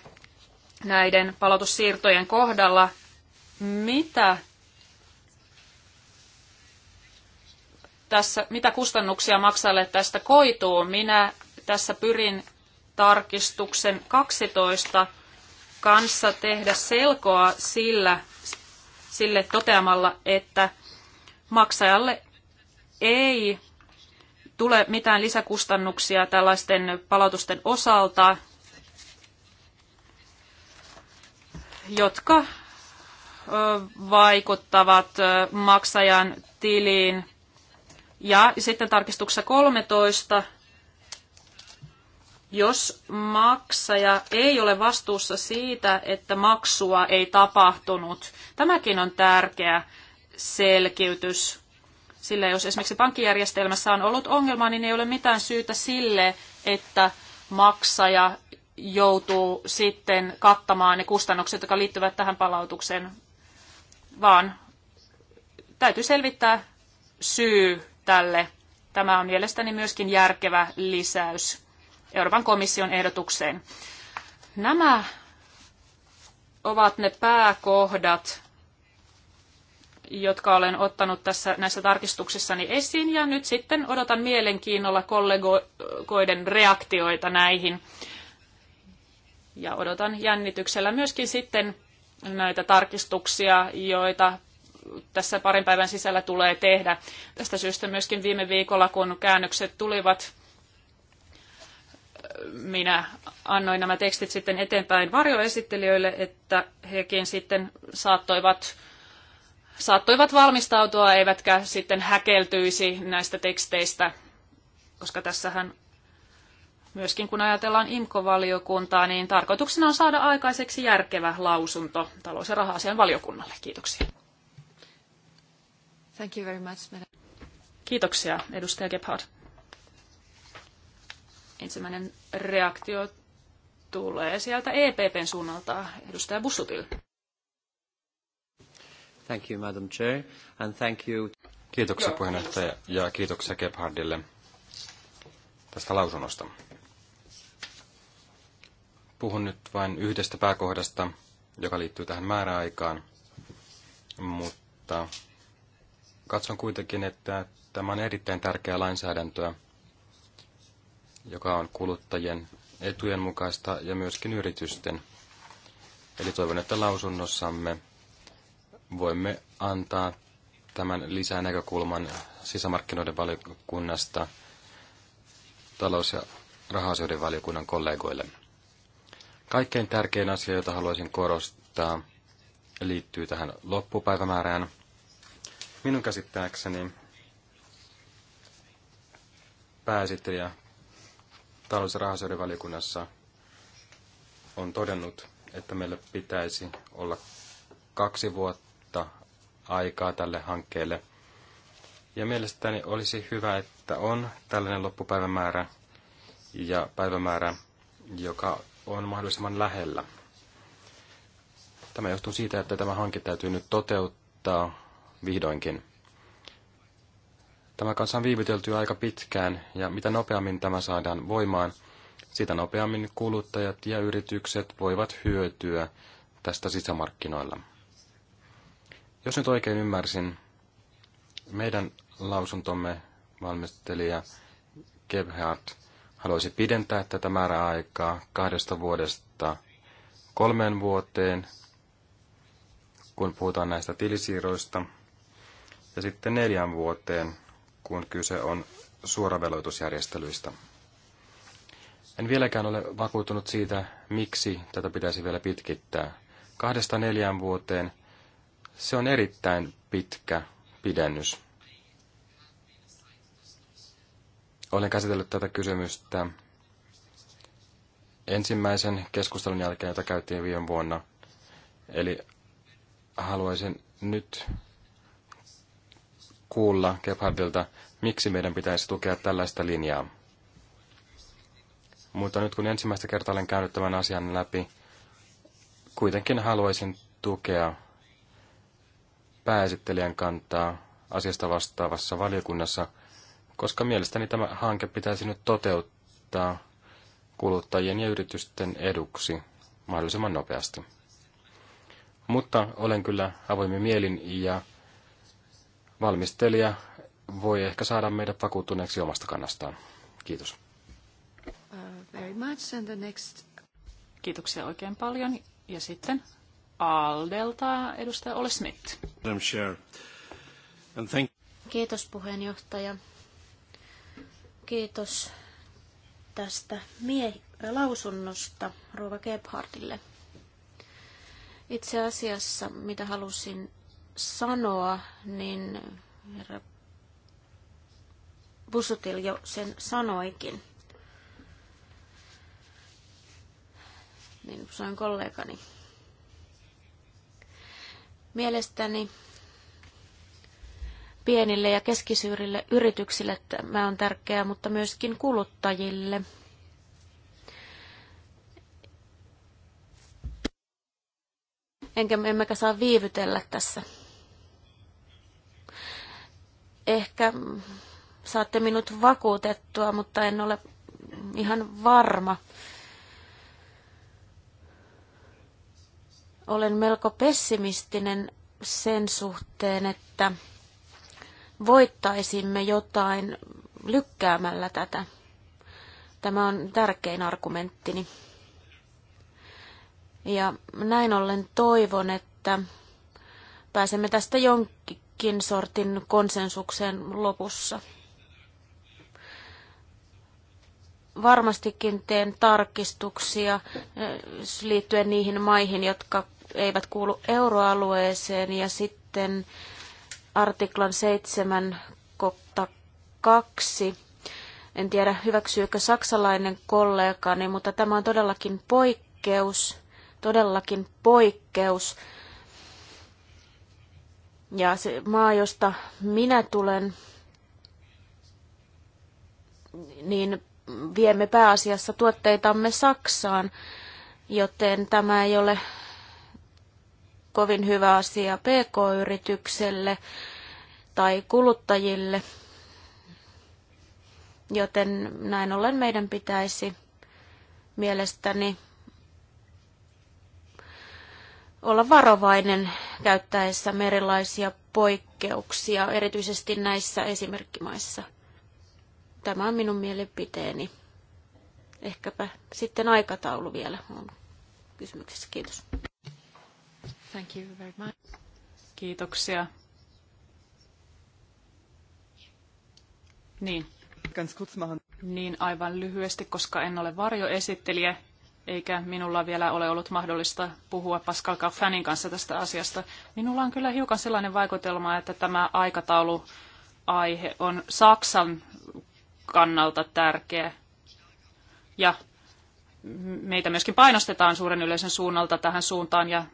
näiden palautussiirtojen kohdalla, mitä tässä, mitä kustannuksia maksalle tästä koituu. Minä tässä pyrin tarkistuksen 12 kanssa tehdä selkoa sillä, sille toteamalla, että maksajalle ei tule mitään lisäkustannuksia tällaisten palautusten osalta, jotka vaikuttavat maksajan tiliin. Ja sitten tarkistuksessa 13, jos maksaja ei ole vastuussa siitä, että maksua ei tapahtunut, tämäkin on tärkeä selkiytys. Sillä jos esimerkiksi pankkijärjestelmässä on ollut ongelma, niin ei ole mitään syytä sille, että maksaja joutuu sitten kattamaan ne kustannukset, jotka liittyvät tähän palautukseen, vaan täytyy selvittää syy tälle. Tämä on mielestäni myöskin järkevä lisäys Euroopan komission ehdotukseen. Nämä ovat ne pääkohdat, jotka olen ottanut tässä näissä tarkistuksissani esiin, ja nyt sitten odotan mielenkiinnolla kollegoiden reaktioita näihin. Ja odotan jännityksellä myöskin sitten näitä tarkistuksia, joita tässä parin päivän sisällä tulee tehdä. Tästä syystä myöskin viime viikolla, kun käännökset tulivat, minä annoin nämä tekstit sitten eteenpäin varjoesittelijöille, että hekin sitten saattoivat, saattoivat valmistautua, eivätkä sitten häkeltyisi näistä teksteistä, koska tässähän myöskin kun ajatellaan IMKO-valiokuntaa, niin tarkoituksena on saada aikaiseksi järkevä lausunto talous- ja raha-asian valiokunnalle. Kiitoksia. Thank you very much, madam. Kiitoksia, edustaja Gebhard. Ensimmäinen reaktio tulee sieltä EPPn suunnalta, edustaja Bussutil. Thank you, Madam Chair, and thank you... Kiitoksia puheenjohtaja ja kiitoksia Gebhardille tästä lausunnosta. Puhun nyt vain yhdestä pääkohdasta, joka liittyy tähän määräaikaan, mutta katson kuitenkin, että tämä on erittäin tärkeää lainsäädäntöä, joka on kuluttajien etujen mukaista ja myöskin yritysten. Eli toivon, että lausunnossamme voimme antaa tämän lisää näkökulman sisämarkkinoiden valiokunnasta talous- ja rahasioiden valiokunnan kollegoille. Kaikkein tärkein asia, jota haluaisin korostaa, liittyy tähän loppupäivämäärään. Minun käsittääkseni pääsittelijä talous- ja rahasioiden valiokunnassa on todennut, että meillä pitäisi olla kaksi vuotta aikaa tälle hankkeelle. Ja mielestäni olisi hyvä, että on tällainen loppupäivämäärä ja päivämäärä, joka on mahdollisimman lähellä. Tämä johtuu siitä, että tämä hanke täytyy nyt toteuttaa vihdoinkin. Tämä kanssa on viivytelty aika pitkään, ja mitä nopeammin tämä saadaan voimaan, sitä nopeammin kuluttajat ja yritykset voivat hyötyä tästä sisämarkkinoilla. Jos nyt oikein ymmärsin, meidän lausuntomme valmistelija Gebhardt haluaisi pidentää tätä määräaikaa kahdesta vuodesta kolmeen vuoteen, kun puhutaan näistä tilisiirroista, ja sitten neljän vuoteen, kun kyse on suoraveloitusjärjestelyistä. En vieläkään ole vakuuttunut siitä, miksi tätä pitäisi vielä pitkittää. Kahdesta neljään vuoteen se on erittäin pitkä pidennys. Olen käsitellyt tätä kysymystä ensimmäisen keskustelun jälkeen, jota käytiin viime vuonna. Eli haluaisin nyt kuulla Gebhardilta, miksi meidän pitäisi tukea tällaista linjaa. Mutta nyt kun ensimmäistä kertaa olen käynyt tämän asian läpi, kuitenkin haluaisin tukea pääesittelijän kantaa asiasta vastaavassa valiokunnassa – koska mielestäni tämä hanke pitäisi nyt toteuttaa kuluttajien ja yritysten eduksi mahdollisimman nopeasti. Mutta olen kyllä avoimin mielin ja valmistelija voi ehkä saada meidät vakuuttuneeksi omasta kannastaan. Kiitos. Uh, Kiitoksia oikein paljon. Ja sitten Aldelta edustaja Ole Smith. Kiitos puheenjohtaja. Kiitos tästä mie- lausunnosta Rova Gebhardille. Itse asiassa, mitä halusin sanoa, niin herra Busutil jo sen sanoikin. Niin sanoin kollegani. Mielestäni pienille ja keskisyyrille yrityksille tämä on tärkeää, mutta myöskin kuluttajille. Enkä, emmekä saa viivytellä tässä. Ehkä saatte minut vakuutettua, mutta en ole ihan varma. Olen melko pessimistinen sen suhteen, että voittaisimme jotain lykkäämällä tätä. Tämä on tärkein argumenttini. Ja näin ollen toivon, että pääsemme tästä jonkin sortin konsensukseen lopussa. Varmastikin teen tarkistuksia eh, liittyen niihin maihin, jotka eivät kuulu euroalueeseen ja sitten artiklan 7 kohta 2. En tiedä, hyväksyykö saksalainen kollegani, mutta tämä on todellakin poikkeus, todellakin poikkeus. Ja se maa, josta minä tulen, niin viemme pääasiassa tuotteitamme Saksaan, joten tämä ei ole kovin hyvä asia pk-yritykselle tai kuluttajille, joten näin ollen meidän pitäisi mielestäni olla varovainen käyttäessä erilaisia poikkeuksia, erityisesti näissä esimerkkimaissa. Tämä on minun mielipiteeni. Ehkäpä sitten aikataulu vielä on kysymyksessä. Kiitos. Thank you very much. Kiitoksia. Niin. Niin aivan lyhyesti, koska en ole varjoesittelijä, eikä minulla vielä ole ollut mahdollista puhua Pascal Caffanin kanssa tästä asiasta. Minulla on kyllä hiukan sellainen vaikutelma, että tämä aikataulu aihe on Saksan kannalta tärkeä. Ja meitä myöskin painostetaan suuren yleisön suunnalta tähän suuntaan, ja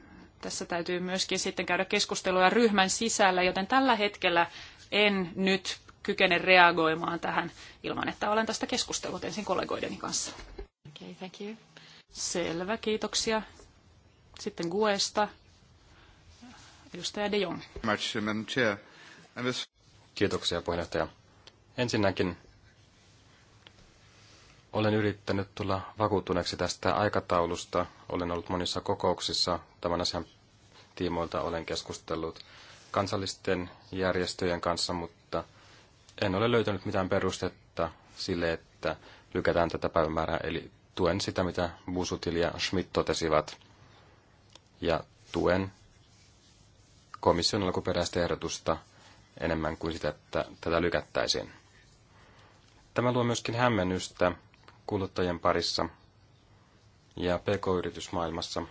tässä täytyy myöskin sitten käydä keskustelua ryhmän sisällä, joten tällä hetkellä en nyt kykene reagoimaan tähän ilman, että olen tästä keskustellut ensin kollegoideni kanssa. Okay, thank you. Selvä, kiitoksia. Sitten Guesta. Edustaja De Jong. Kiitoksia puheenjohtaja. Ensinnäkin olen yrittänyt tulla vakuuttuneeksi tästä aikataulusta. Olen ollut monissa kokouksissa tämän asian tiimoilta. Olen keskustellut kansallisten järjestöjen kanssa, mutta en ole löytänyt mitään perustetta sille, että lykätään tätä päivämäärää. Eli tuen sitä, mitä Busutil ja Schmidt totesivat. Ja tuen komission alkuperäistä ehdotusta enemmän kuin sitä, että tätä lykättäisiin. Tämä luo myöskin hämmennystä kuluttajien parissa ja pk-yritysmaailmassa.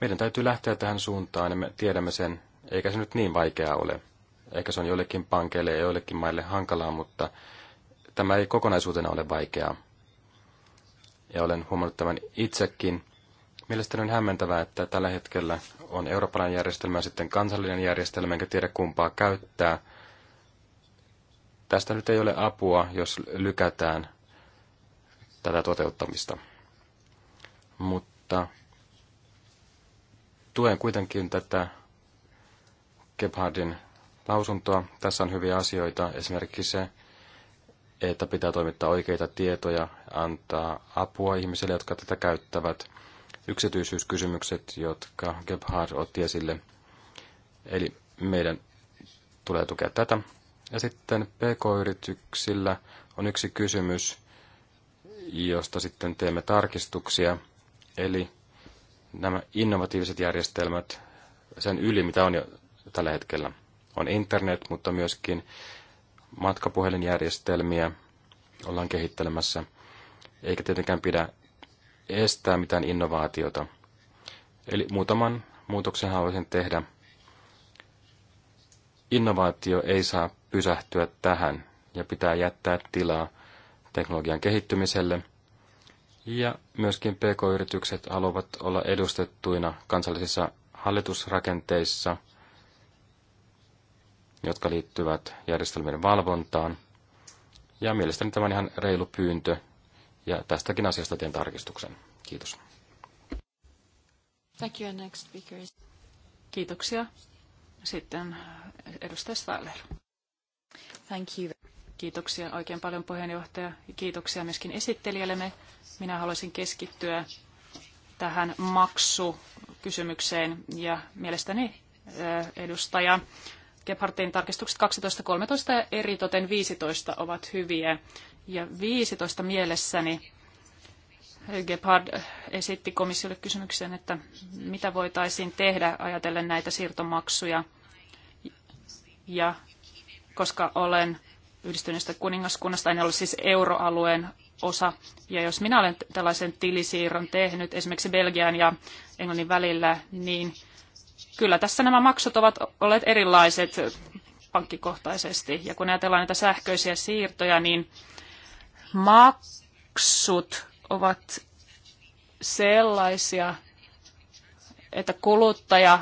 Meidän täytyy lähteä tähän suuntaan ja me tiedämme sen, eikä se nyt niin vaikeaa ole. Ehkä se on joillekin pankeille ja joillekin maille hankalaa, mutta tämä ei kokonaisuutena ole vaikeaa. Ja olen huomannut tämän itsekin. Mielestäni on hämmentävää, että tällä hetkellä on eurooppalainen järjestelmä ja sitten kansallinen järjestelmä, enkä tiedä kumpaa käyttää. Tästä nyt ei ole apua, jos lykätään tätä toteuttamista. Mutta tuen kuitenkin tätä Gebhardin lausuntoa. Tässä on hyviä asioita, esimerkiksi se, että pitää toimittaa oikeita tietoja, antaa apua ihmisille, jotka tätä käyttävät, yksityisyyskysymykset, jotka Gebhard otti esille. Eli meidän tulee tukea tätä. Ja sitten PK-yrityksillä on yksi kysymys, josta sitten teemme tarkistuksia. Eli nämä innovatiiviset järjestelmät sen yli, mitä on jo tällä hetkellä. On internet, mutta myöskin matkapuhelinjärjestelmiä ollaan kehittelemässä, eikä tietenkään pidä estää mitään innovaatiota. Eli muutaman muutoksen haluaisin tehdä. Innovaatio ei saa pysähtyä tähän ja pitää jättää tilaa teknologian kehittymiselle. Ja myöskin PK-yritykset haluavat olla edustettuina kansallisissa hallitusrakenteissa, jotka liittyvät järjestelmien valvontaan. Ja mielestäni tämä on ihan reilu pyyntö, ja tästäkin asiasta teen tarkistuksen. Kiitos. Thank you, next is... Kiitoksia. Sitten edustaja Svaller. Thank you. Kiitoksia oikein paljon puheenjohtaja. Kiitoksia myöskin esittelijällemme. Minä haluaisin keskittyä tähän maksukysymykseen ja mielestäni edustaja Gebhardtin tarkistukset 12, 13 ja eritoten 15 ovat hyviä. Ja 15 mielessäni Gebhard esitti komissiolle kysymyksen, että mitä voitaisiin tehdä ajatellen näitä siirtomaksuja. Ja koska olen yhdistyneestä kuningaskunnasta, en ole siis euroalueen osa. Ja jos minä olen tällaisen tilisiirron tehnyt esimerkiksi Belgian ja Englannin välillä, niin kyllä tässä nämä maksut ovat olleet erilaiset pankkikohtaisesti. Ja kun ajatellaan näitä sähköisiä siirtoja, niin maksut ovat sellaisia, että kuluttaja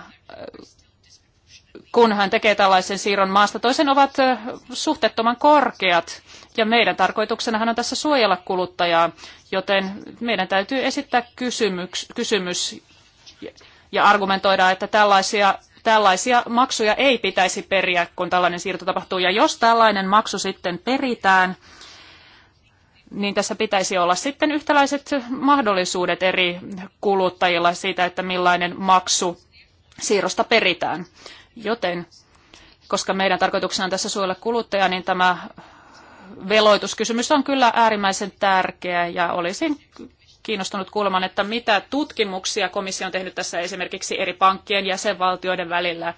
kun hän tekee tällaisen siirron maasta toisen, ovat suhteettoman korkeat. Ja meidän tarkoituksenahan on tässä suojella kuluttajaa, joten meidän täytyy esittää kysymyks, kysymys ja argumentoida, että tällaisia, tällaisia maksuja ei pitäisi periä, kun tällainen siirto tapahtuu. Ja jos tällainen maksu sitten peritään, niin tässä pitäisi olla sitten yhtäläiset mahdollisuudet eri kuluttajilla siitä, että millainen maksu siirrosta peritään. Joten, koska meidän tarkoituksena on tässä suojella kuluttajaa, niin tämä veloituskysymys on kyllä äärimmäisen tärkeä ja olisin kiinnostunut kuulemaan, että mitä tutkimuksia komissio on tehnyt tässä esimerkiksi eri pankkien ja jäsenvaltioiden välillä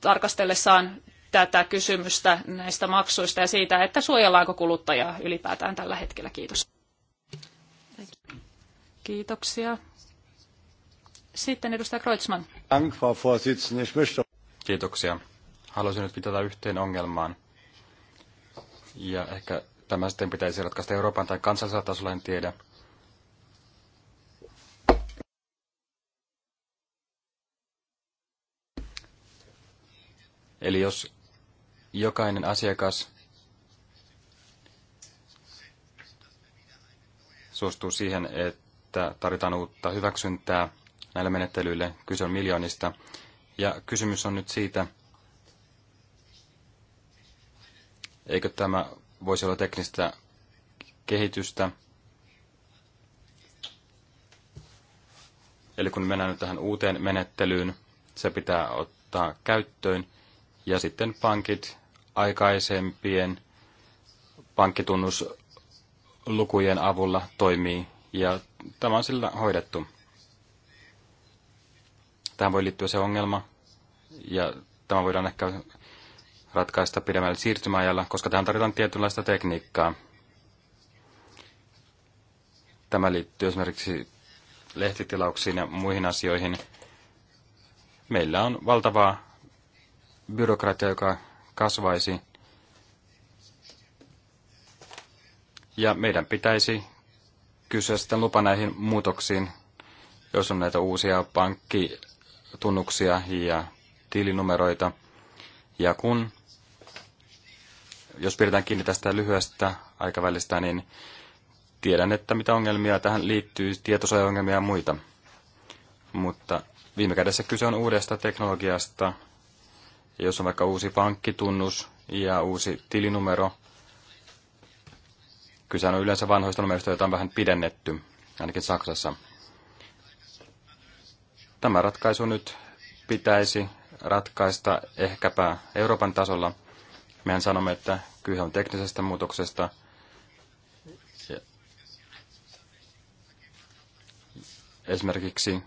tarkastellessaan tätä kysymystä näistä maksuista ja siitä, että suojellaanko kuluttajaa ylipäätään tällä hetkellä. Kiitos. Kiitoksia. Sitten edustaja Kreutzmann. Kiitoksia. Haluaisin nyt pitää yhteen ongelmaan. Ja ehkä tämä sitten pitäisi ratkaista Euroopan tai kansallisella tasolla, en tiedä. Eli jos jokainen asiakas suostuu siihen, että tarvitaan uutta hyväksyntää näillä menettelyillä. Kyse on miljoonista. Ja kysymys on nyt siitä, eikö tämä voisi olla teknistä kehitystä. Eli kun mennään nyt tähän uuteen menettelyyn, se pitää ottaa käyttöön. Ja sitten pankit aikaisempien pankkitunnuslukujen avulla toimii. Ja tämä on sillä hoidettu. Tähän voi liittyä se ongelma, ja tämä voidaan ehkä ratkaista pidemmällä siirtymäajalla, koska tähän tarvitaan tietynlaista tekniikkaa. Tämä liittyy esimerkiksi lehtitilauksiin ja muihin asioihin. Meillä on valtavaa byrokratia, joka kasvaisi. Ja meidän pitäisi kysyä sitten lupa näihin muutoksiin, jos on näitä uusia pankki tunnuksia ja tilinumeroita. Ja kun, jos pidetään kiinni tästä lyhyestä aikavälistä, niin tiedän, että mitä ongelmia tähän liittyy, tietosuojaongelmia ja muita. Mutta viime kädessä kyse on uudesta teknologiasta. Ja jos on vaikka uusi pankkitunnus ja uusi tilinumero, kyse on yleensä vanhoista numeroista, joita on vähän pidennetty, ainakin Saksassa. Tämä ratkaisu nyt pitäisi ratkaista ehkäpä Euroopan tasolla. Mehän sanomme, että kyse on teknisestä muutoksesta. Esimerkiksi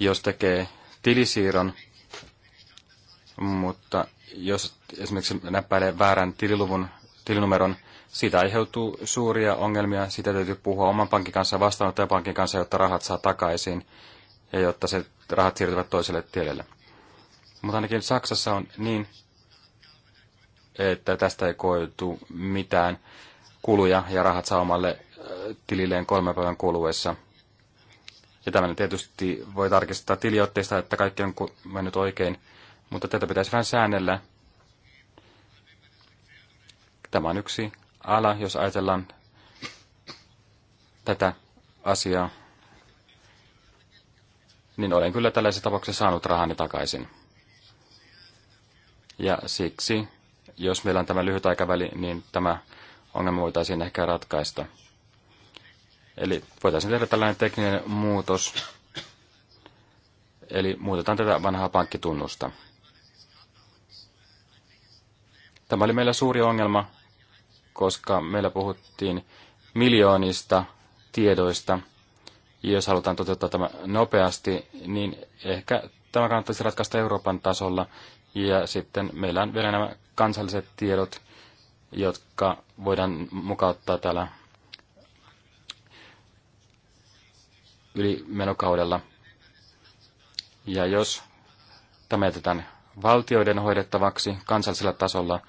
jos tekee tilisiirron, mutta jos esimerkiksi näppäilee väärän tililuvun, tilinumeron, siitä aiheutuu suuria ongelmia. Sitä täytyy puhua oman pankin kanssa, vastaanottajapankin kanssa, jotta rahat saa takaisin ja jotta se rahat siirtyvät toiselle tielle. Mutta ainakin Saksassa on niin, että tästä ei koitu mitään kuluja ja rahat saamalle tililleen kolmen päivän kuluessa. Ja tämän tietysti voi tarkistaa tiliotteista, että kaikki on mennyt oikein, mutta tätä pitäisi vähän säännellä. Tämä on yksi ala, jos ajatellaan tätä asiaa, niin olen kyllä tällaisessa tapauksessa saanut rahani takaisin. Ja siksi, jos meillä on tämä lyhyt aikaväli, niin tämä ongelma voitaisiin ehkä ratkaista. Eli voitaisiin tehdä tällainen tekninen muutos, eli muutetaan tätä vanhaa pankkitunnusta. Tämä oli meillä suuri ongelma, koska meillä puhuttiin miljoonista tiedoista, jos halutaan toteuttaa tämä nopeasti, niin ehkä tämä kannattaisi ratkaista Euroopan tasolla. Ja sitten meillä on vielä nämä kansalliset tiedot, jotka voidaan mukauttaa täällä ylimenokaudella. Ja jos tämä jätetään valtioiden hoidettavaksi kansallisella tasolla,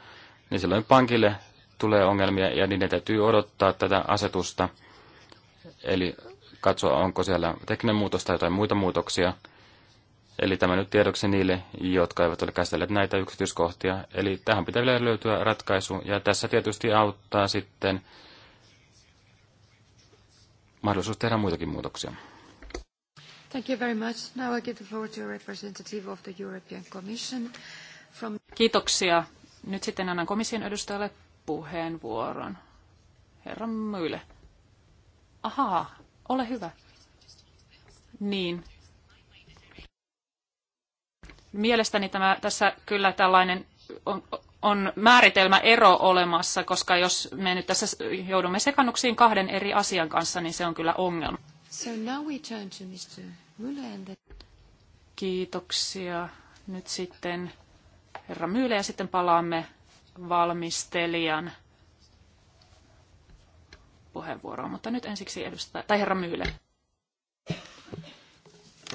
niin silloin pankille tulee ongelmia ja niiden täytyy odottaa tätä asetusta. Eli katsoa, onko siellä tekninen muutos tai jotain muita muutoksia. Eli tämä nyt tiedoksi niille, jotka eivät ole käsitelleet näitä yksityiskohtia. Eli tähän pitää vielä löytyä ratkaisu, ja tässä tietysti auttaa sitten mahdollisuus tehdä muitakin muutoksia. Thank you very much. Now I give the floor to a representative of the European Commission. From... Kiitoksia. Nyt sitten annan komission edustajalle puheenvuoron. Herra Myyle. Ahaa, ole hyvä. Niin. Mielestäni tämä, tässä kyllä tällainen on, on ero olemassa, koska jos me nyt tässä joudumme sekannuksiin kahden eri asian kanssa, niin se on kyllä ongelma. So now we turn to Mr. and the... Kiitoksia. Nyt sitten herra Myyle ja sitten palaamme valmistelijan puheenvuoroa, mutta nyt ensiksi edustaja, tai herra Myyle.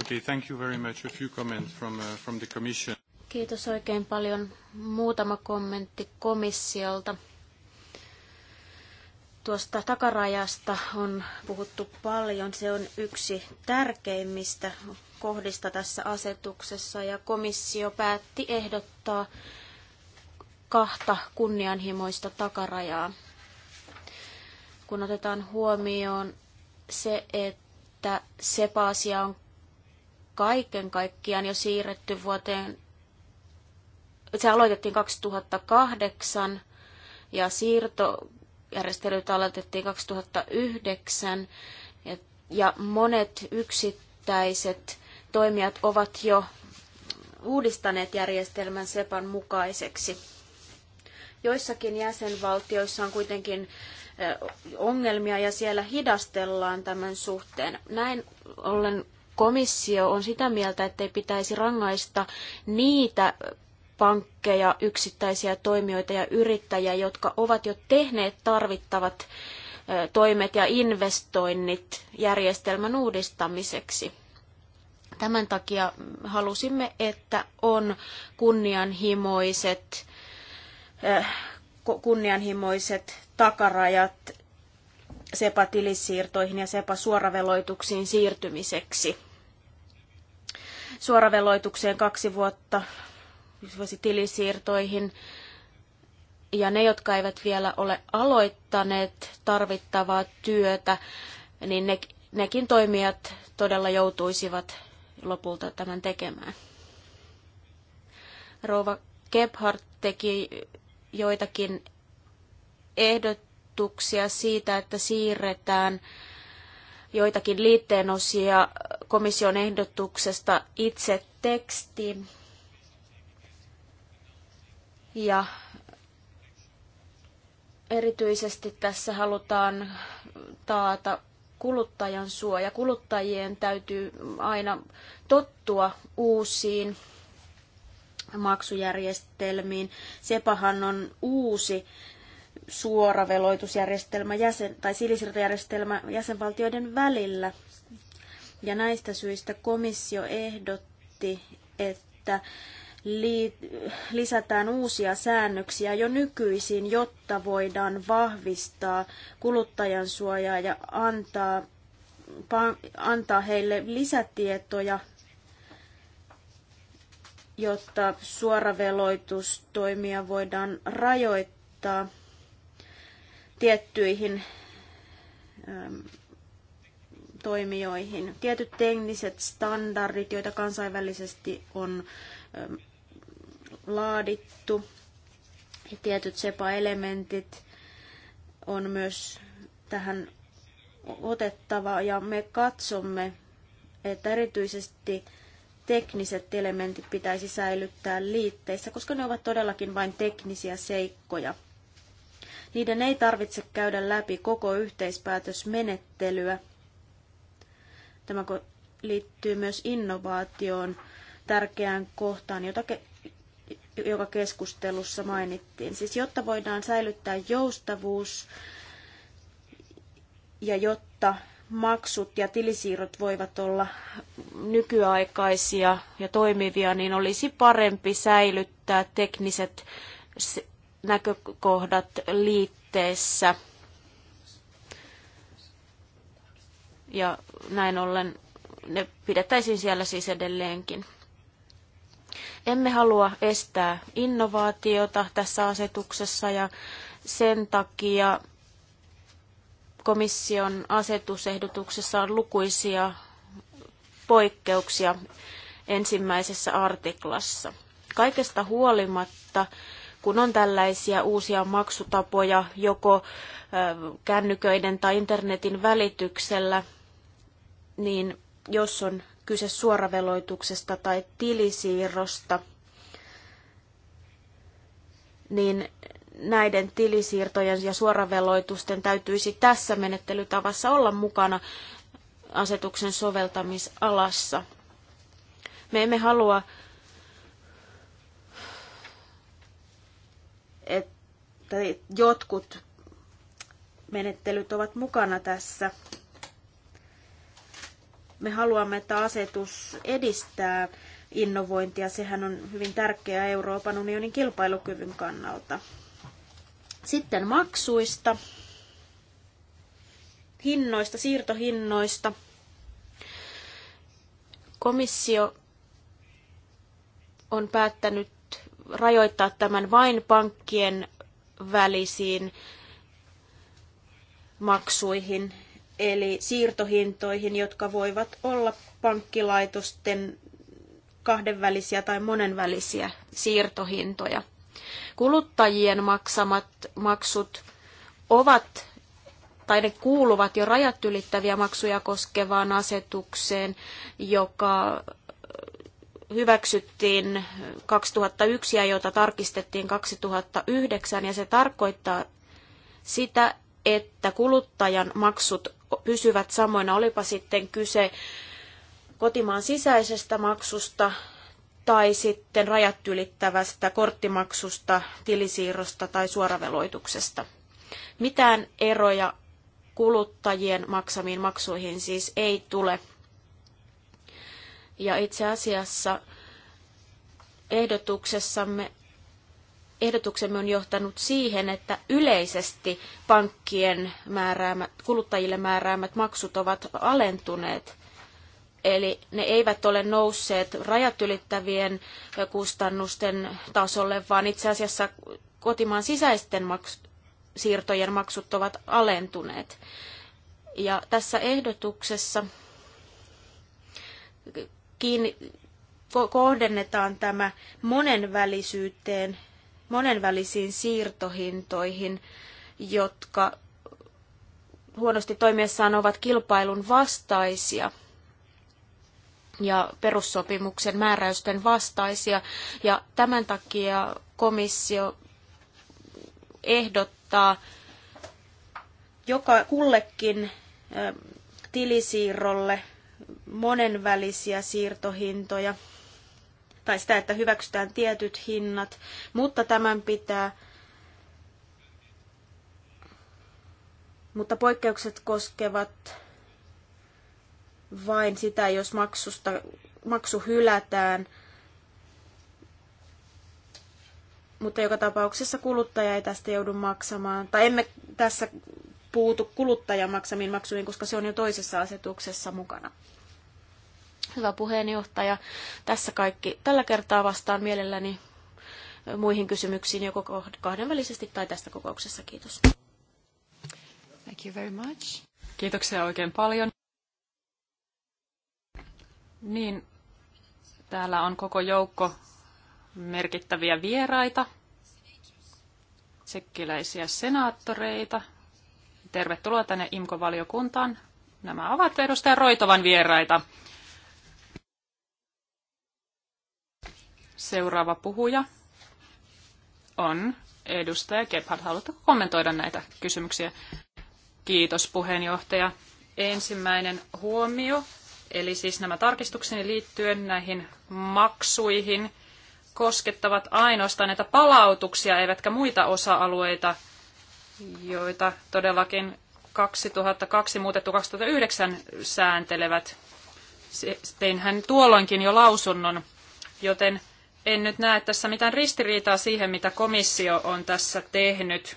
Okay, thank you very much. A few comments from, uh, from the commission. Kiitos oikein paljon. Muutama kommentti komissiolta. Tuosta takarajasta on puhuttu paljon. Se on yksi tärkeimmistä kohdista tässä asetuksessa ja komissio päätti ehdottaa kahta kunnianhimoista takarajaa kun otetaan huomioon se, että sepaasia on kaiken kaikkiaan jo siirretty vuoteen, se aloitettiin 2008 ja siirtojärjestelyt aloitettiin 2009 ja, ja monet yksittäiset toimijat ovat jo uudistaneet järjestelmän SEPAn mukaiseksi. Joissakin jäsenvaltioissa on kuitenkin ongelmia ja siellä hidastellaan tämän suhteen. Näin ollen komissio on sitä mieltä, ettei pitäisi rangaista niitä pankkeja, yksittäisiä toimijoita ja yrittäjiä, jotka ovat jo tehneet tarvittavat toimet ja investoinnit järjestelmän uudistamiseksi. Tämän takia halusimme, että on kunnianhimoiset kunnianhimoiset takarajat SEPA-tilisiirtoihin ja SEPA-suoraveloituksiin siirtymiseksi. Suoraveloitukseen kaksi vuotta, vuosi tilisiirtoihin ja ne, jotka eivät vielä ole aloittaneet tarvittavaa työtä, niin ne, nekin toimijat todella joutuisivat lopulta tämän tekemään. Rouva Gebhardt teki joitakin ehdotuksia siitä, että siirretään joitakin liitteenosia komission ehdotuksesta itse tekstiin. Ja erityisesti tässä halutaan taata kuluttajan suoja. Kuluttajien täytyy aina tottua uusiin maksujärjestelmiin. Sepahan on uusi suora veloitusjärjestelmä jäsen, tai silisirtojärjestelmä jäsenvaltioiden välillä. Ja näistä syistä komissio ehdotti, että lisätään uusia säännöksiä jo nykyisiin, jotta voidaan vahvistaa kuluttajan suojaa ja antaa, antaa heille lisätietoja jotta suoraveloitustoimia voidaan rajoittaa tiettyihin ähm, toimijoihin. Tietyt tekniset standardit, joita kansainvälisesti on ähm, laadittu, ja tietyt SEPA-elementit on myös tähän otettava, ja me katsomme, että erityisesti tekniset elementit pitäisi säilyttää liitteissä, koska ne ovat todellakin vain teknisiä seikkoja. Niiden ei tarvitse käydä läpi koko yhteispäätösmenettelyä. Tämä liittyy myös innovaatioon tärkeään kohtaan, jota joka keskustelussa mainittiin. Siis jotta voidaan säilyttää joustavuus ja jotta maksut ja tilisiirrot voivat olla nykyaikaisia ja toimivia, niin olisi parempi säilyttää tekniset näkökohdat liitteessä. Ja näin ollen ne pidettäisiin siellä siis edelleenkin. Emme halua estää innovaatiota tässä asetuksessa ja sen takia komission asetusehdotuksessa on lukuisia poikkeuksia ensimmäisessä artiklassa. Kaikesta huolimatta, kun on tällaisia uusia maksutapoja joko kännyköiden tai internetin välityksellä, niin jos on kyse suoraveloituksesta tai tilisiirrosta, niin näiden tilisiirtojen ja suoraveloitusten täytyisi tässä menettelytavassa olla mukana asetuksen soveltamisalassa. Me emme halua, että jotkut menettelyt ovat mukana tässä. Me haluamme, että asetus edistää innovointia. Sehän on hyvin tärkeää Euroopan unionin kilpailukyvyn kannalta. Sitten maksuista, hinnoista, siirtohinnoista. Komissio on päättänyt rajoittaa tämän vain pankkien välisiin maksuihin, eli siirtohintoihin, jotka voivat olla pankkilaitosten kahdenvälisiä tai monenvälisiä siirtohintoja. Kuluttajien maksamat maksut ovat tai ne kuuluvat jo rajat ylittäviä maksuja koskevaan asetukseen, joka hyväksyttiin 2001 ja jota tarkistettiin 2009, ja se tarkoittaa sitä, että kuluttajan maksut pysyvät samoina, olipa sitten kyse kotimaan sisäisestä maksusta tai sitten rajat ylittävästä korttimaksusta, tilisiirrosta tai suoraveloituksesta. Mitään eroja kuluttajien maksamiin maksuihin siis ei tule. Ja itse asiassa ehdotuksessamme ehdotuksemme on johtanut siihen, että yleisesti pankkien määräämät, kuluttajille määräämät maksut ovat alentuneet. Eli ne eivät ole nousseet rajat ylittävien kustannusten tasolle, vaan itse asiassa kotimaan sisäisten maks- siirtojen maksut ovat alentuneet. Ja tässä ehdotuksessa kiinni, kohdennetaan tämä monenvälisyyteen, monenvälisiin siirtohintoihin, jotka huonosti toimiessaan ovat kilpailun vastaisia – ja perussopimuksen määräysten vastaisia. Ja tämän takia komissio ehdottaa joka kullekin tilisiirrolle monenvälisiä siirtohintoja tai sitä, että hyväksytään tietyt hinnat, mutta tämän pitää mutta poikkeukset koskevat vain sitä, jos maksusta, maksu hylätään. Mutta joka tapauksessa kuluttaja ei tästä joudu maksamaan, tai emme tässä puutu kuluttajan maksamiin maksuihin, koska se on jo toisessa asetuksessa mukana. Hyvä puheenjohtaja, tässä kaikki. Tällä kertaa vastaan mielelläni muihin kysymyksiin joko kahdenvälisesti tai tästä kokouksessa. Kiitos. Thank you very much. Kiitoksia oikein paljon. Niin, täällä on koko joukko merkittäviä vieraita, tsekkiläisiä senaattoreita. Tervetuloa tänne IMKO-valiokuntaan. Nämä ovat edustaja Roitovan vieraita. Seuraava puhuja on edustaja Gebhard. Haluatteko kommentoida näitä kysymyksiä? Kiitos puheenjohtaja. Ensimmäinen huomio Eli siis nämä tarkistukseni liittyen näihin maksuihin koskettavat ainoastaan näitä palautuksia, eivätkä muita osa-alueita, joita todellakin 2002 muutettu 2009 sääntelevät. hän tuolloinkin jo lausunnon, joten en nyt näe tässä mitään ristiriitaa siihen, mitä komissio on tässä tehnyt.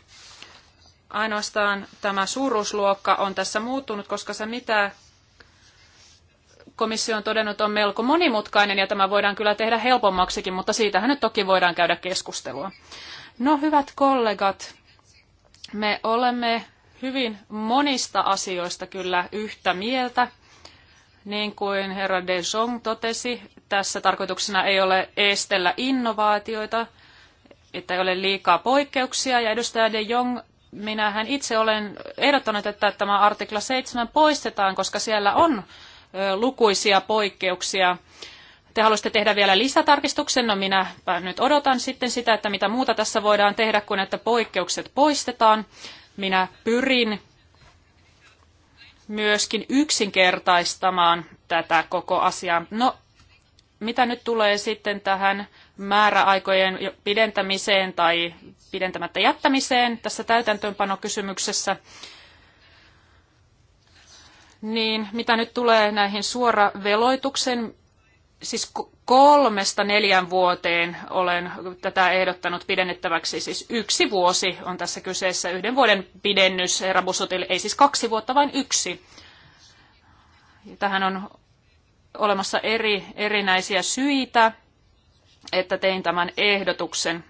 Ainoastaan tämä suuruusluokka on tässä muuttunut, koska se mitä komissio on todennut, on melko monimutkainen ja tämä voidaan kyllä tehdä helpommaksikin, mutta siitähän nyt toki voidaan käydä keskustelua. No hyvät kollegat, me olemme hyvin monista asioista kyllä yhtä mieltä. Niin kuin herra De Jong totesi, tässä tarkoituksena ei ole estellä innovaatioita, että ei ole liikaa poikkeuksia. Ja edustaja De Jong, minähän itse olen ehdottanut, että tämä artikla 7 poistetaan, koska siellä on lukuisia poikkeuksia. Te haluaisitte tehdä vielä lisätarkistuksen, no minä nyt odotan sitten sitä, että mitä muuta tässä voidaan tehdä kun että poikkeukset poistetaan. Minä pyrin myöskin yksinkertaistamaan tätä koko asiaa. No, mitä nyt tulee sitten tähän määräaikojen pidentämiseen tai pidentämättä jättämiseen tässä täytäntöönpanokysymyksessä? kysymyksessä? niin mitä nyt tulee näihin suoraveloituksen, siis kolmesta neljän vuoteen olen tätä ehdottanut pidennettäväksi, siis yksi vuosi on tässä kyseessä, yhden vuoden pidennys Rabusotil, ei siis kaksi vuotta, vaan yksi. Tähän on olemassa eri, erinäisiä syitä, että tein tämän ehdotuksen.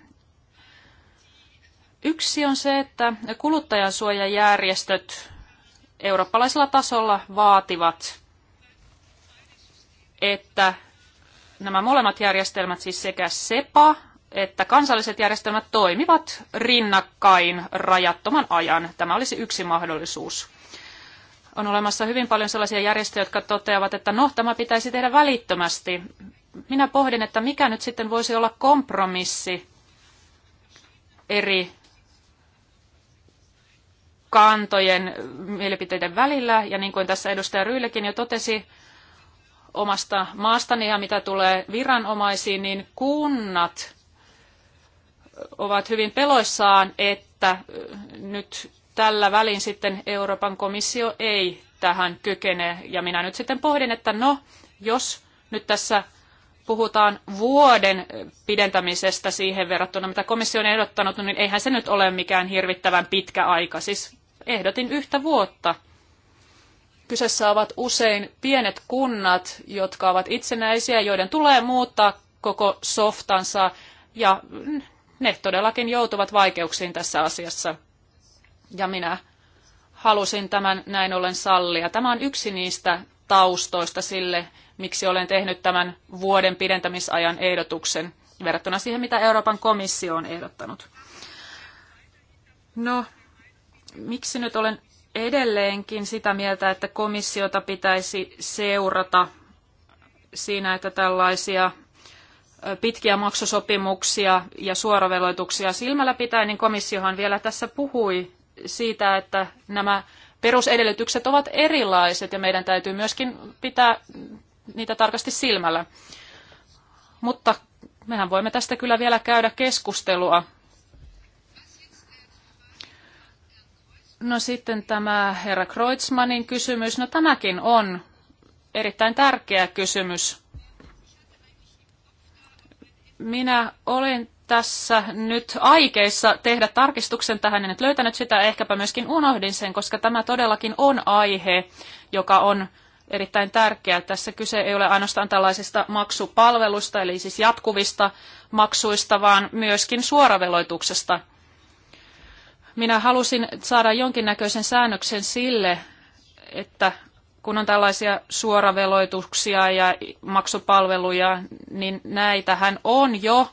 Yksi on se, että kuluttajansuojajärjestöt eurooppalaisella tasolla vaativat, että nämä molemmat järjestelmät, siis sekä SEPA että kansalliset järjestelmät toimivat rinnakkain rajattoman ajan. Tämä olisi yksi mahdollisuus. On olemassa hyvin paljon sellaisia järjestöjä, jotka toteavat, että no, tämä pitäisi tehdä välittömästi. Minä pohdin, että mikä nyt sitten voisi olla kompromissi eri kantojen mielipiteiden välillä. Ja niin kuin tässä edustaja Ryylekin jo totesi omasta maastani ja mitä tulee viranomaisiin, niin kunnat ovat hyvin peloissaan, että nyt tällä välin sitten Euroopan komissio ei tähän kykene. Ja minä nyt sitten pohdin, että no, jos nyt tässä puhutaan vuoden pidentämisestä siihen verrattuna, mitä komissio on ehdottanut, no niin eihän se nyt ole mikään hirvittävän pitkä aika. Siis ehdotin yhtä vuotta. Kyseessä ovat usein pienet kunnat, jotka ovat itsenäisiä, joiden tulee muuttaa koko softansa, ja ne todellakin joutuvat vaikeuksiin tässä asiassa. Ja minä halusin tämän näin ollen sallia. Tämä on yksi niistä taustoista sille, miksi olen tehnyt tämän vuoden pidentämisajan ehdotuksen verrattuna siihen, mitä Euroopan komissio on ehdottanut. No, Miksi nyt olen edelleenkin sitä mieltä, että komissiota pitäisi seurata siinä, että tällaisia pitkiä maksusopimuksia ja suoraveloituksia silmällä pitää, niin komissiohan vielä tässä puhui siitä, että nämä perusedellytykset ovat erilaiset ja meidän täytyy myöskin pitää niitä tarkasti silmällä. Mutta mehän voimme tästä kyllä vielä käydä keskustelua No sitten tämä herra Kreutzmannin kysymys. No tämäkin on erittäin tärkeä kysymys. Minä olen tässä nyt aikeissa tehdä tarkistuksen tähän, en nyt löytänyt sitä, ehkäpä myöskin unohdin sen, koska tämä todellakin on aihe, joka on erittäin tärkeä. Tässä kyse ei ole ainoastaan tällaisista maksupalvelusta, eli siis jatkuvista maksuista, vaan myöskin suoraveloituksesta – minä halusin saada jonkinnäköisen säännöksen sille, että kun on tällaisia suoraveloituksia ja maksupalveluja, niin näitähän on jo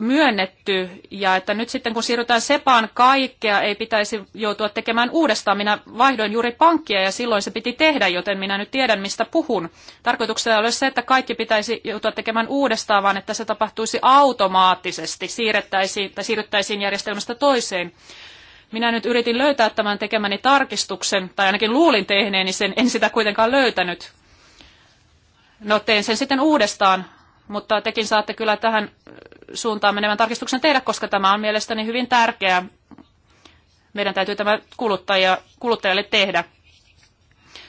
myönnetty ja että nyt sitten kun siirrytään SEPAan kaikkea ei pitäisi joutua tekemään uudestaan. Minä vaihdoin juuri pankkia ja silloin se piti tehdä, joten minä nyt tiedän mistä puhun. Tarkoituksena olisi se, että kaikki pitäisi joutua tekemään uudestaan, vaan että se tapahtuisi automaattisesti, siirrettäisiin tai siirryttäisiin järjestelmästä toiseen. Minä nyt yritin löytää tämän tekemäni tarkistuksen, tai ainakin luulin tehneeni sen, en sitä kuitenkaan löytänyt. No tein sen sitten uudestaan, mutta tekin saatte kyllä tähän suuntaan menevän tarkistuksen tehdä, koska tämä on mielestäni hyvin tärkeää. Meidän täytyy tämä kuluttaja, kuluttajalle tehdä.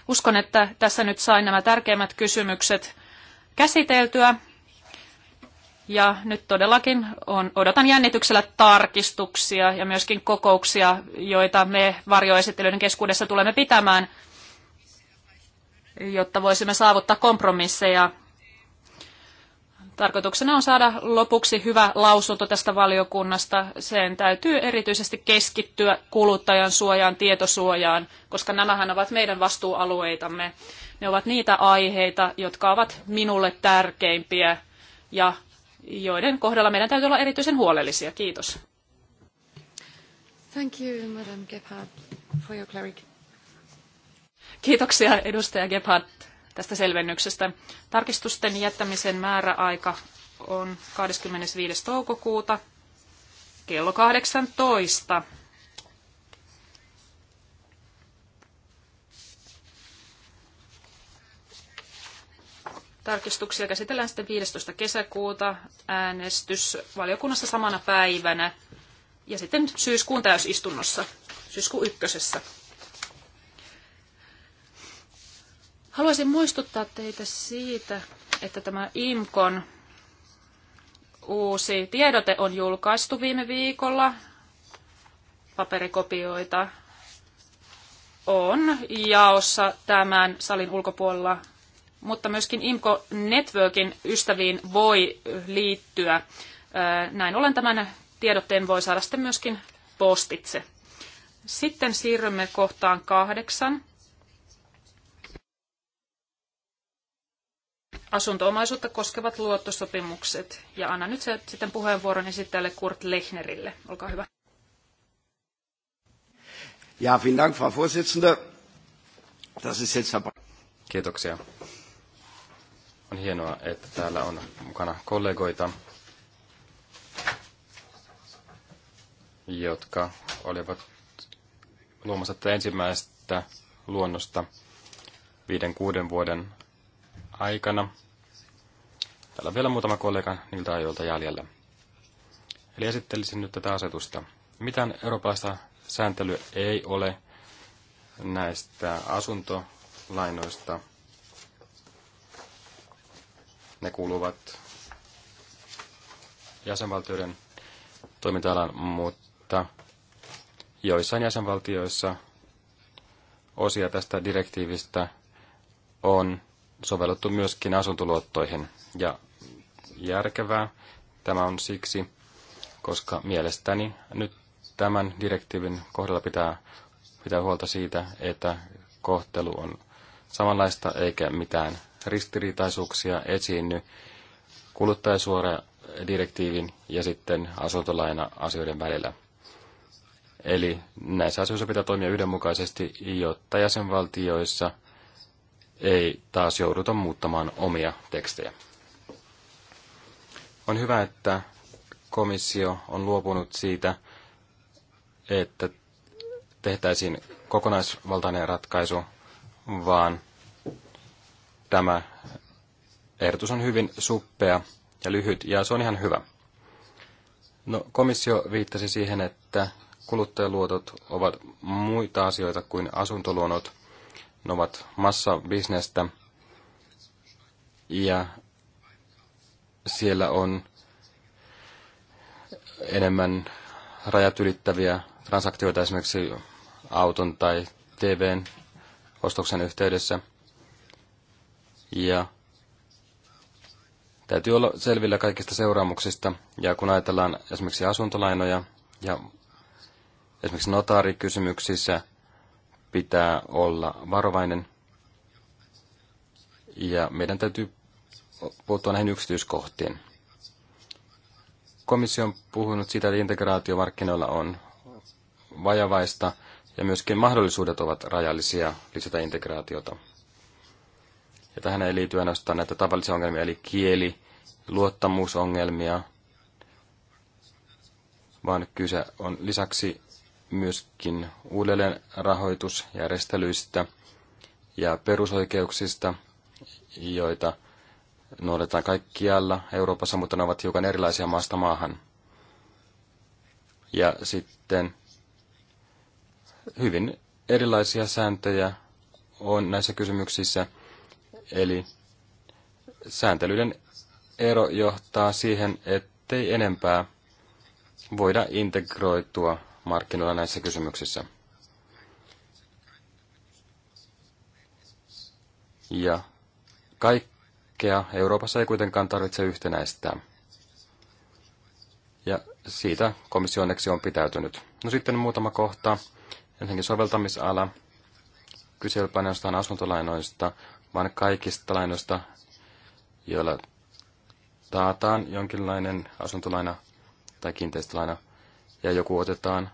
Uskon, että tässä nyt sain nämä tärkeimmät kysymykset käsiteltyä. Ja nyt todellakin on, odotan jännityksellä tarkistuksia ja myöskin kokouksia, joita me varjoesittelyiden keskuudessa tulemme pitämään, jotta voisimme saavuttaa kompromisseja Tarkoituksena on saada lopuksi hyvä lausunto tästä valiokunnasta. Sen täytyy erityisesti keskittyä kuluttajan suojaan, tietosuojaan, koska nämähän ovat meidän vastuualueitamme. Ne ovat niitä aiheita, jotka ovat minulle tärkeimpiä ja joiden kohdalla meidän täytyy olla erityisen huolellisia. Kiitos. Thank you, Madam Gebhardt, for your Kiitoksia edustaja Gebhardt tästä selvennyksestä. Tarkistusten jättämisen määräaika on 25. toukokuuta kello 18. Tarkistuksia käsitellään sitten 15. kesäkuuta äänestys valiokunnassa samana päivänä ja sitten syyskuun täysistunnossa, syyskuun ykkösessä. Haluaisin muistuttaa teitä siitä, että tämä IMKON uusi tiedote on julkaistu viime viikolla. Paperikopioita on jaossa tämän salin ulkopuolella, mutta myöskin IMKO Networkin ystäviin voi liittyä. Näin ollen tämän tiedotteen voi saada sitten myöskin postitse. Sitten siirrymme kohtaan kahdeksan. asuntoomaisuutta koskevat luottosopimukset. Ja anna nyt sitten puheenvuoron esittäjälle Kurt Lechnerille. Olkaa hyvä. Ja, vielen Dank, Frau Vorsitzende. Das ist jetzt Kiitoksia. On hienoa, että täällä on mukana kollegoita, jotka olivat luomassa ensimmäistä luonnosta viiden kuuden vuoden aikana. Täällä on vielä muutama kollega niiltä ajoilta jäljellä. Eli esittelisin nyt tätä asetusta. Mitään eurooppalaista sääntelyä ei ole näistä asuntolainoista. Ne kuuluvat jäsenvaltioiden toiminta mutta joissain jäsenvaltioissa osia tästä direktiivistä on sovellettu myöskin asuntoluottoihin. Ja järkevää tämä on siksi, koska mielestäni nyt tämän direktiivin kohdalla pitää pitää huolta siitä, että kohtelu on samanlaista eikä mitään ristiriitaisuuksia esiinny kuluttajasuora direktiivin ja sitten asuntolaina-asioiden välillä. Eli näissä asioissa pitää toimia yhdenmukaisesti, jotta jäsenvaltioissa – ei taas jouduta muuttamaan omia tekstejä. On hyvä, että komissio on luopunut siitä, että tehtäisiin kokonaisvaltainen ratkaisu, vaan tämä ehdotus on hyvin suppea ja lyhyt, ja se on ihan hyvä. No, komissio viittasi siihen, että kuluttajaluotot ovat muita asioita kuin asuntoluonot, ne ovat massabisnestä ja siellä on enemmän rajat ylittäviä transaktioita esimerkiksi auton tai TVn ostoksen yhteydessä. Ja täytyy olla selvillä kaikista seuraamuksista. Ja kun ajatellaan esimerkiksi asuntolainoja ja esimerkiksi notaarikysymyksissä – pitää olla varovainen ja meidän täytyy puuttua näihin yksityiskohtiin. Komissio on puhunut siitä, että integraatio markkinoilla on vajavaista ja myöskin mahdollisuudet ovat rajallisia lisätä integraatiota. Ja tähän ei liity ainoastaan näitä tavallisia ongelmia, eli kieli, luottamusongelmia, vaan kyse on lisäksi myöskin rahoitusjärjestelyistä ja perusoikeuksista, joita noudatetaan kaikkialla Euroopassa, mutta ne ovat hiukan erilaisia maasta maahan. Ja sitten hyvin erilaisia sääntöjä on näissä kysymyksissä, eli sääntelyiden ero johtaa siihen, ettei enempää voida integroitua markkinoilla näissä kysymyksissä. Ja kaikkea Euroopassa ei kuitenkaan tarvitse yhtenäistää. Ja siitä komissio onneksi on pitäytynyt. No sitten muutama kohta. Ensinnäkin soveltamisala. Kyse ei asuntolainoista, vaan kaikista lainoista, joilla taataan jonkinlainen asuntolaina tai kiinteistölaina ja joku otetaan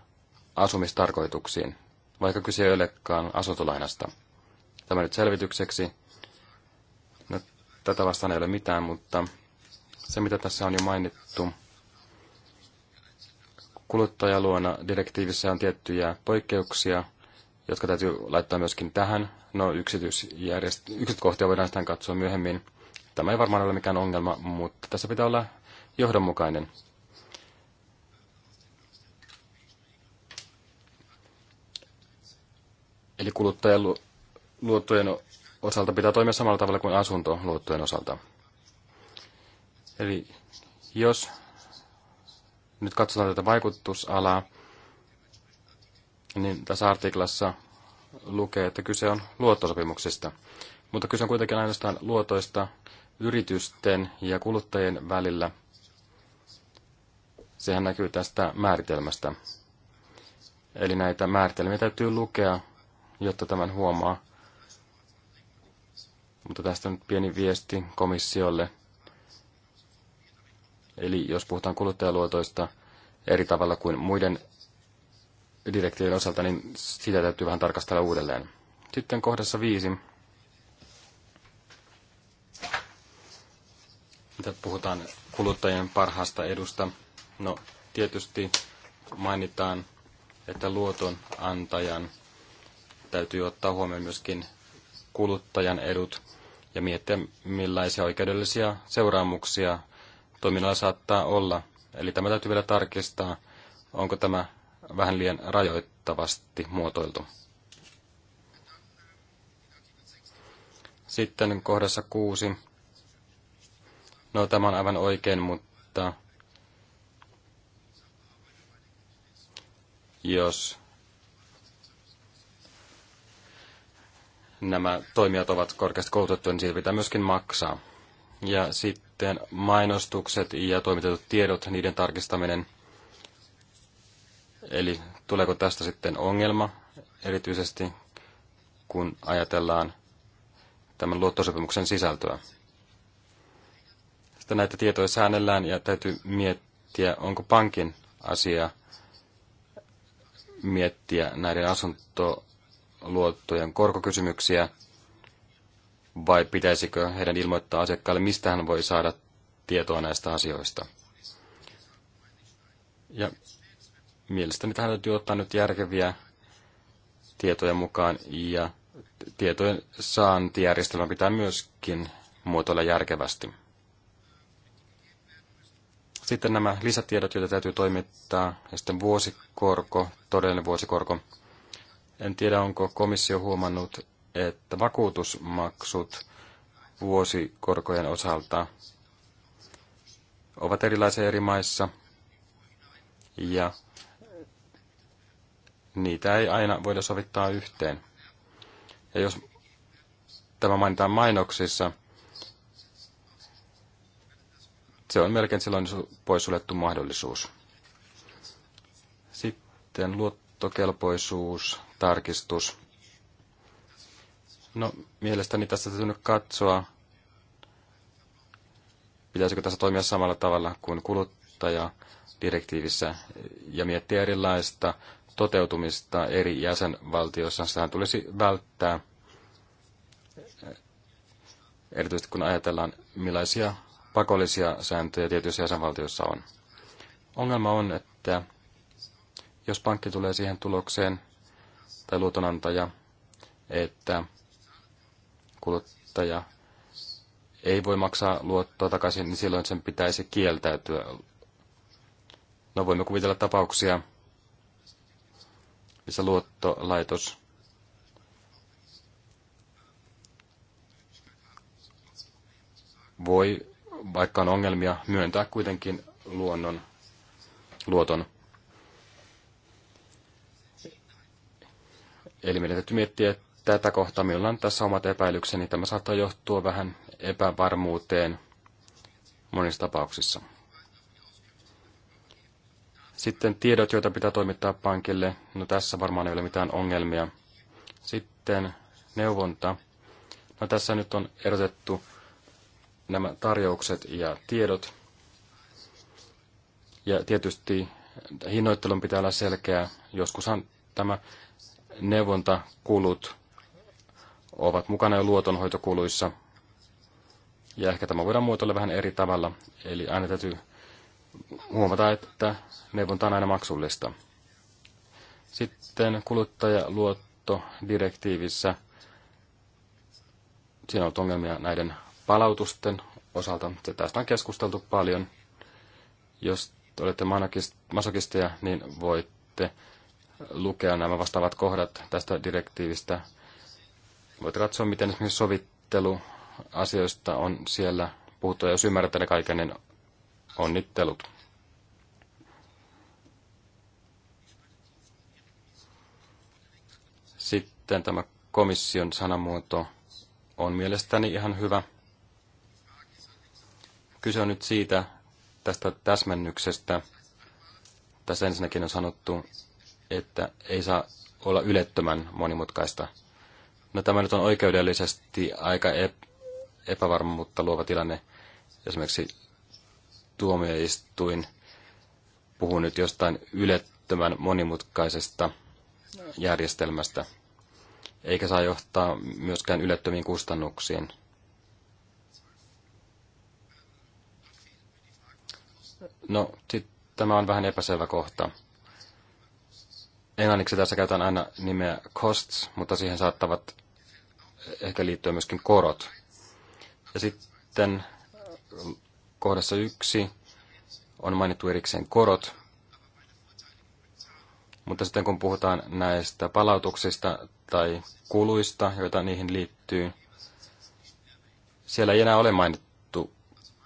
asumistarkoituksiin, vaikka kyse ei olekaan asuntolainasta. Tämä nyt selvitykseksi. No, tätä vastaan ei ole mitään, mutta se mitä tässä on jo mainittu, kuluttajaluona direktiivissä on tiettyjä poikkeuksia, jotka täytyy laittaa myöskin tähän. No yksityisjärjest- yksityiskohtia voidaan sitten katsoa myöhemmin. Tämä ei varmaan ole mikään ongelma, mutta tässä pitää olla johdonmukainen. Eli luottojen osalta pitää toimia samalla tavalla kuin asuntoluottojen osalta. Eli jos nyt katsotaan tätä vaikutusalaa, niin tässä artiklassa lukee, että kyse on luottosopimuksista. Mutta kyse on kuitenkin ainoastaan luotoista yritysten ja kuluttajien välillä. Sehän näkyy tästä määritelmästä. Eli näitä määritelmiä täytyy lukea jotta tämän huomaa. Mutta tästä on pieni viesti komissiolle. Eli jos puhutaan kuluttajaluotoista eri tavalla kuin muiden direktiivien osalta, niin sitä täytyy vähän tarkastella uudelleen. Sitten kohdassa viisi. Mitä puhutaan kuluttajien parhaasta edusta? No, tietysti mainitaan, että luoton antajan täytyy ottaa huomioon myöskin kuluttajan edut ja miettiä, millaisia oikeudellisia seuraamuksia toiminnalla saattaa olla. Eli tämä täytyy vielä tarkistaa, onko tämä vähän liian rajoittavasti muotoiltu. Sitten kohdassa kuusi. No tämä on aivan oikein, mutta jos nämä toimijat ovat korkeasti koulutettuja, niin siitä pitää myöskin maksaa. Ja sitten mainostukset ja toimitetut tiedot, niiden tarkistaminen. Eli tuleeko tästä sitten ongelma, erityisesti kun ajatellaan tämän luottosopimuksen sisältöä. Sitten näitä tietoja säännellään ja täytyy miettiä, onko pankin asia miettiä näiden asunto luottojen korkokysymyksiä, vai pitäisikö heidän ilmoittaa asiakkaalle, mistä hän voi saada tietoa näistä asioista. Ja mielestäni tähän täytyy ottaa nyt järkeviä tietoja mukaan, ja tietojen saantijärjestelmä pitää myöskin muotoilla järkevästi. Sitten nämä lisätiedot, joita täytyy toimittaa, ja sitten vuosikorko, todellinen vuosikorko, en tiedä, onko komissio huomannut, että vakuutusmaksut vuosikorkojen osalta ovat erilaisia eri maissa ja niitä ei aina voida sovittaa yhteen. Ja jos tämä mainitaan mainoksissa, se on melkein silloin poissuljettu mahdollisuus. Sitten luot luottokelpoisuus, tarkistus. No, mielestäni tässä täytyy nyt katsoa, pitäisikö tässä toimia samalla tavalla kuin kuluttaja direktiivissä ja miettiä erilaista toteutumista eri jäsenvaltioissa. Sehän tulisi välttää, erityisesti kun ajatellaan, millaisia pakollisia sääntöjä tietyissä jäsenvaltioissa on. Ongelma on, että jos pankki tulee siihen tulokseen, tai luotonantaja, että kuluttaja ei voi maksaa luottoa takaisin, niin silloin sen pitäisi kieltäytyä. No voimme kuvitella tapauksia, missä luottolaitos voi, vaikka on ongelmia, myöntää kuitenkin luonnon, luoton. Eli meidän täytyy miettiä tätä kohtaa, millä on tässä omat epäilykseni. Tämä saattaa johtua vähän epävarmuuteen monissa tapauksissa. Sitten tiedot, joita pitää toimittaa pankille. No tässä varmaan ei ole mitään ongelmia. Sitten neuvonta. No tässä nyt on erotettu nämä tarjoukset ja tiedot. Ja tietysti hinnoittelun pitää olla selkeä. Joskushan tämä neuvontakulut ovat mukana jo luotonhoitokuluissa. Ja ehkä tämä voidaan muotoilla vähän eri tavalla. Eli aina täytyy huomata, että neuvonta on aina maksullista. Sitten kuluttajaluottodirektiivissä siinä on ollut ongelmia näiden palautusten osalta. Tästä on keskusteltu paljon. Jos olette masokisteja, niin voitte lukea nämä vastaavat kohdat tästä direktiivistä. Voit katsoa, miten esimerkiksi sovittelu asioista on siellä puhuttu, ja jos ymmärrät ne kaiken, niin onnittelut. Sitten tämä komission sanamuoto on mielestäni ihan hyvä. Kyse on nyt siitä tästä täsmennyksestä. Tässä ensinnäkin on sanottu, että ei saa olla ylettömän monimutkaista. No tämä nyt on oikeudellisesti aika epävarma, mutta luova tilanne. Esimerkiksi tuomioistuin puhuu nyt jostain ylettömän monimutkaisesta järjestelmästä, eikä saa johtaa myöskään ylettömiin kustannuksiin. No, sitten tämä on vähän epäselvä kohta. Englanniksi tässä käytetään aina nimeä costs, mutta siihen saattavat ehkä liittyä myöskin korot. Ja sitten äh, kohdassa yksi on mainittu erikseen korot, mutta sitten kun puhutaan näistä palautuksista tai kuluista, joita niihin liittyy, siellä ei enää ole mainittu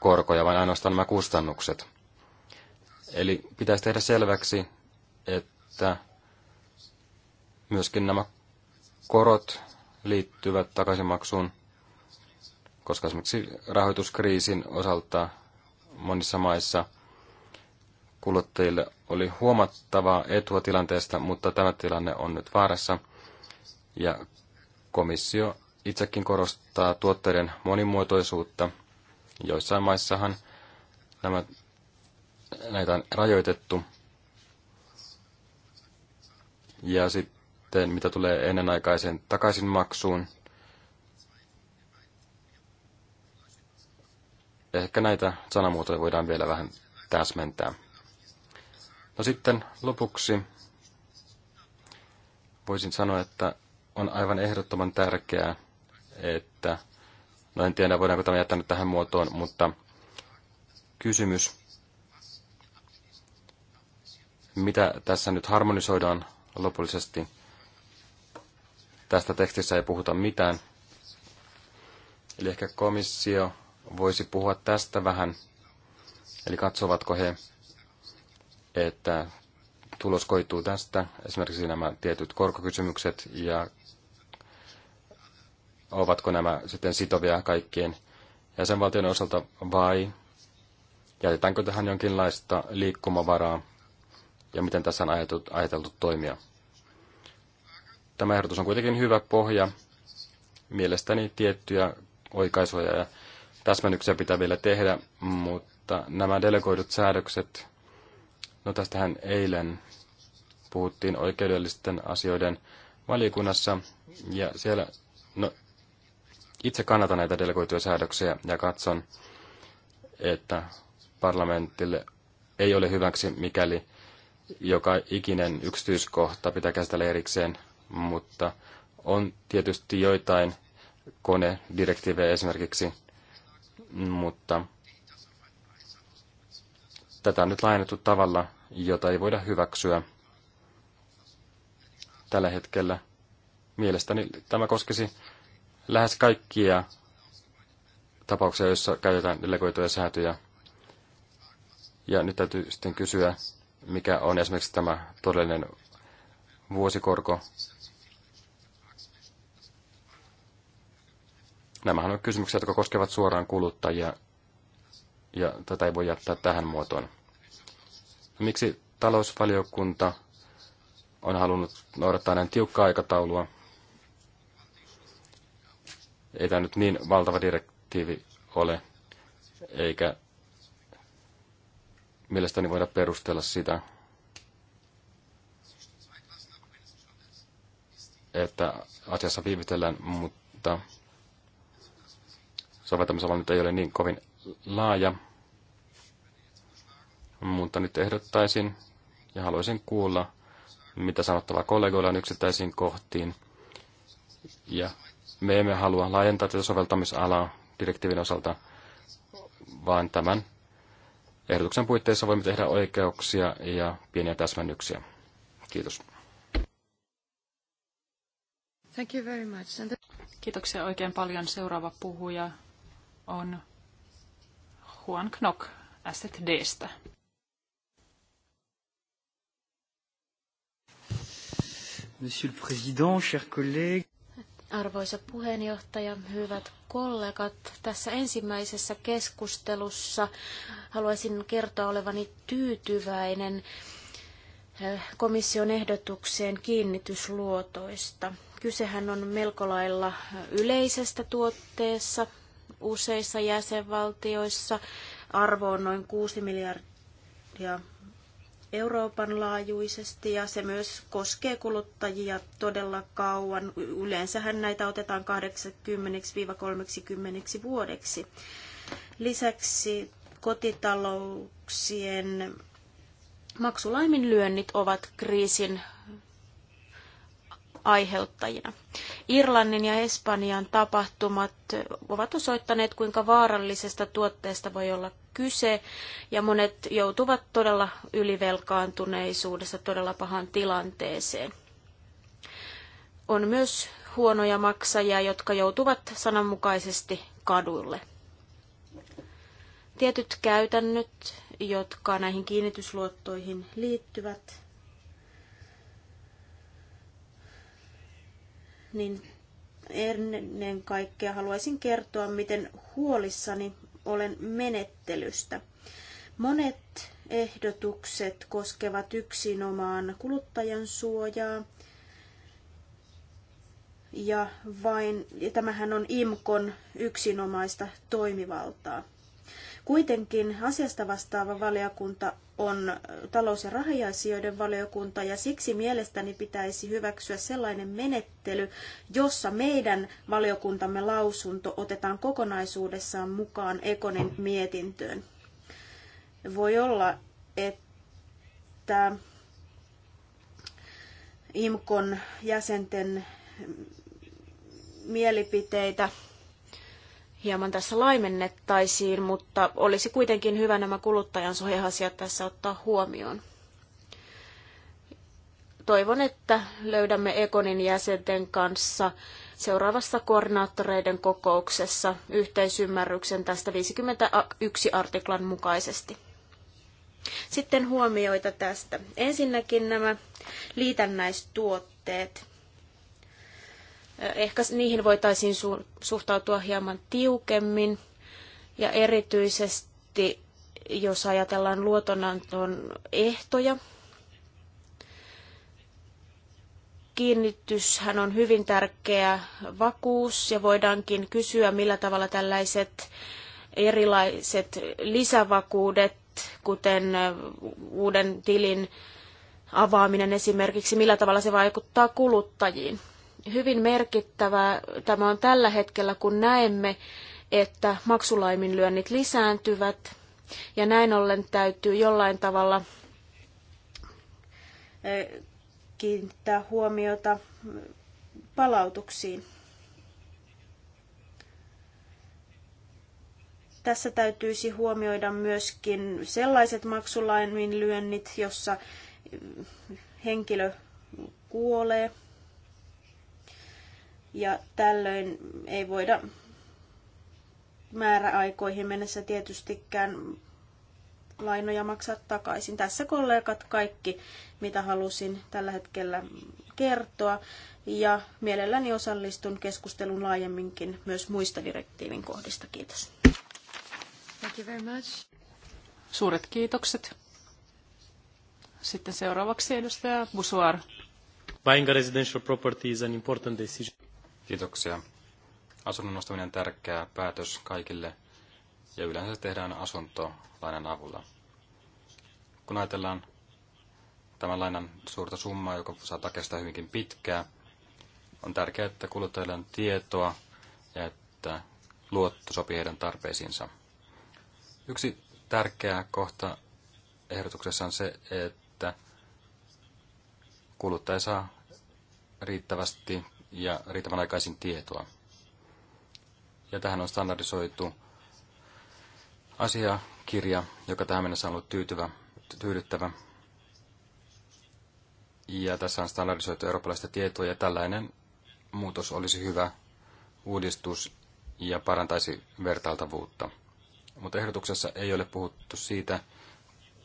korkoja, vaan ainoastaan nämä kustannukset. Eli pitäisi tehdä selväksi, että Myöskin nämä korot liittyvät takaisinmaksuun, koska esimerkiksi rahoituskriisin osalta monissa maissa kuluttajille oli huomattavaa etua tilanteesta, mutta tämä tilanne on nyt vaarassa. Ja komissio itsekin korostaa tuotteiden monimuotoisuutta. Joissain maissahan nämä, näitä on rajoitettu. Ja sitten sitten mitä tulee ennenaikaiseen takaisinmaksuun, ehkä näitä sanamuotoja voidaan vielä vähän täsmentää. No sitten lopuksi voisin sanoa, että on aivan ehdottoman tärkeää, että, no en tiedä voidaanko tämä jättää nyt tähän muotoon, mutta kysymys, mitä tässä nyt harmonisoidaan lopullisesti, Tästä tekstissä ei puhuta mitään. Eli ehkä komissio voisi puhua tästä vähän. Eli katsovatko he, että tulos koituu tästä, esimerkiksi nämä tietyt korkokysymykset ja ovatko nämä sitten sitovia kaikkien jäsenvaltioiden osalta vai jätetäänkö tähän jonkinlaista liikkumavaraa ja miten tässä on ajateltu, ajateltu toimia. Tämä ehdotus on kuitenkin hyvä pohja. Mielestäni tiettyjä oikaisuja ja täsmennyksiä pitää vielä tehdä, mutta nämä delegoidut säädökset, no tästähän eilen puhuttiin oikeudellisten asioiden valiokunnassa, ja siellä, no itse kannatan näitä delegoituja säädöksiä ja katson, että parlamentille ei ole hyväksi, mikäli joka ikinen yksityiskohta pitää käsitellä erikseen mutta on tietysti joitain konedirektiivejä esimerkiksi, mutta tätä on nyt laajennettu tavalla, jota ei voida hyväksyä tällä hetkellä. Mielestäni tämä koskisi lähes kaikkia tapauksia, joissa käytetään delegoituja säätöjä. Ja nyt täytyy sitten kysyä, mikä on esimerkiksi tämä todellinen vuosikorko Nämähän on kysymyksiä, jotka koskevat suoraan kuluttajia, ja tätä ei voi jättää tähän muotoon. Miksi talousvaliokunta on halunnut noudattaa näin tiukkaa aikataulua? Ei tämä nyt niin valtava direktiivi ole, eikä mielestäni voida perustella sitä, että asiassa viivitellään, mutta soveltamisala nyt ei ole niin kovin laaja, mutta nyt ehdottaisin ja haluaisin kuulla, mitä sanottavaa kollegoilla on yksittäisiin kohtiin. Ja me emme halua laajentaa tätä soveltamisalaa direktiivin osalta, vaan tämän ehdotuksen puitteissa voimme tehdä oikeuksia ja pieniä täsmennyksiä. Kiitos. Thank you very much. Kiitoksia oikein paljon. Seuraava puhuja on Juan Knock Dstä. Monsieur le Président, chers collègues. Arvoisa puheenjohtaja, hyvät kollegat, tässä ensimmäisessä keskustelussa haluaisin kertoa olevani tyytyväinen eh, komission ehdotukseen kiinnitysluotoista. Kysehän on melko lailla yleisestä tuotteessa, useissa jäsenvaltioissa. Arvo on noin 6 miljardia Euroopan laajuisesti ja se myös koskee kuluttajia todella kauan. Yleensähän näitä otetaan 80-30 vuodeksi. Lisäksi kotitalouksien maksulaiminlyönnit ovat kriisin aiheuttajina. Irlannin ja Espanjan tapahtumat ovat osoittaneet, kuinka vaarallisesta tuotteesta voi olla kyse, ja monet joutuvat todella ylivelkaantuneisuudessa todella pahan tilanteeseen. On myös huonoja maksajia, jotka joutuvat sananmukaisesti kaduille. Tietyt käytännöt, jotka näihin kiinnitysluottoihin liittyvät, niin ennen kaikkea haluaisin kertoa, miten huolissani olen menettelystä. Monet ehdotukset koskevat yksinomaan kuluttajan suojaa. Ja, vain, ja tämähän on IMKON yksinomaista toimivaltaa. Kuitenkin asiasta vastaava valiokunta on talous- ja rahajasioiden valiokunta ja siksi mielestäni pitäisi hyväksyä sellainen menettely, jossa meidän valiokuntamme lausunto otetaan kokonaisuudessaan mukaan ekonen mietintöön. Voi olla, että IMKON jäsenten mielipiteitä hieman tässä laimennettaisiin, mutta olisi kuitenkin hyvä nämä kuluttajan suoja-asiat tässä ottaa huomioon. Toivon, että löydämme Ekonin jäsenten kanssa seuraavassa koordinaattoreiden kokouksessa yhteisymmärryksen tästä 51 artiklan mukaisesti. Sitten huomioita tästä. Ensinnäkin nämä liitännäistuotteet. Ehkä niihin voitaisiin suhtautua hieman tiukemmin ja erityisesti jos ajatellaan luotonanton ehtoja. Kiinnityshän on hyvin tärkeä vakuus ja voidaankin kysyä, millä tavalla tällaiset erilaiset lisävakuudet, kuten uuden tilin avaaminen esimerkiksi, millä tavalla se vaikuttaa kuluttajiin hyvin merkittävä tämä on tällä hetkellä, kun näemme, että maksulaiminlyönnit lisääntyvät ja näin ollen täytyy jollain tavalla eh, kiinnittää huomiota palautuksiin. Tässä täytyisi huomioida myöskin sellaiset maksulaiminlyönnit, jossa eh, henkilö kuolee ja tällöin ei voida määräaikoihin mennessä tietystikään lainoja maksaa takaisin. Tässä kollegat kaikki, mitä halusin tällä hetkellä kertoa ja mielelläni osallistun keskustelun laajemminkin myös muista direktiivin kohdista. Kiitos. Thank you very much. Suuret kiitokset. Sitten seuraavaksi edustaja Busuar. Buying a residential property is an important decision. Kiitoksia. Asunnon ostaminen on tärkeä päätös kaikille ja yleensä se tehdään asuntolainan avulla. Kun ajatellaan tämän lainan suurta summaa, joka saattaa kestää hyvinkin pitkää, on tärkeää, että kuluttajilla on tietoa ja että luotto sopii heidän tarpeisiinsa. Yksi tärkeä kohta ehdotuksessa on se, että kuluttaja saa riittävästi ja riittävän aikaisin tietoa. Ja tähän on standardisoitu asiakirja, joka tähän mennessä on ollut tyytyvä, tyydyttävä. Ja tässä on standardisoitu eurooppalaista tietoa ja tällainen muutos olisi hyvä uudistus ja parantaisi vertailtavuutta. Mutta ehdotuksessa ei ole puhuttu siitä,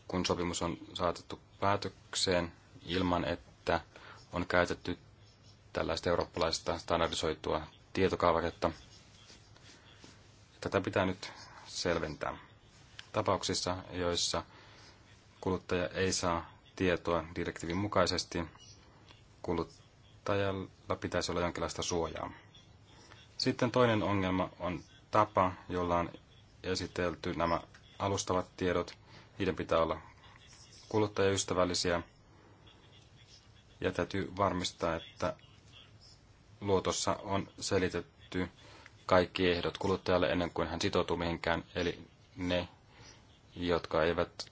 kun sopimus on saatettu päätökseen ilman, että on käytetty tällaista eurooppalaista standardisoitua tietokaavaketta. Tätä pitää nyt selventää. Tapauksissa, joissa kuluttaja ei saa tietoa direktiivin mukaisesti, kuluttajalla pitäisi olla jonkinlaista suojaa. Sitten toinen ongelma on tapa, jolla on esitelty nämä alustavat tiedot. Niiden pitää olla kuluttajaystävällisiä ja täytyy varmistaa, että luotossa on selitetty kaikki ehdot kuluttajalle ennen kuin hän sitoutuu mihinkään, eli ne, jotka eivät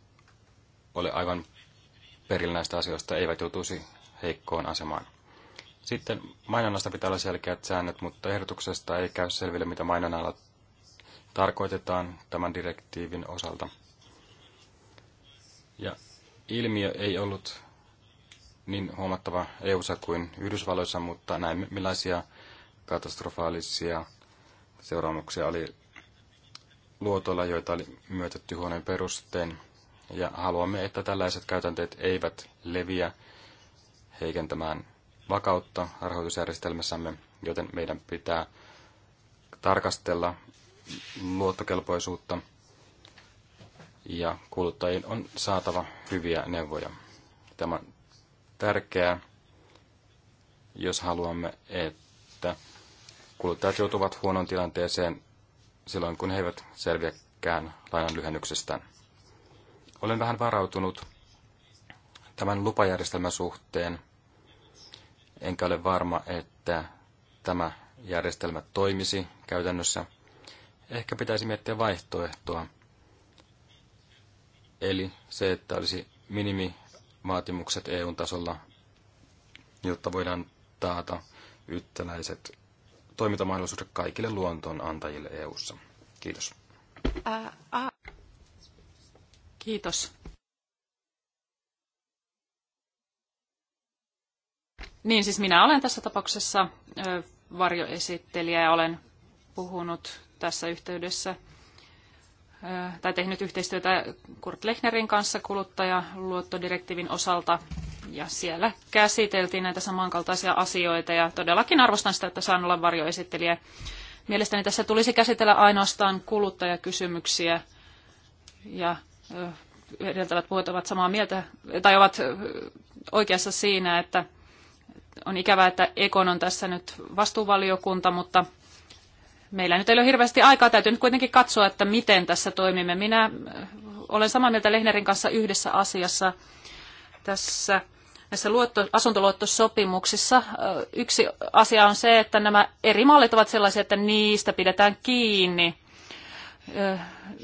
ole aivan perillä näistä asioista, eivät joutuisi heikkoon asemaan. Sitten mainonnasta pitää olla selkeät säännöt, mutta ehdotuksesta ei käy selville, mitä mainonnalla tarkoitetaan tämän direktiivin osalta. Ja ilmiö ei ollut niin huomattava eu kuin Yhdysvalloissa, mutta näimme millaisia katastrofaalisia seuraamuksia oli luotoilla, joita oli myötetty huoneen perusteen. Ja haluamme, että tällaiset käytänteet eivät leviä heikentämään vakautta rahoitusjärjestelmässämme, joten meidän pitää tarkastella luottokelpoisuutta ja kuluttajien on saatava hyviä neuvoja. Tämä on tärkeää, jos haluamme, että kuluttajat joutuvat huonon tilanteeseen silloin, kun he eivät selviäkään lainan lyhennyksestä. Olen vähän varautunut tämän lupajärjestelmän suhteen, enkä ole varma, että tämä järjestelmä toimisi käytännössä. Ehkä pitäisi miettiä vaihtoehtoa, eli se, että olisi minimi vaatimukset eu tasolla, jotta voidaan taata yhtäläiset toimintamahdollisuudet kaikille luontoon antajille EUssa. Kiitos. Ää, a- Kiitos. Niin siis minä olen tässä tapauksessa varjoesittelijä ja olen puhunut tässä yhteydessä Äh, tai tehnyt yhteistyötä Kurt Lechnerin kanssa kuluttajaluottodirektiivin osalta. Ja siellä käsiteltiin näitä samankaltaisia asioita ja todellakin arvostan sitä, että saan olla varjoesittelijä. Mielestäni tässä tulisi käsitellä ainoastaan kuluttajakysymyksiä ja äh, edeltävät puhut ovat samaa mieltä tai ovat äh, oikeassa siinä, että on ikävää, että Ekon on tässä nyt vastuuvaliokunta, mutta – meillä nyt ei ole hirveästi aikaa. Täytyy nyt kuitenkin katsoa, että miten tässä toimimme. Minä äh, olen samaa mieltä Lehnerin kanssa yhdessä asiassa tässä näissä luotto, asuntoluottosopimuksissa. Äh, yksi asia on se, että nämä eri mallit ovat sellaisia, että niistä pidetään kiinni. Äh,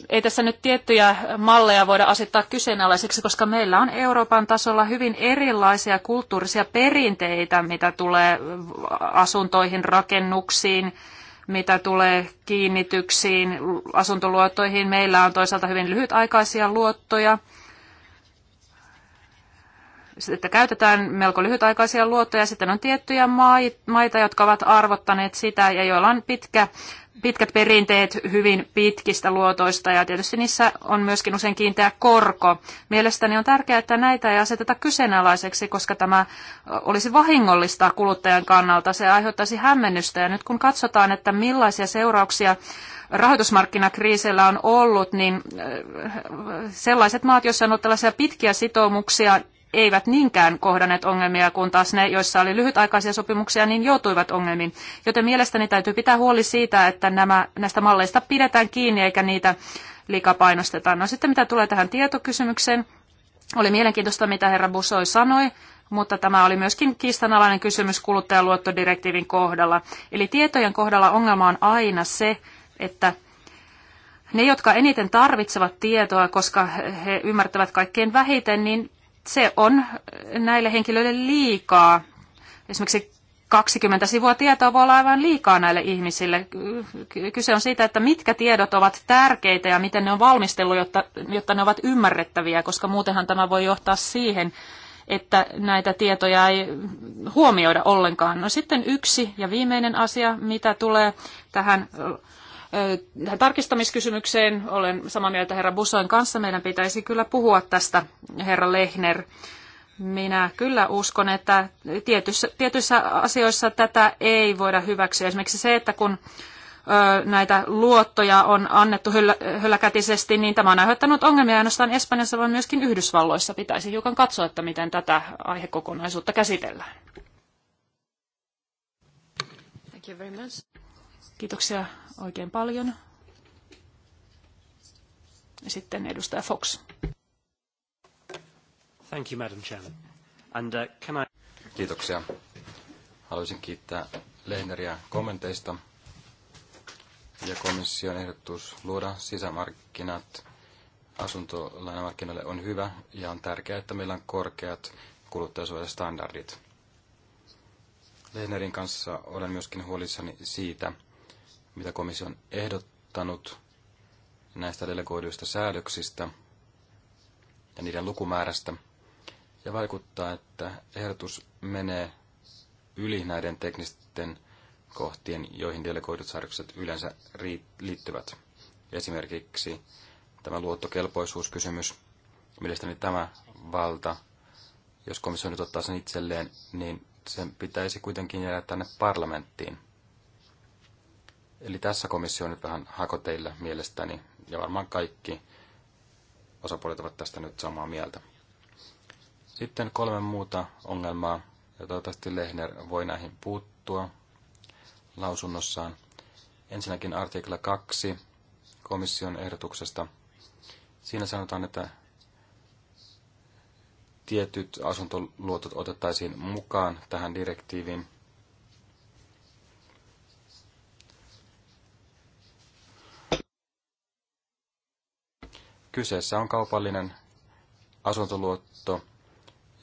ei tässä nyt tiettyjä malleja voida asettaa kyseenalaiseksi, koska meillä on Euroopan tasolla hyvin erilaisia kulttuurisia perinteitä, mitä tulee asuntoihin, rakennuksiin, mitä tulee kiinnityksiin, asuntoluottoihin. Meillä on toisaalta hyvin lyhytaikaisia luottoja. Sitten käytetään melko lyhytaikaisia luottoja. Sitten on tiettyjä maita, jotka ovat arvottaneet sitä ja joilla on pitkä pitkät perinteet hyvin pitkistä luotoista ja tietysti niissä on myöskin usein kiinteä korko. Mielestäni on tärkeää, että näitä ei aseteta kyseenalaiseksi, koska tämä olisi vahingollista kuluttajan kannalta. Se aiheuttaisi hämmennystä ja nyt kun katsotaan, että millaisia seurauksia rahoitusmarkkinakriisillä on ollut, niin äh, sellaiset maat, joissa on ollut tällaisia pitkiä sitoumuksia, eivät niinkään kohdanneet ongelmia, kun taas ne, joissa oli lyhytaikaisia sopimuksia, niin joutuivat ongelmiin. Joten mielestäni täytyy pitää huoli siitä, että nämä, näistä malleista pidetään kiinni eikä niitä liikapainosteta. No sitten mitä tulee tähän tietokysymykseen, oli mielenkiintoista, mitä herra Busoi sanoi, mutta tämä oli myöskin kiistanalainen kysymys kuluttajaluottodirektiivin kohdalla. Eli tietojen kohdalla ongelma on aina se, että ne, jotka eniten tarvitsevat tietoa, koska he ymmärtävät kaikkein vähiten, niin se on näille henkilöille liikaa. Esimerkiksi 20 sivua tietoa voi olla aivan liikaa näille ihmisille. Kyse on siitä, että mitkä tiedot ovat tärkeitä ja miten ne on valmistellut, jotta, jotta ne ovat ymmärrettäviä, koska muutenhan tämä voi johtaa siihen, että näitä tietoja ei huomioida ollenkaan. No sitten yksi ja viimeinen asia, mitä tulee tähän tähän tarkistamiskysymykseen olen samaa mieltä herra Busoin kanssa. Meidän pitäisi kyllä puhua tästä, herra Lehner. Minä kyllä uskon, että tietyissä, tietyissä asioissa tätä ei voida hyväksyä. Esimerkiksi se, että kun näitä luottoja on annettu höllä, hölläkätisesti, niin tämä on aiheuttanut ongelmia ainoastaan Espanjassa, vaan myöskin Yhdysvalloissa. Pitäisi hiukan katsoa, että miten tätä aihekokonaisuutta käsitellään. Thank you very much. Kiitoksia oikein paljon. Sitten edustaja Fox. Thank you, Madam Chairman. And, uh, can I... Kiitoksia. Haluaisin kiittää Lehneriä kommenteista ja komission ehdotus luoda sisämarkkinat asuntolainamarkkinoille on hyvä ja on tärkeää, että meillä on korkeat kuluttajasuojastandardit. Lehnerin kanssa olen myöskin huolissani siitä, mitä komissio on ehdottanut näistä delegoiduista säädöksistä ja niiden lukumäärästä. Ja vaikuttaa, että ehdotus menee yli näiden teknisten kohtien, joihin delegoidut säädökset yleensä liittyvät. Esimerkiksi tämä luottokelpoisuuskysymys. Mielestäni tämä valta, jos komissio nyt ottaa sen itselleen, niin sen pitäisi kuitenkin jäädä tänne parlamenttiin. Eli tässä komissio on nyt vähän teille mielestäni, ja varmaan kaikki osapuolet ovat tästä nyt samaa mieltä. Sitten kolme muuta ongelmaa, ja toivottavasti Lehner voi näihin puuttua lausunnossaan. Ensinnäkin artikla 2 komission ehdotuksesta. Siinä sanotaan, että tietyt asuntoluotot otettaisiin mukaan tähän direktiiviin. Kyseessä on kaupallinen asuntoluotto,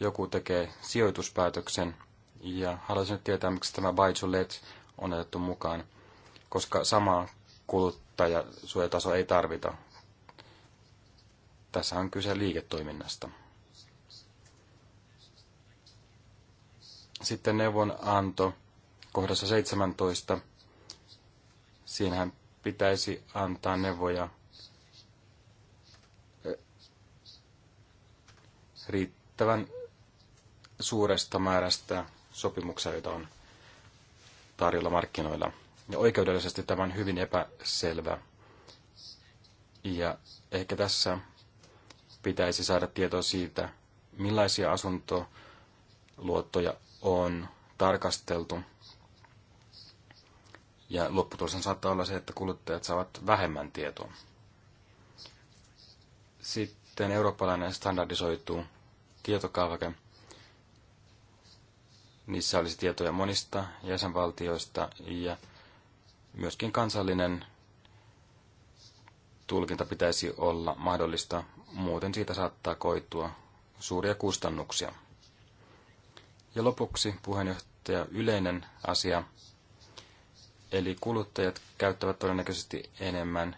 joku tekee sijoituspäätöksen, ja haluaisin nyt tietää, miksi tämä buy to let on otettu mukaan, koska sama kuluttajasuojataso ei tarvita. Tässä on kyse liiketoiminnasta. Sitten neuvonanto kohdassa 17. Siinähän pitäisi antaa neuvoja riittävän suuresta määrästä sopimuksia, joita on tarjolla markkinoilla. Ja oikeudellisesti tämä on hyvin epäselvä. Ja ehkä tässä pitäisi saada tietoa siitä, millaisia asuntoluottoja on tarkasteltu. Ja lopputulos saattaa olla se, että kuluttajat saavat vähemmän tietoa. Sitten eurooppalainen standardisoituu tietokaavake. Niissä olisi tietoja monista jäsenvaltioista ja myöskin kansallinen tulkinta pitäisi olla mahdollista, muuten siitä saattaa koitua suuria kustannuksia. Ja lopuksi puheenjohtaja yleinen asia, eli kuluttajat käyttävät todennäköisesti enemmän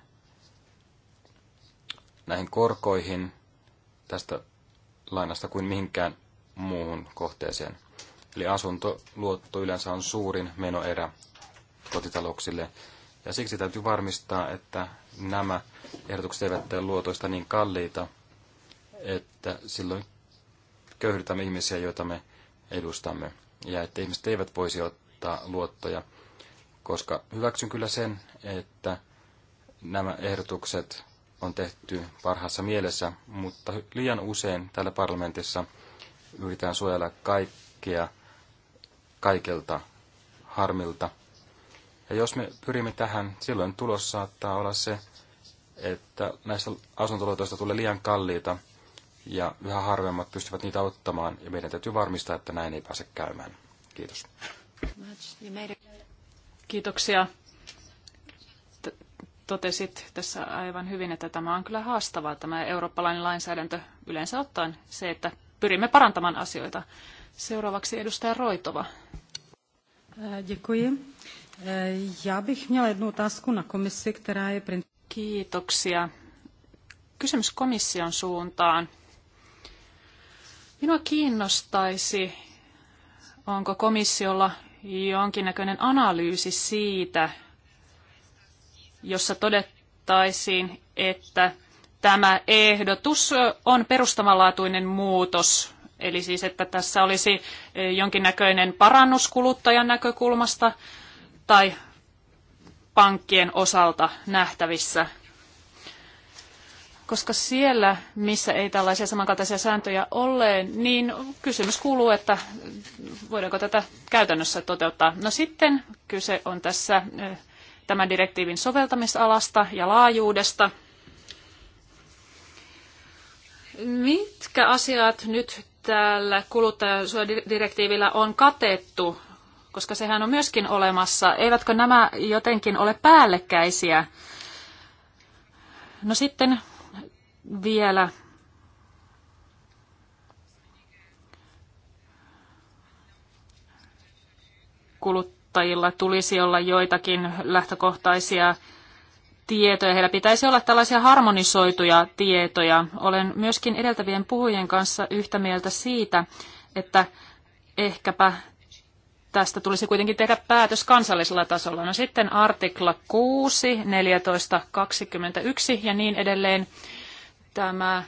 näihin korkoihin. Tästä lainasta kuin mihinkään muuhun kohteeseen. Eli asuntoluotto yleensä on suurin menoerä kotitalouksille. Ja siksi täytyy varmistaa, että nämä ehdotukset eivät tee luotoista niin kalliita, että silloin köyhdytämme ihmisiä, joita me edustamme. Ja että ihmiset eivät voisi ottaa luottoja, koska hyväksyn kyllä sen, että nämä ehdotukset on tehty parhaassa mielessä, mutta liian usein täällä parlamentissa yritetään suojella kaikkea kaikelta harmilta. Ja jos me pyrimme tähän, silloin tulos saattaa olla se, että näistä asuntoloitoista tulee liian kalliita ja yhä harvemmat pystyvät niitä ottamaan ja meidän täytyy varmistaa, että näin ei pääse käymään. Kiitos. Kiitoksia totesit tässä aivan hyvin, että tämä on kyllä haastavaa, tämä eurooppalainen lainsäädäntö yleensä ottaen se, että pyrimme parantamaan asioita. Seuraavaksi edustaja Roitova. Eh, eh, Kiitoksia. Kysymys komission suuntaan. Minua kiinnostaisi, onko komissiolla jonkinnäköinen analyysi siitä, jossa todettaisiin, että tämä ehdotus on perustavanlaatuinen muutos. Eli siis, että tässä olisi e, jonkinnäköinen parannus kuluttajan näkökulmasta tai pankkien osalta nähtävissä. Koska siellä, missä ei tällaisia samankaltaisia sääntöjä ole, niin kysymys kuuluu, että voidaanko tätä käytännössä toteuttaa. No sitten kyse on tässä e, tämän direktiivin soveltamisalasta ja laajuudesta. Mitkä asiat nyt tällä kuluttajasuojadirektiivillä on katettu, koska sehän on myöskin olemassa. Eivätkö nämä jotenkin ole päällekkäisiä? No sitten vielä kulut kuluttajilla tulisi olla joitakin lähtökohtaisia tietoja. Heillä pitäisi olla tällaisia harmonisoituja tietoja. Olen myöskin edeltävien puhujien kanssa yhtä mieltä siitä, että ehkäpä tästä tulisi kuitenkin tehdä päätös kansallisella tasolla. No sitten artikla 6, 14, 21 ja niin edelleen. Tämä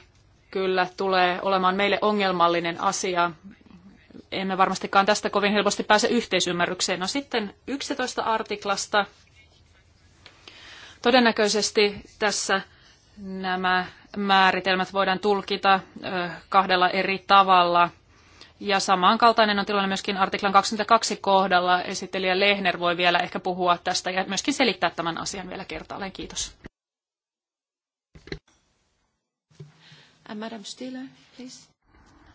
kyllä tulee olemaan meille ongelmallinen asia emme varmastikaan tästä kovin helposti pääse yhteisymmärrykseen. No sitten 11 artiklasta. Todennäköisesti tässä nämä määritelmät voidaan tulkita kahdella eri tavalla. Ja samankaltainen on tilanne myöskin artiklan 22 kohdalla. Esittelijä Lehner voi vielä ehkä puhua tästä ja myöskin selittää tämän asian vielä kertaalleen. Kiitos. Uh, Madam Stiller, please.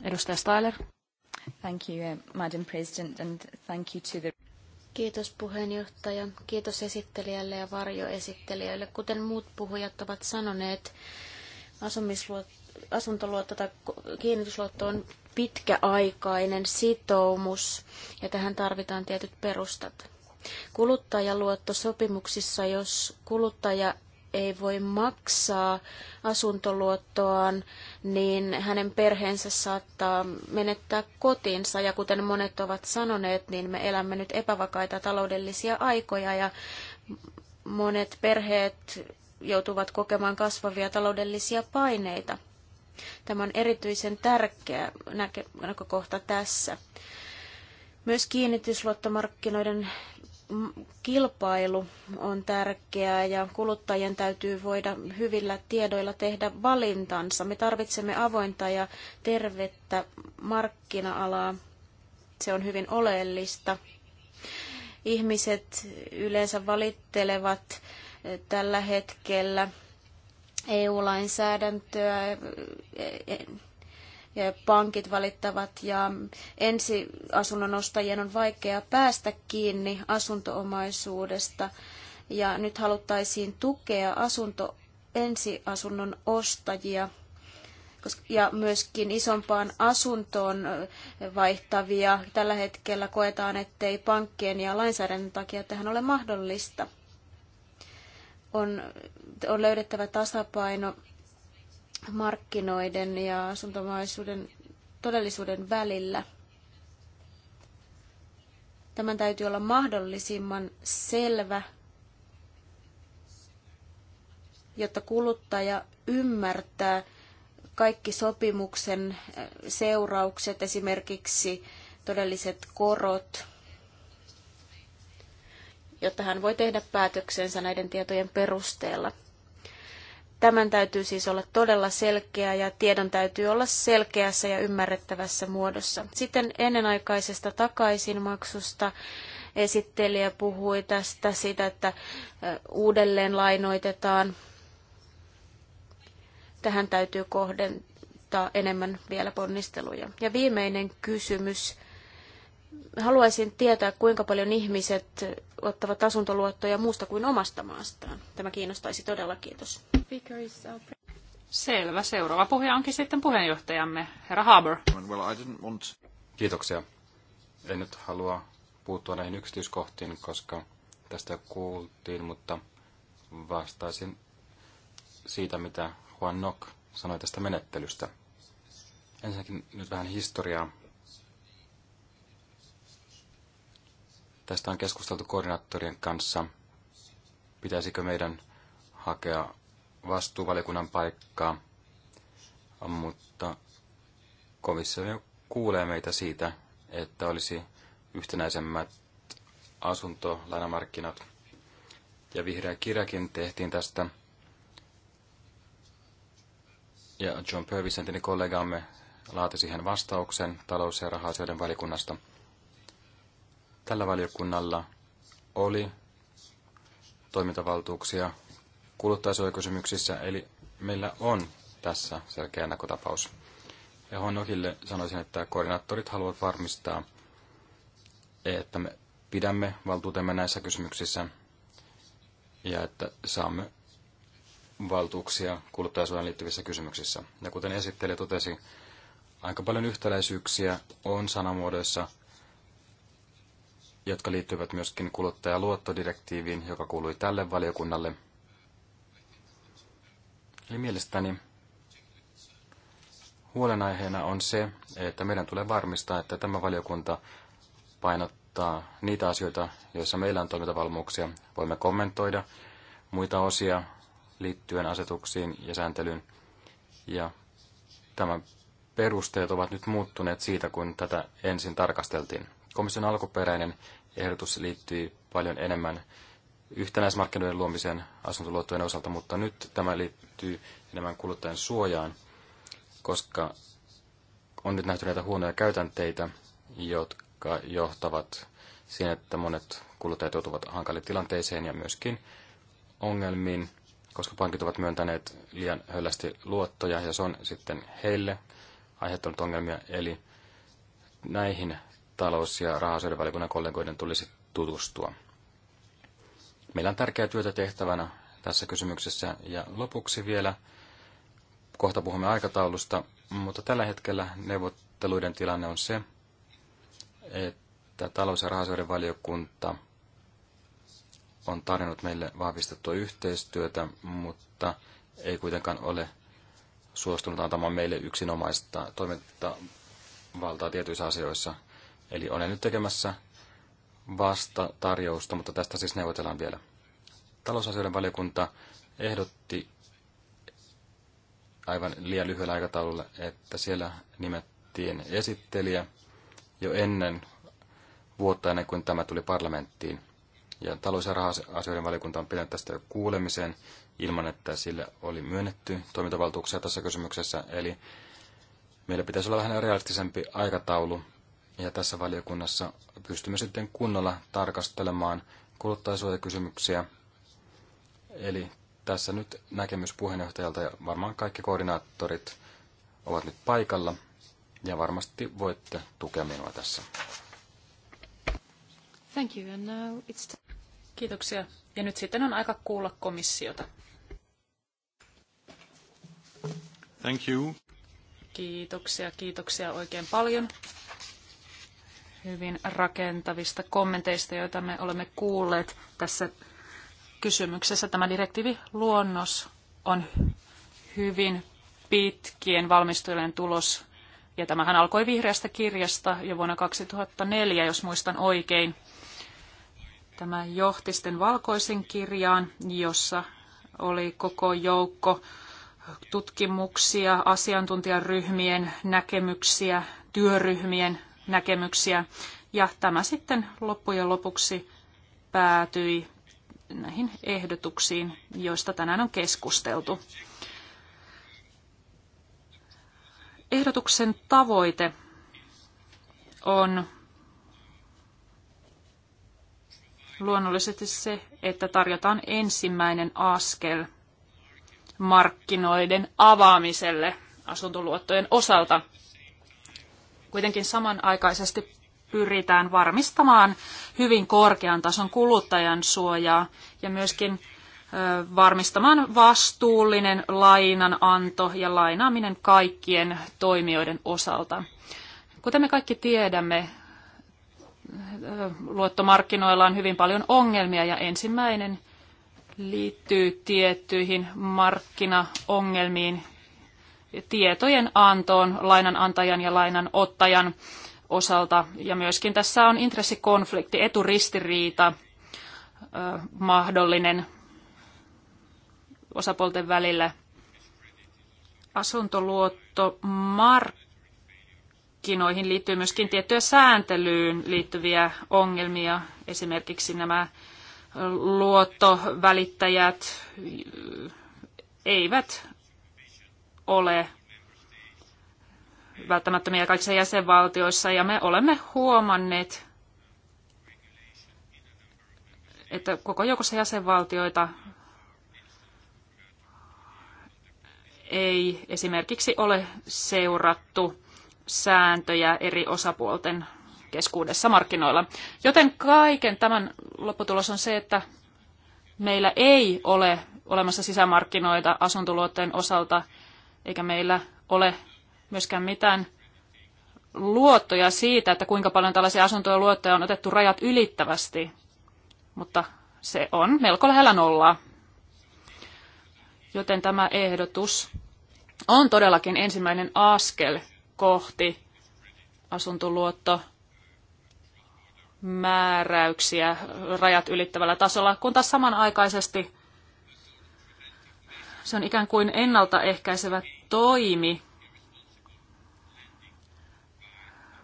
Edustaja Stiller. Thank you, uh, Madam President, and thank you to the... Kiitos puheenjohtaja, kiitos esittelijälle ja varjoesittelijöille. Kuten muut puhujat ovat sanoneet, asuntoluotto tai kiinnitysluotto on pitkäaikainen sitoumus ja tähän tarvitaan tietyt perustat. Kuluttajaluottosopimuksissa, jos kuluttaja ei voi maksaa asuntoluottoaan, niin hänen perheensä saattaa menettää kotinsa. Ja kuten monet ovat sanoneet, niin me elämme nyt epävakaita taloudellisia aikoja ja monet perheet joutuvat kokemaan kasvavia taloudellisia paineita. Tämä on erityisen tärkeä näkökohta tässä. Myös kiinnitysluottomarkkinoiden kilpailu on tärkeää ja kuluttajien täytyy voida hyvillä tiedoilla tehdä valintansa. Me tarvitsemme avointa ja tervettä markkina-alaa. Se on hyvin oleellista. Ihmiset yleensä valittelevat eh, tällä hetkellä EU-lainsäädäntöä eh, eh, ja pankit valittavat ja ensiasunnon ostajien on vaikea päästä kiinni asuntoomaisuudesta ja nyt haluttaisiin tukea asunto ensiasunnon ostajia ja myöskin isompaan asuntoon vaihtavia. Tällä hetkellä koetaan, ettei pankkien ja lainsäädännön takia tähän ole mahdollista. On, on löydettävä tasapaino markkinoiden ja asuntomaisuuden todellisuuden välillä. Tämän täytyy olla mahdollisimman selvä, jotta kuluttaja ymmärtää kaikki sopimuksen eh, seuraukset, esimerkiksi todelliset korot, jotta hän voi tehdä päätöksensä näiden tietojen perusteella. Tämän täytyy siis olla todella selkeä ja tiedon täytyy olla selkeässä ja ymmärrettävässä muodossa. Sitten ennenaikaisesta takaisinmaksusta esittelijä puhui tästä sitä, että uudelleen lainoitetaan. Tähän täytyy kohdentaa enemmän vielä ponnisteluja. Ja viimeinen kysymys. Haluaisin tietää, kuinka paljon ihmiset ottavat asuntoluottoja muusta kuin omasta maastaan. Tämä kiinnostaisi todella, kiitos. Selvä. Seuraava puhuja onkin sitten puheenjohtajamme, herra Haber. Kiitoksia. En nyt halua puuttua näihin yksityiskohtiin, koska tästä kuultiin, mutta vastaisin siitä, mitä Juan Nock sanoi tästä menettelystä. Ensinnäkin nyt vähän historiaa Tästä on keskusteltu koordinaattorien kanssa. Pitäisikö meidän hakea vastuuvalikunnan paikkaa, mutta komissio kuulee meitä siitä, että olisi yhtenäisemmät asuntolainamarkkinat. Ja vihreä kirjakin tehtiin tästä. Ja John Purvis, entinen kollegamme, laati siihen vastauksen talous- ja raha-asioiden valikunnasta – Tällä valiokunnalla oli toimintavaltuuksia kuluttajasuojakysymyksissä, eli meillä on tässä selkeä näkötapaus. Ja Honokille sanoisin, että koordinaattorit haluavat varmistaa, että me pidämme valtuutemme näissä kysymyksissä ja että saamme valtuuksia kuluttajasuojan liittyvissä kysymyksissä. Ja kuten esittelijä totesi, aika paljon yhtäläisyyksiä on sanamuodoissa – jotka liittyvät myöskin kuluttajaluottodirektiiviin, joka kuului tälle valiokunnalle. Eli mielestäni huolenaiheena on se, että meidän tulee varmistaa, että tämä valiokunta painottaa niitä asioita, joissa meillä on toimintavalmuuksia. Voimme kommentoida muita osia liittyen asetuksiin ja sääntelyyn. Ja tämän perusteet ovat nyt muuttuneet siitä, kun tätä ensin tarkasteltiin. Komission alkuperäinen ehdotus liittyi paljon enemmän yhtenäismarkkinoiden luomiseen asuntoluottojen osalta, mutta nyt tämä liittyy enemmän kuluttajan suojaan, koska on nyt nähty näitä huonoja käytänteitä, jotka johtavat siihen, että monet kuluttajat joutuvat hankaliin tilanteeseen ja myöskin ongelmiin, koska pankit ovat myöntäneet liian höllästi luottoja ja se on sitten heille aiheuttanut ongelmia. Eli näihin talous- ja rahasioiden valiokunnan kollegoiden tulisi tutustua. Meillä on tärkeää työtä tehtävänä tässä kysymyksessä. Ja lopuksi vielä, kohta puhumme aikataulusta, mutta tällä hetkellä neuvotteluiden tilanne on se, että talous- ja rahasioiden valiokunta on tarjonnut meille vahvistettua yhteistyötä, mutta ei kuitenkaan ole suostunut antamaan meille yksinomaista toimintavaltaa tietyissä asioissa – Eli olen nyt tekemässä vasta tarjousta, mutta tästä siis neuvotellaan vielä. Talousasioiden valiokunta ehdotti aivan liian lyhyellä aikataululla, että siellä nimettiin esittelijä jo ennen vuotta ennen kuin tämä tuli parlamenttiin. Ja talous- ja raha-asioiden valiokunta on pitänyt tästä jo kuulemisen ilman, että sille oli myönnetty toimintavaltuuksia tässä kysymyksessä. Eli meillä pitäisi olla vähän realistisempi aikataulu ja tässä valiokunnassa pystymme sitten kunnolla tarkastelemaan kuluttajasuojakysymyksiä. Eli tässä nyt näkemys puheenjohtajalta ja varmaan kaikki koordinaattorit ovat nyt paikalla ja varmasti voitte tukea minua tässä. Thank you, and now it's Kiitoksia. Ja nyt sitten on aika kuulla komissiota. Thank you. Kiitoksia, kiitoksia oikein paljon hyvin rakentavista kommenteista, joita me olemme kuulleet tässä kysymyksessä. Tämä direktiiviluonnos on hyvin pitkien valmistujien tulos, ja tämähän alkoi vihreästä kirjasta jo vuonna 2004, jos muistan oikein. Tämä johti sitten valkoisen kirjaan, jossa oli koko joukko tutkimuksia, asiantuntijaryhmien näkemyksiä, työryhmien näkemyksiä. Ja tämä sitten loppujen lopuksi päätyi näihin ehdotuksiin, joista tänään on keskusteltu. Ehdotuksen tavoite on luonnollisesti se, että tarjotaan ensimmäinen askel markkinoiden avaamiselle asuntoluottojen osalta – Kuitenkin samanaikaisesti pyritään varmistamaan hyvin korkean tason kuluttajan suojaa ja myöskin varmistamaan vastuullinen lainananto ja lainaaminen kaikkien toimijoiden osalta. Kuten me kaikki tiedämme, luottomarkkinoilla on hyvin paljon ongelmia ja ensimmäinen liittyy tiettyihin markkinaongelmiin, tietojen antoon lainanantajan ja lainanottajan osalta. Ja myöskin tässä on intressikonflikti, eturistiriita mahdollinen osapuolten välillä. markkinoihin liittyy myöskin tiettyä sääntelyyn liittyviä ongelmia, esimerkiksi nämä luottovälittäjät eivät ole välttämättömiä kaikissa jäsenvaltioissa, ja me olemme huomanneet, että koko joukossa jäsenvaltioita ei esimerkiksi ole seurattu sääntöjä eri osapuolten keskuudessa markkinoilla. Joten kaiken tämän lopputulos on se, että meillä ei ole olemassa sisämarkkinoita asuntoluotteen osalta – eikä meillä ole myöskään mitään luottoja siitä, että kuinka paljon tällaisia asuntoja luottoja on otettu rajat ylittävästi, mutta se on melko lähellä nollaa. Joten tämä ehdotus on todellakin ensimmäinen askel kohti asuntoluotto määräyksiä rajat ylittävällä tasolla, kun taas samanaikaisesti se on ikään kuin ennaltaehkäisevä toimi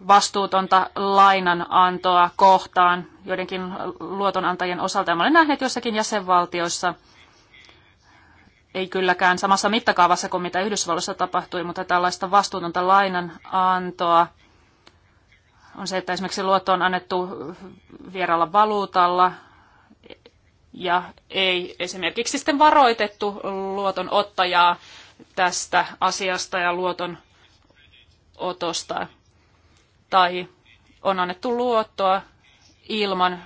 vastuutonta lainanantoa kohtaan joidenkin luotonantajien osalta. Mä olen nähnyt jossakin jäsenvaltioissa, ei kylläkään samassa mittakaavassa kuin mitä Yhdysvalloissa tapahtui, mutta tällaista vastuutonta lainanantoa on se, että esimerkiksi luotto on annettu vieralla valuutalla, ja ei esimerkiksi sitten varoitettu luoton ottajaa tästä asiasta ja luoton otosta tai on annettu luottoa ilman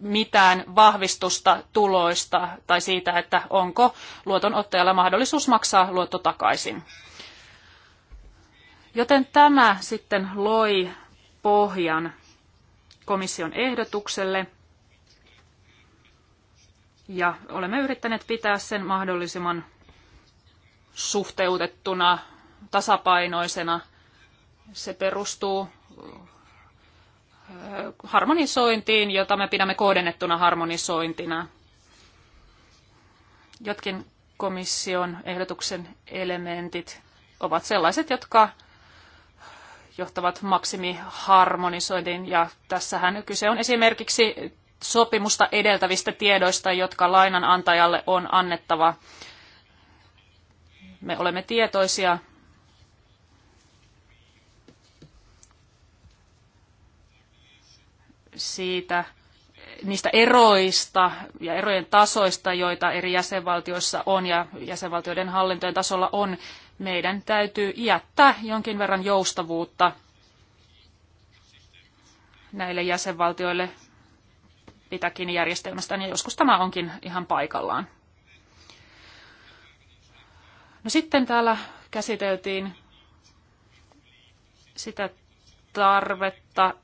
mitään vahvistusta tuloista tai siitä, että onko luotonottajalla mahdollisuus maksaa luotto takaisin. Joten tämä sitten loi pohjan komission ehdotukselle – ja olemme yrittäneet pitää sen mahdollisimman suhteutettuna, tasapainoisena. Se perustuu harmonisointiin, jota me pidämme kohdennettuna harmonisointina. Jotkin komission ehdotuksen elementit ovat sellaiset, jotka johtavat maksimiharmonisoinnin, Ja tässähän kyse on esimerkiksi sopimusta edeltävistä tiedoista, jotka lainanantajalle on annettava. Me olemme tietoisia siitä, niistä eroista ja erojen tasoista, joita eri jäsenvaltioissa on ja jäsenvaltioiden hallintojen tasolla on, meidän täytyy jättää jonkin verran joustavuutta näille jäsenvaltioille pitää kiinni niin joskus tämä onkin ihan paikallaan. No sitten täällä käsiteltiin sitä tarvetta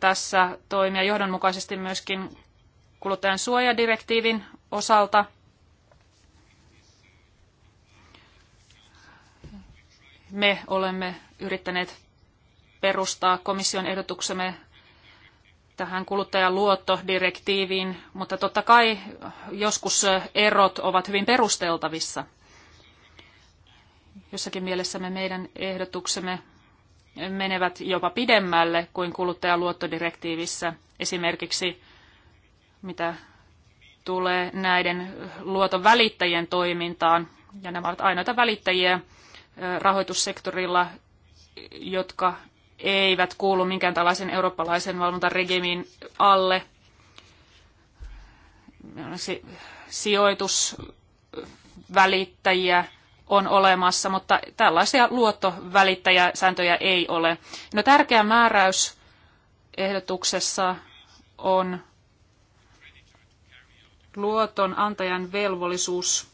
tässä toimia johdonmukaisesti myöskin kuluttajan suojadirektiivin osalta. Me olemme yrittäneet perustaa komission ehdotuksemme tähän luottodirektiiviin, mutta totta kai joskus erot ovat hyvin perusteltavissa. Jossakin me meidän ehdotuksemme menevät jopa pidemmälle kuin kuluttajaluottodirektiivissä. Esimerkiksi mitä tulee näiden luoton välittäjien toimintaan. Ja nämä ovat ainoita välittäjiä rahoitussektorilla, jotka eivät kuulu minkään tällaisen eurooppalaisen valvontaregimin alle. Sijoitusvälittäjiä on olemassa, mutta tällaisia luottovälittäjäsääntöjä ei ole. No, tärkeä määräys ehdotuksessa on antajan velvollisuus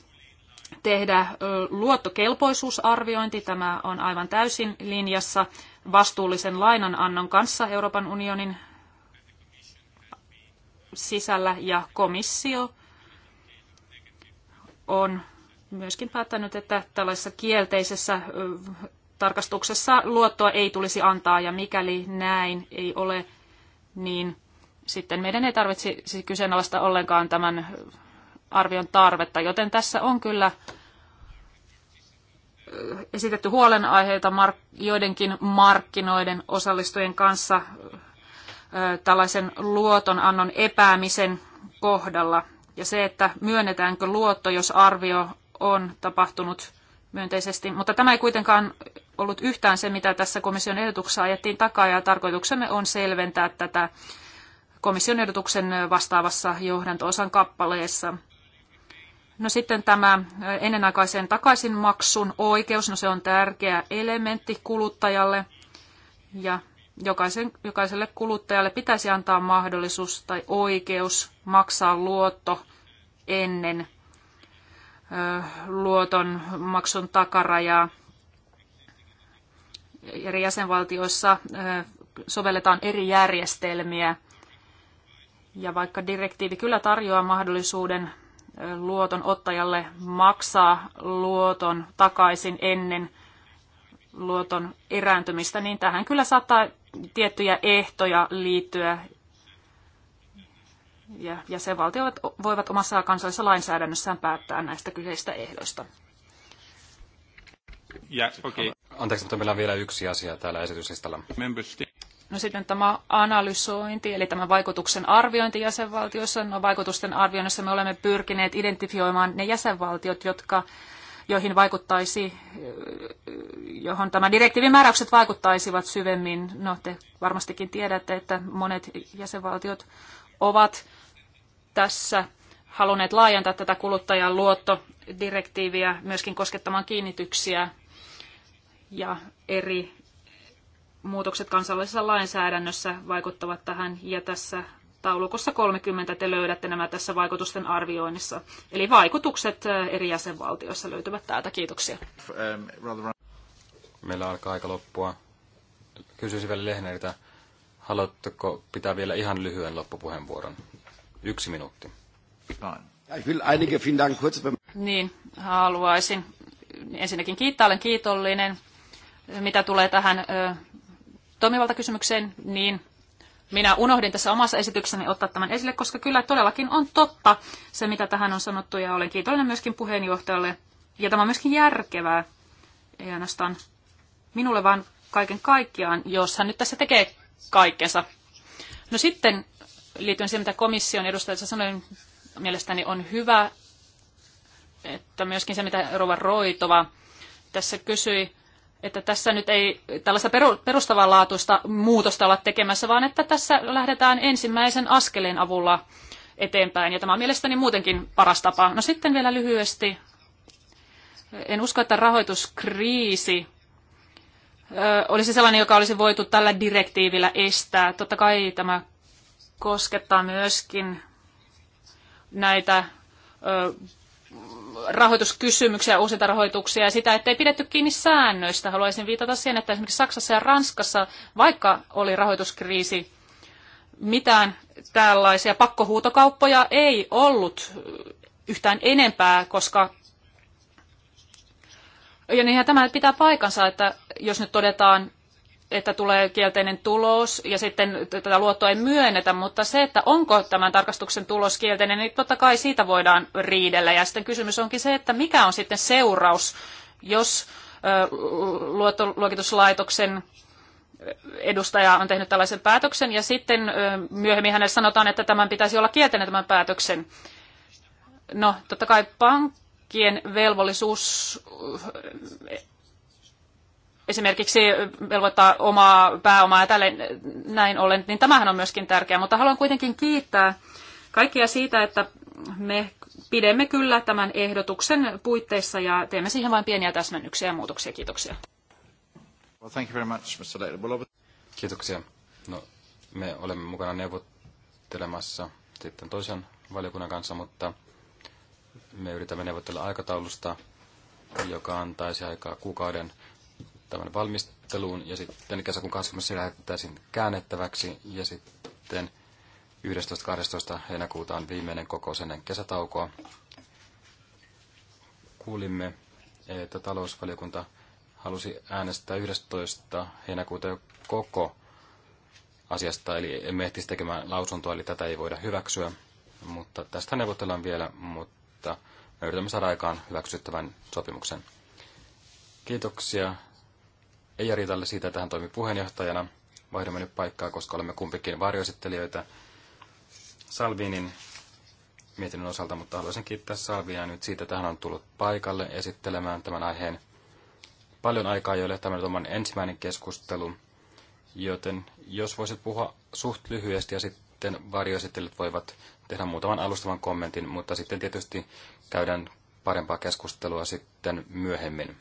tehdä luottokelpoisuusarviointi. Tämä on aivan täysin linjassa vastuullisen lainanannon kanssa Euroopan unionin sisällä ja komissio on myöskin päättänyt, että tällaisessa kielteisessä tarkastuksessa luottoa ei tulisi antaa ja mikäli näin ei ole, niin sitten meidän ei tarvitse kyseenalaista ollenkaan tämän arvion tarvetta, joten tässä on kyllä esitetty huolenaiheita mark- joidenkin markkinoiden osallistujien kanssa tällaisen luotonannon epäämisen kohdalla. Ja se, että myönnetäänkö luotto, jos arvio on tapahtunut myönteisesti. Mutta tämä ei kuitenkaan ollut yhtään se, mitä tässä komission ehdotuksessa ajettiin takaa, ja tarkoituksemme on selventää tätä komission ehdotuksen vastaavassa johdanto-osan kappaleessa. No sitten tämä ennenaikaisen takaisinmaksun oikeus, no se on tärkeä elementti kuluttajalle ja jokaisen, jokaiselle kuluttajalle pitäisi antaa mahdollisuus tai oikeus maksaa luotto ennen ö, luoton maksun takarajaa. Eri jäsenvaltioissa ö, sovelletaan eri järjestelmiä ja vaikka direktiivi kyllä tarjoaa mahdollisuuden luoton ottajalle maksaa luoton takaisin ennen luoton erääntymistä, niin tähän kyllä saattaa tiettyjä ehtoja liittyä. Ja jäsenvaltiot voivat omassa kansallisessa lainsäädännössään päättää näistä kyseistä ehdoista. Ja, okay. Anteeksi, mutta meillä on vielä yksi asia täällä esityslistalla. No sitten tämä analysointi, eli tämä vaikutuksen arviointi jäsenvaltioissa. No vaikutusten arvioinnissa me olemme pyrkineet identifioimaan ne jäsenvaltiot, jotka, joihin vaikuttaisi, johon tämä direktiivin määräykset vaikuttaisivat syvemmin. No te varmastikin tiedätte, että monet jäsenvaltiot ovat tässä halunneet laajentaa tätä kuluttajan luottodirektiiviä myöskin koskettamaan kiinnityksiä ja eri muutokset kansallisessa lainsäädännössä vaikuttavat tähän ja tässä taulukossa 30 te löydätte nämä tässä vaikutusten arvioinnissa. Eli vaikutukset eh, eri jäsenvaltioissa löytyvät täältä. Kiitoksia. Meillä alkaa aika loppua. Kysyisin vielä Lehneriltä, haluatteko pitää vielä ihan lyhyen loppupuheenvuoron? Yksi minuutti. Niin, haluaisin ensinnäkin kiittää, olen kiitollinen. Mitä tulee tähän eh, toimivaltakysymykseen, niin minä unohdin tässä omassa esityksessäni ottaa tämän esille, koska kyllä todellakin on totta se, mitä tähän on sanottu, ja olen kiitollinen myöskin puheenjohtajalle. Ja tämä on myöskin järkevää, ei ainoastaan minulle, vaan kaiken kaikkiaan, jos hän nyt tässä tekee kaikkensa. No sitten liittyen siihen, mitä komission edustajassa sanoi, niin mielestäni on hyvä, että myöskin se, mitä Rova Roitova tässä kysyi, että tässä nyt ei tällaista perustavanlaatuista muutosta olla tekemässä, vaan että tässä lähdetään ensimmäisen askeleen avulla eteenpäin. Ja tämä on mielestäni muutenkin paras tapa. No sitten vielä lyhyesti. En usko, että rahoituskriisi olisi sellainen, joka olisi voitu tällä direktiivillä estää. Totta kai tämä koskettaa myöskin näitä rahoituskysymyksiä, uusinta rahoituksia ja sitä, että ei pidetty kiinni säännöistä. Haluaisin viitata siihen, että esimerkiksi Saksassa ja Ranskassa, vaikka oli rahoituskriisi, mitään tällaisia pakkohuutokauppoja ei ollut yhtään enempää, koska ja niinhän tämä pitää paikansa, että jos nyt todetaan, että tulee kielteinen tulos ja sitten tätä luottoa ei myönnetä, mutta se, että onko tämän tarkastuksen tulos kielteinen, niin totta kai siitä voidaan riidellä. Ja sitten kysymys onkin se, että mikä on sitten seuraus, jos luottoluokituslaitoksen edustaja on tehnyt tällaisen päätöksen ja sitten myöhemmin hänelle sanotaan, että tämän pitäisi olla kielteinen tämän päätöksen. No, totta kai pankkien velvollisuus esimerkiksi velvoittaa omaa pääomaa ja tälle, näin ollen, niin tämähän on myöskin tärkeää. Mutta haluan kuitenkin kiittää kaikkia siitä, että me pidemme kyllä tämän ehdotuksen puitteissa ja teemme siihen vain pieniä täsmennyksiä ja muutoksia. Kiitoksia. Well, thank you very much, Mr. Kiitoksia. No, me olemme mukana neuvottelemassa sitten toisen valiokunnan kanssa, mutta me yritämme neuvotella aikataulusta, joka antaisi aikaa kuukauden tämän valmisteluun ja sitten kesäkuun 20. se lähetettäisiin käännettäväksi ja sitten 11.12. heinäkuuta on viimeinen kokous ennen kesätaukoa. Kuulimme, että talousvaliokunta halusi äänestää 11. heinäkuuta jo koko asiasta, eli emme ehtisi tekemään lausuntoa, eli tätä ei voida hyväksyä. Mutta tästä neuvotellaan vielä, mutta me yritämme saada aikaan hyväksyttävän sopimuksen. Kiitoksia Eija Riitalle siitä, että hän toimi puheenjohtajana. Vaihdamme nyt paikkaa, koska olemme kumpikin varjoesittelijöitä Salvinin mietinnön osalta, mutta haluaisin kiittää Salvinia nyt siitä, että hän on tullut paikalle esittelemään tämän aiheen. Paljon aikaa joille tämä on ensimmäinen keskustelu, joten jos voisit puhua suht lyhyesti ja sitten varjoesittelijät voivat tehdä muutaman alustavan kommentin, mutta sitten tietysti käydään parempaa keskustelua sitten myöhemmin.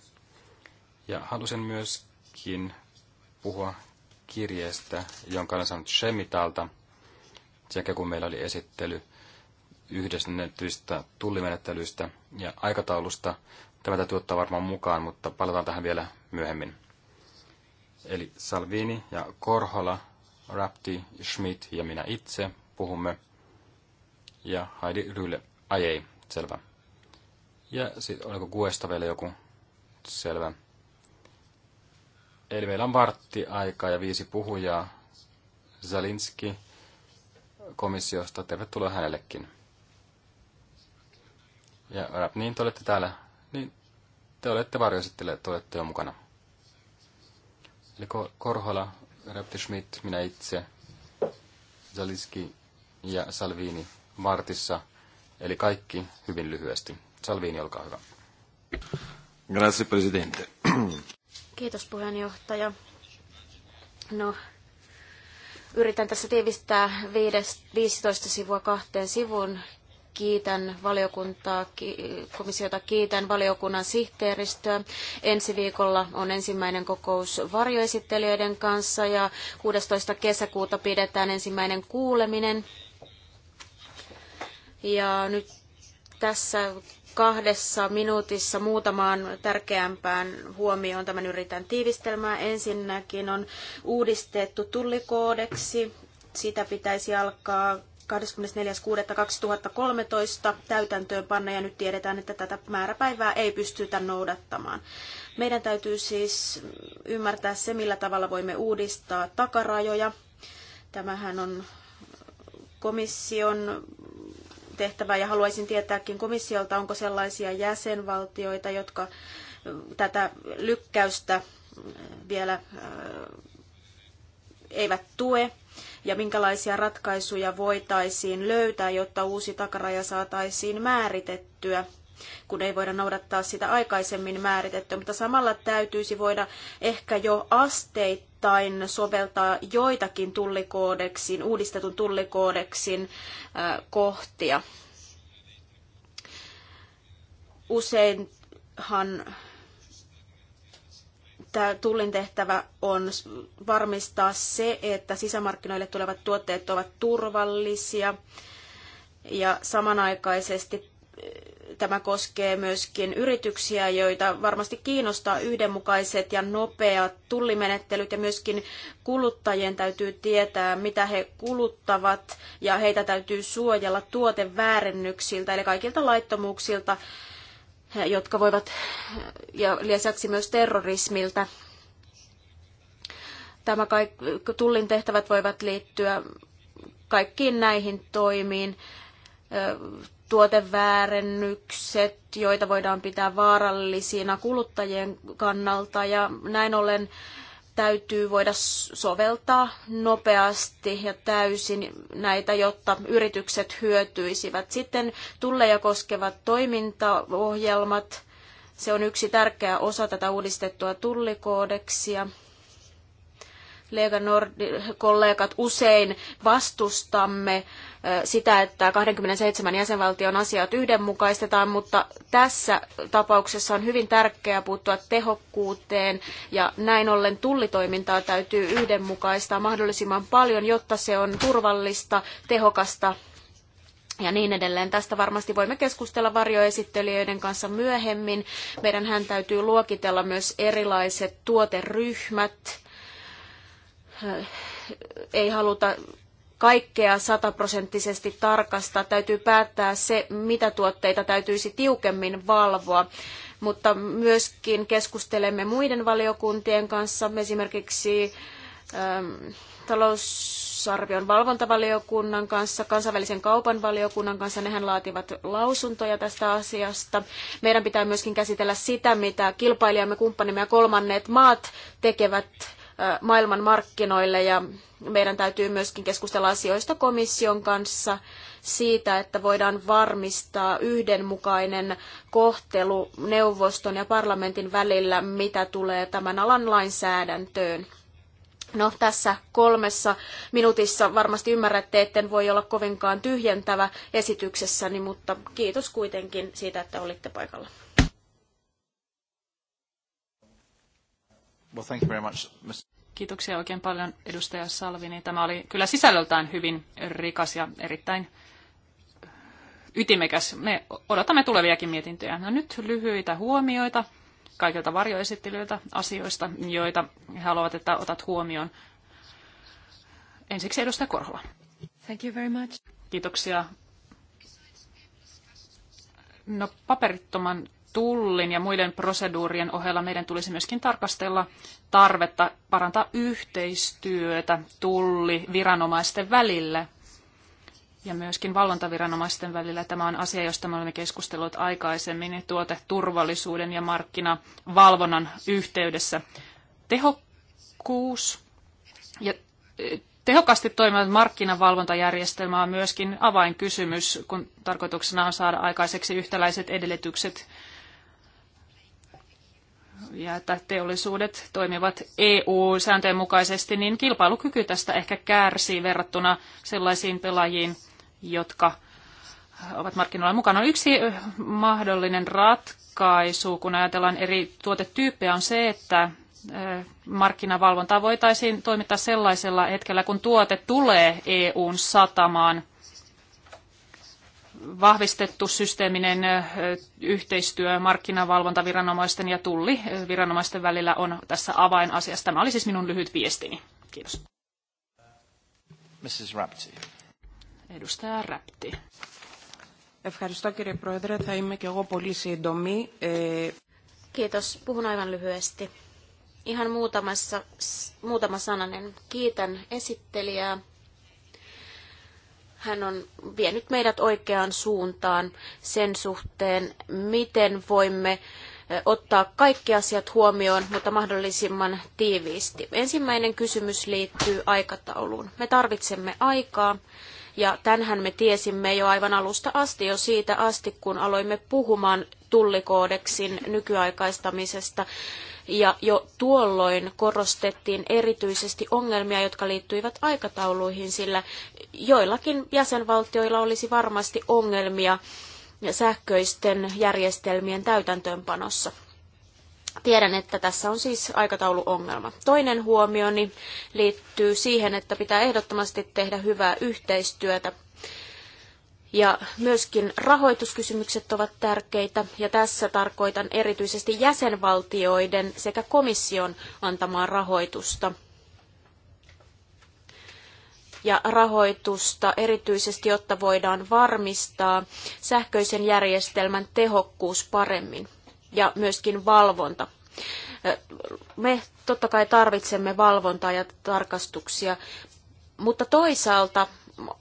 Ja halusin myös myöskin puhua kirjeestä, jonka olen saanut Shemitalta, sekä kun meillä oli esittely yhdestä tullimenettelyistä ja aikataulusta. Tämä täytyy ottaa varmaan mukaan, mutta palataan tähän vielä myöhemmin. Eli Salvini ja Korhola, Rapti, Schmidt ja minä itse puhumme. Ja Heidi Rylle, Ai ei, selvä. Ja sitten oliko Guesta vielä joku? Selvä. Eli meillä on vartti aikaa ja viisi puhujaa. Zalinski komissiosta, tervetuloa hänellekin. Ja Rap, niin te olette täällä, niin te olette varjoesittelijät, te olette jo mukana. Eli Korhola, Repti Schmidt, minä itse, Zalinski ja Salvini vartissa. Eli kaikki hyvin lyhyesti. Salvini, olkaa hyvä. Grazie, presidente. Kiitos puheenjohtaja. No, yritän tässä tiivistää 15 sivua kahteen sivun. Kiitän valiokuntaa, komissiota, kiitän valiokunnan sihteeristöä. Ensi viikolla on ensimmäinen kokous varjoesittelijöiden kanssa ja 16. kesäkuuta pidetään ensimmäinen kuuleminen. Ja nyt tässä kahdessa minuutissa muutamaan tärkeämpään huomioon tämän yritän tiivistelmään. Ensinnäkin on uudistettu tullikoodeksi. Sitä pitäisi alkaa 24.6.2013 täytäntöönpanna ja nyt tiedetään, että tätä määräpäivää ei pystytä noudattamaan. Meidän täytyy siis ymmärtää se, millä tavalla voimme uudistaa takarajoja. Tämähän on komission tehtävää ja haluaisin tietääkin komissiolta, onko sellaisia jäsenvaltioita, jotka tätä lykkäystä vielä eivät tue ja minkälaisia ratkaisuja voitaisiin löytää, jotta uusi takaraja saataisiin määritettyä kun ei voida noudattaa sitä aikaisemmin määritettyä, mutta samalla täytyisi voida ehkä jo asteittain osittain soveltaa joitakin tullikoodeksin, uudistetun tullikoodeksin kohtia. Useinhan tämä tullin tehtävä on varmistaa se, että sisämarkkinoille tulevat tuotteet ovat turvallisia ja samanaikaisesti tämä koskee myöskin yrityksiä, joita varmasti kiinnostaa yhdenmukaiset ja nopeat tullimenettelyt ja myöskin kuluttajien täytyy tietää, mitä he kuluttavat ja heitä täytyy suojella tuoteväärennyksiltä eli kaikilta laittomuuksilta, jotka voivat ja lisäksi myös terrorismilta. Tämä kaikki, tullin tehtävät voivat liittyä kaikkiin näihin toimiin tuoteväärennykset, joita voidaan pitää vaarallisina kuluttajien kannalta ja näin ollen täytyy voida soveltaa nopeasti ja täysin näitä, jotta yritykset hyötyisivät. Sitten tulleja koskevat toimintaohjelmat, se on yksi tärkeä osa tätä uudistettua tullikoodeksia. Lega Nord, kollegat usein vastustamme sitä, että 27 jäsenvaltion asiat yhdenmukaistetaan, mutta tässä tapauksessa on hyvin tärkeää puuttua tehokkuuteen ja näin ollen tullitoimintaa täytyy yhdenmukaistaa mahdollisimman paljon, jotta se on turvallista, tehokasta ja niin edelleen. Tästä varmasti voimme keskustella varjoesittelijöiden kanssa myöhemmin. Meidän hän täytyy luokitella myös erilaiset tuoteryhmät. Ei haluta kaikkea sataprosenttisesti tarkasta Täytyy päättää se, mitä tuotteita täytyisi tiukemmin valvoa. Mutta myöskin keskustelemme muiden valiokuntien kanssa, esimerkiksi ähm, talousarvion valvontavaliokunnan kanssa, kansainvälisen kaupan valiokunnan kanssa. Nehän laativat lausuntoja tästä asiasta. Meidän pitää myöskin käsitellä sitä, mitä kilpailijamme, kumppanimme ja kolmannet maat tekevät maailman markkinoille ja meidän täytyy myöskin keskustella asioista komission kanssa siitä, että voidaan varmistaa yhdenmukainen kohtelu neuvoston ja parlamentin välillä, mitä tulee tämän alan lainsäädäntöön. No tässä kolmessa minuutissa varmasti ymmärrätte, etten voi olla kovinkaan tyhjentävä esityksessäni, mutta kiitos kuitenkin siitä, että olitte paikalla. Well, thank you very much, Kiitoksia oikein paljon edustaja Salvini. Tämä oli kyllä sisällöltään hyvin rikas ja erittäin ytimekäs. Me odotamme tuleviakin mietintöjä. No nyt lyhyitä huomioita kaikilta varjoesittelyiltä asioista, joita he haluavat, että otat huomioon. Ensiksi edustaja Korhola. Thank you very much. Kiitoksia. No paperittoman tullin ja muiden proseduurien ohella meidän tulisi myöskin tarkastella tarvetta parantaa yhteistyötä tulliviranomaisten välillä ja myöskin valvontaviranomaisten välillä. Tämä on asia, josta me olemme keskustelleet aikaisemmin tuoteturvallisuuden ja markkinavalvonnan yhteydessä. Tehokkuus ja e, tehokkaasti toimivat markkinavalvontajärjestelmä on myöskin avainkysymys, kun tarkoituksena on saada aikaiseksi yhtäläiset edellytykset ja että teollisuudet toimivat EU-sääntöjen mukaisesti, niin kilpailukyky tästä ehkä kärsii verrattuna sellaisiin pelaajiin, jotka ovat markkinoilla mukana. Yksi mahdollinen ratkaisu, kun ajatellaan eri tuotetyyppejä, on se, että markkinavalvontaa voitaisiin toimittaa sellaisella hetkellä, kun tuote tulee EUn satamaan – vahvistettu systeeminen yhteistyö markkinavalvontaviranomaisten ja tulliviranomaisten välillä on tässä avainasiassa. Tämä oli siis minun lyhyt viestini. Kiitos. Mrs. Rapti. Edustaja Rapti. Ευχαριστώ κύριε Πρόεδρε. Θα είμαι και εγώ πολύ σύντομη. Kiitos. Puhun aivan lyhyesti. Ihan muutamassa, muutama sananen. Kiitän esittelijää hän on vienyt meidät oikeaan suuntaan sen suhteen, miten voimme ottaa kaikki asiat huomioon, mutta mahdollisimman tiiviisti. Ensimmäinen kysymys liittyy aikatauluun. Me tarvitsemme aikaa, ja tänhän me tiesimme jo aivan alusta asti, jo siitä asti, kun aloimme puhumaan tullikoodeksin nykyaikaistamisesta. Ja jo tuolloin korostettiin erityisesti ongelmia, jotka liittyivät aikatauluihin, sillä joillakin jäsenvaltioilla olisi varmasti ongelmia sähköisten järjestelmien täytäntöönpanossa. Tiedän, että tässä on siis aikatauluongelma. Toinen huomioni liittyy siihen, että pitää ehdottomasti tehdä hyvää yhteistyötä ja myöskin rahoituskysymykset ovat tärkeitä, ja tässä tarkoitan erityisesti jäsenvaltioiden sekä komission antamaa rahoitusta. Ja rahoitusta erityisesti, jotta voidaan varmistaa sähköisen järjestelmän tehokkuus paremmin ja myöskin valvonta. Me totta kai tarvitsemme valvontaa ja tarkastuksia, mutta toisaalta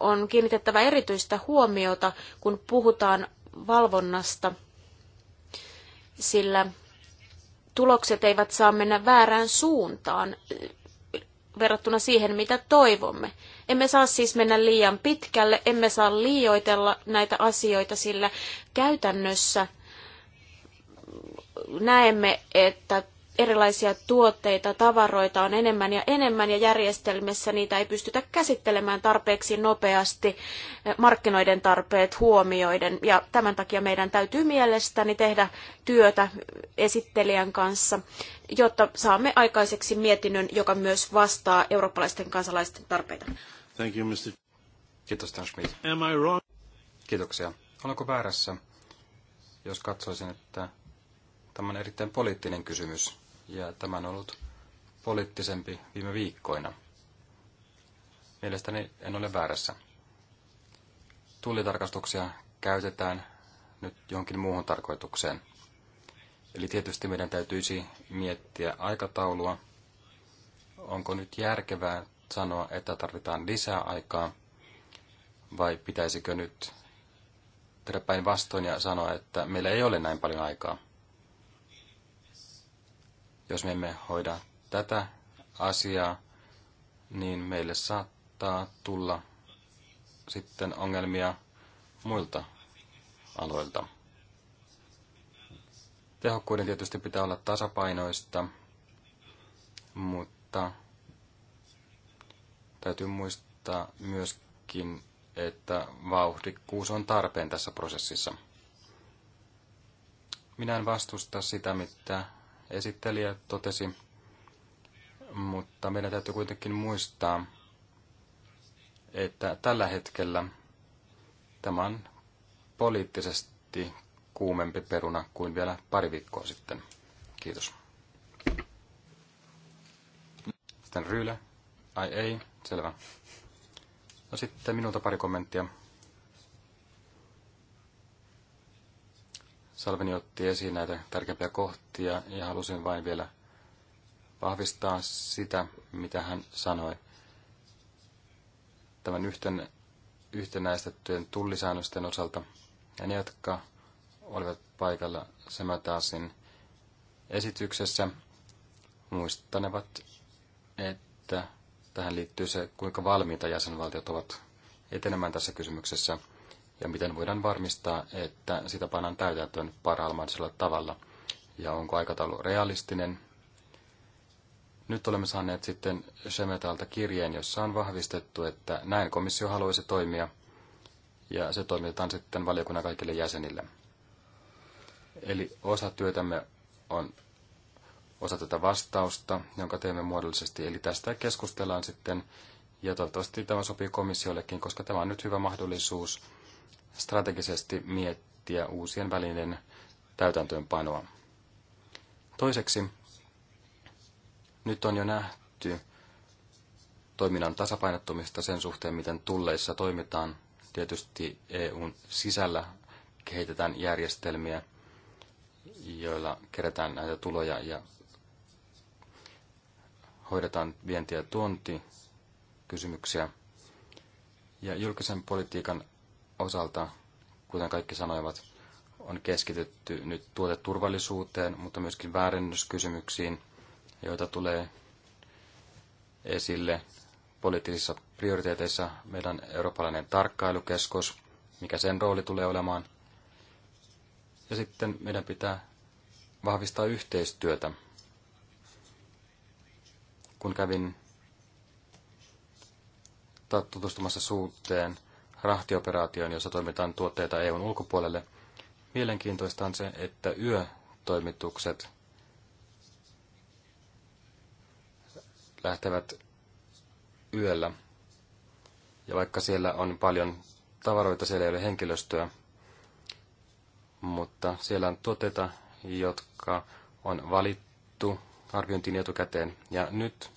on kiinnitettävä erityistä huomiota, kun puhutaan valvonnasta, sillä tulokset eivät saa mennä väärään suuntaan verrattuna siihen, mitä toivomme. Emme saa siis mennä liian pitkälle, emme saa liioitella näitä asioita, sillä käytännössä näemme, että erilaisia tuotteita, tavaroita on enemmän ja enemmän ja järjestelmissä niitä ei pystytä käsittelemään tarpeeksi nopeasti eh, markkinoiden tarpeet huomioiden. Ja tämän takia meidän täytyy mielestäni tehdä työtä esittelijän kanssa, jotta saamme aikaiseksi mietinnön, joka myös vastaa eurooppalaisten kansalaisten tarpeita. Thank you, Mr. Kiitos, Dan Schmidt. Am I wrong? Kiitoksia. Olenko väärässä, jos katsoisin, että tämä on erittäin poliittinen kysymys? ja tämä on ollut poliittisempi viime viikkoina. Mielestäni en ole väärässä. Tullitarkastuksia käytetään nyt jonkin muuhun tarkoitukseen. Eli tietysti meidän täytyisi miettiä aikataulua. Onko nyt järkevää sanoa, että tarvitaan lisää aikaa, vai pitäisikö nyt tehdä vastoin ja sanoa, että meillä ei ole näin paljon aikaa? Jos me emme hoida tätä asiaa, niin meille saattaa tulla sitten ongelmia muilta aloilta. Tehokkuuden tietysti pitää olla tasapainoista, mutta täytyy muistaa myöskin, että vauhdikkuus on tarpeen tässä prosessissa. Minä en vastusta sitä, mitä esittelijä totesi, mutta meidän täytyy kuitenkin muistaa, että tällä hetkellä tämä on poliittisesti kuumempi peruna kuin vielä pari viikkoa sitten. Kiitos. Sitten Ryle. Ai ei, selvä. No sitten minulta pari kommenttia. Salveni otti esiin näitä tärkeimpiä kohtia ja halusin vain vielä vahvistaa sitä, mitä hän sanoi. Tämän yhten, yhtenäistettyjen tullisäännösten osalta ja ne, jotka olivat paikalla Semätaasin esityksessä, muistanevat, että tähän liittyy se, kuinka valmiita jäsenvaltiot ovat etenemään tässä kysymyksessä – ja miten voidaan varmistaa, että sitä pannaan täytäntöön parhaalla tavalla ja onko aikataulu realistinen. Nyt olemme saaneet sitten Shemetalta kirjeen, jossa on vahvistettu, että näin komissio haluaisi toimia ja se toimitetaan sitten valiokunnan kaikille jäsenille. Eli osa työtämme on osa tätä vastausta, jonka teemme muodollisesti. Eli tästä keskustellaan sitten, ja toivottavasti tämä sopii komissiollekin, koska tämä on nyt hyvä mahdollisuus strategisesti miettiä uusien välinen täytäntöönpanoa. Toiseksi, nyt on jo nähty toiminnan tasapainottumista sen suhteen, miten tulleissa toimitaan. Tietysti EUn sisällä kehitetään järjestelmiä, joilla kerätään näitä tuloja ja hoidetaan vienti- ja tuontikysymyksiä. Ja julkisen politiikan osalta, kuten kaikki sanoivat, on keskitytty nyt tuoteturvallisuuteen, mutta myöskin väärennyskysymyksiin, joita tulee esille poliittisissa prioriteeteissa meidän eurooppalainen tarkkailukeskus, mikä sen rooli tulee olemaan. Ja sitten meidän pitää vahvistaa yhteistyötä. Kun kävin tutustumassa suuteen rahtioperaatioon, jossa toimitaan tuotteita EUn ulkopuolelle. Mielenkiintoista on se, että yötoimitukset lähtevät yöllä. Ja vaikka siellä on paljon tavaroita, siellä ei ole henkilöstöä, mutta siellä on tuotteita, jotka on valittu arviointiin etukäteen. Ja nyt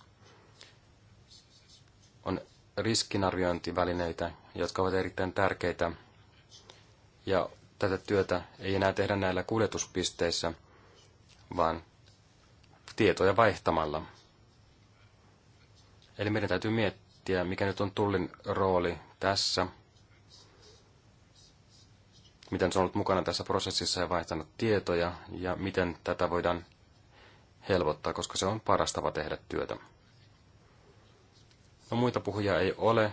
on riskinarviointivälineitä, jotka ovat erittäin tärkeitä. Ja tätä työtä ei enää tehdä näillä kuljetuspisteissä, vaan tietoja vaihtamalla. Eli meidän täytyy miettiä, mikä nyt on tullin rooli tässä, miten se on ollut mukana tässä prosessissa ja vaihtanut tietoja, ja miten tätä voidaan helpottaa, koska se on paras tapa tehdä työtä. No muita puhuja ei ole,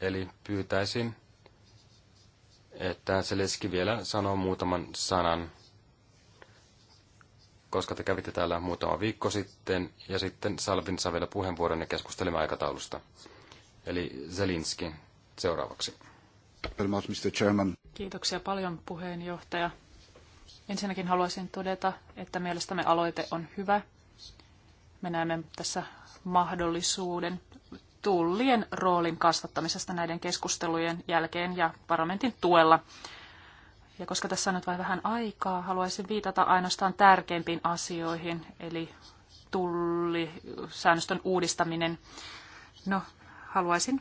eli pyytäisin, että Seleski vielä sanoo muutaman sanan, koska te kävitte täällä muutama viikko sitten, ja sitten Salvin saa vielä puheenvuoron ja keskustelemme aikataulusta. Eli Zelinski seuraavaksi. Kiitoksia paljon puheenjohtaja. Ensinnäkin haluaisin todeta, että mielestämme aloite on hyvä. Me näemme tässä mahdollisuuden tullien roolin kasvattamisesta näiden keskustelujen jälkeen ja parlamentin tuella. Ja koska tässä on nyt vain vähän aikaa, haluaisin viitata ainoastaan tärkeimpiin asioihin, eli tullisäännöstön uudistaminen. No, haluaisin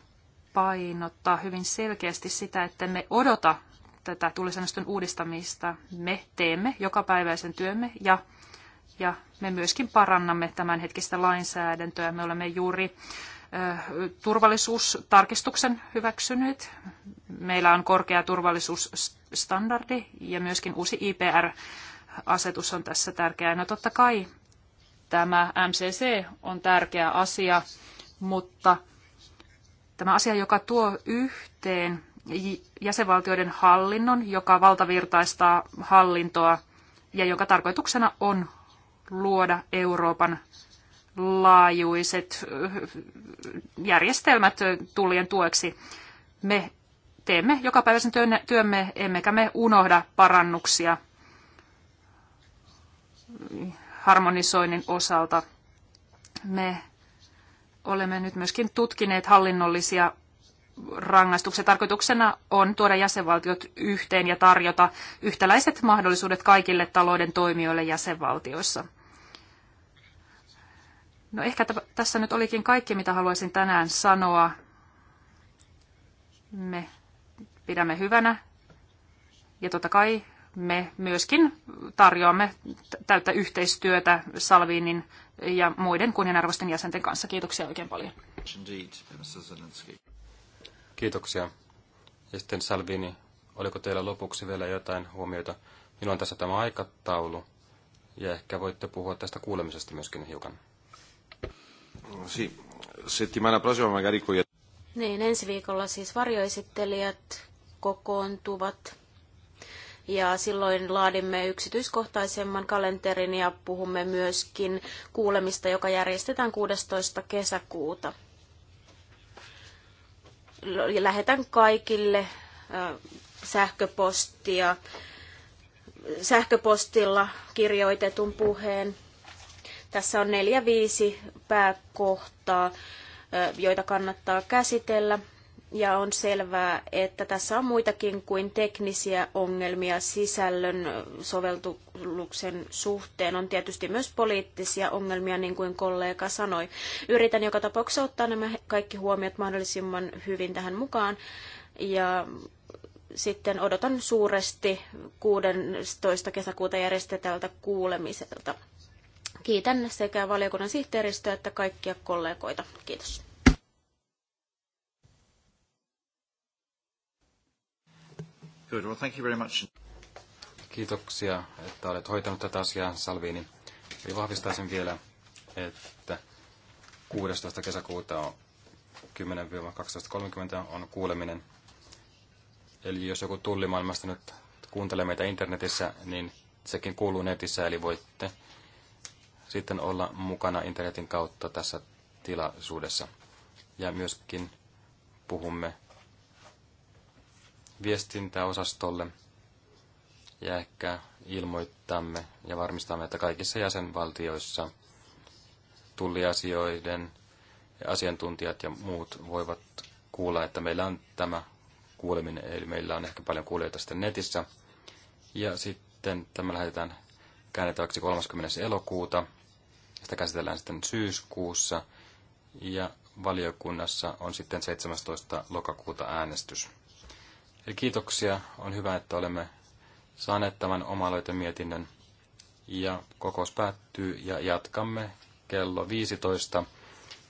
painottaa hyvin selkeästi sitä, että me odota tätä tullisäännöstön uudistamista. Me teemme jokapäiväisen työmme ja, ja me myöskin parannamme tämänhetkistä lainsäädäntöä. Me olemme juuri turvallisuustarkistuksen hyväksynyt. Meillä on korkea turvallisuusstandardi ja myöskin uusi IPR-asetus on tässä tärkeä. No totta kai tämä MCC on tärkeä asia, mutta tämä asia, joka tuo yhteen jäsenvaltioiden hallinnon, joka valtavirtaistaa hallintoa ja jonka tarkoituksena on luoda Euroopan laajuiset järjestelmät tullien tueksi. Me teemme jokapäiväisen työmme, emmekä me unohda parannuksia harmonisoinnin osalta. Me olemme nyt myöskin tutkineet hallinnollisia rangaistuksia. Tarkoituksena on tuoda jäsenvaltiot yhteen ja tarjota yhtäläiset mahdollisuudet kaikille talouden toimijoille jäsenvaltioissa – No ehkä tässä nyt olikin kaikki, mitä haluaisin tänään sanoa. Me pidämme hyvänä ja totta kai me myöskin tarjoamme täyttä yhteistyötä Salviinin ja muiden kunnianarvoisten jäsenten kanssa. Kiitoksia oikein paljon. Kiitoksia. Ja sitten Salvini, oliko teillä lopuksi vielä jotain huomioita? Minulla on tässä tämä aikataulu ja ehkä voitte puhua tästä kuulemisesta myöskin hiukan. Sì, settimana prossima magari con... Niin, ensi viikolla siis varjoesittelijät kokoontuvat ja silloin laadimme yksityiskohtaisemman kalenterin ja puhumme myöskin kuulemista, joka järjestetään 16. kesäkuuta. Lähetän kaikille sähköpostia, sähköpostilla kirjoitetun puheen tässä on neljä viisi pääkohtaa, joita kannattaa käsitellä. Ja on selvää, että tässä on muitakin kuin teknisiä ongelmia sisällön soveltuksen suhteen. On tietysti myös poliittisia ongelmia, niin kuin kollega sanoi. Yritän joka tapauksessa ottaa nämä kaikki huomiot mahdollisimman hyvin tähän mukaan. Ja sitten odotan suuresti 16. kesäkuuta järjestetältä kuulemiselta. Kiitän sekä valiokunnan sihteeristöä että kaikkia kollegoita. Kiitos. Good. Well, thank you very much. Kiitoksia, että olet hoitanut tätä asiaa, Salvini. Eli vahvistaisin vielä, että 16. kesäkuuta on 10-12.30 on kuuleminen. Eli jos joku tullimaailmasta nyt kuuntelee meitä internetissä, niin sekin kuuluu netissä, eli voitte sitten olla mukana internetin kautta tässä tilaisuudessa. Ja myöskin puhumme viestintäosastolle ja ehkä ilmoittamme ja varmistamme, että kaikissa jäsenvaltioissa tulliasioiden ja asiantuntijat ja muut voivat kuulla, että meillä on tämä kuuleminen, eli meillä on ehkä paljon kuulijoita sitten netissä. Ja sitten tämä lähetetään käännettäväksi 30. elokuuta sitä käsitellään sitten syyskuussa ja valiokunnassa on sitten 17. lokakuuta äänestys. Eli kiitoksia. On hyvä, että olemme saaneet tämän oma mietinnön ja kokous päättyy ja jatkamme kello 15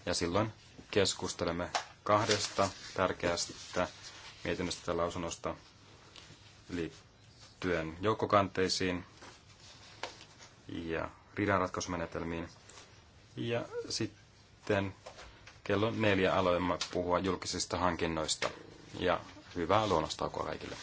ja silloin keskustelemme kahdesta tärkeästä mietinnöstä ja lausunnosta liittyen joukkokanteisiin ja riidanratkaisumenetelmiin. Ja sitten kello neljä aloimme puhua julkisista hankinnoista. Ja hyvää luonnostaukoa kaikille.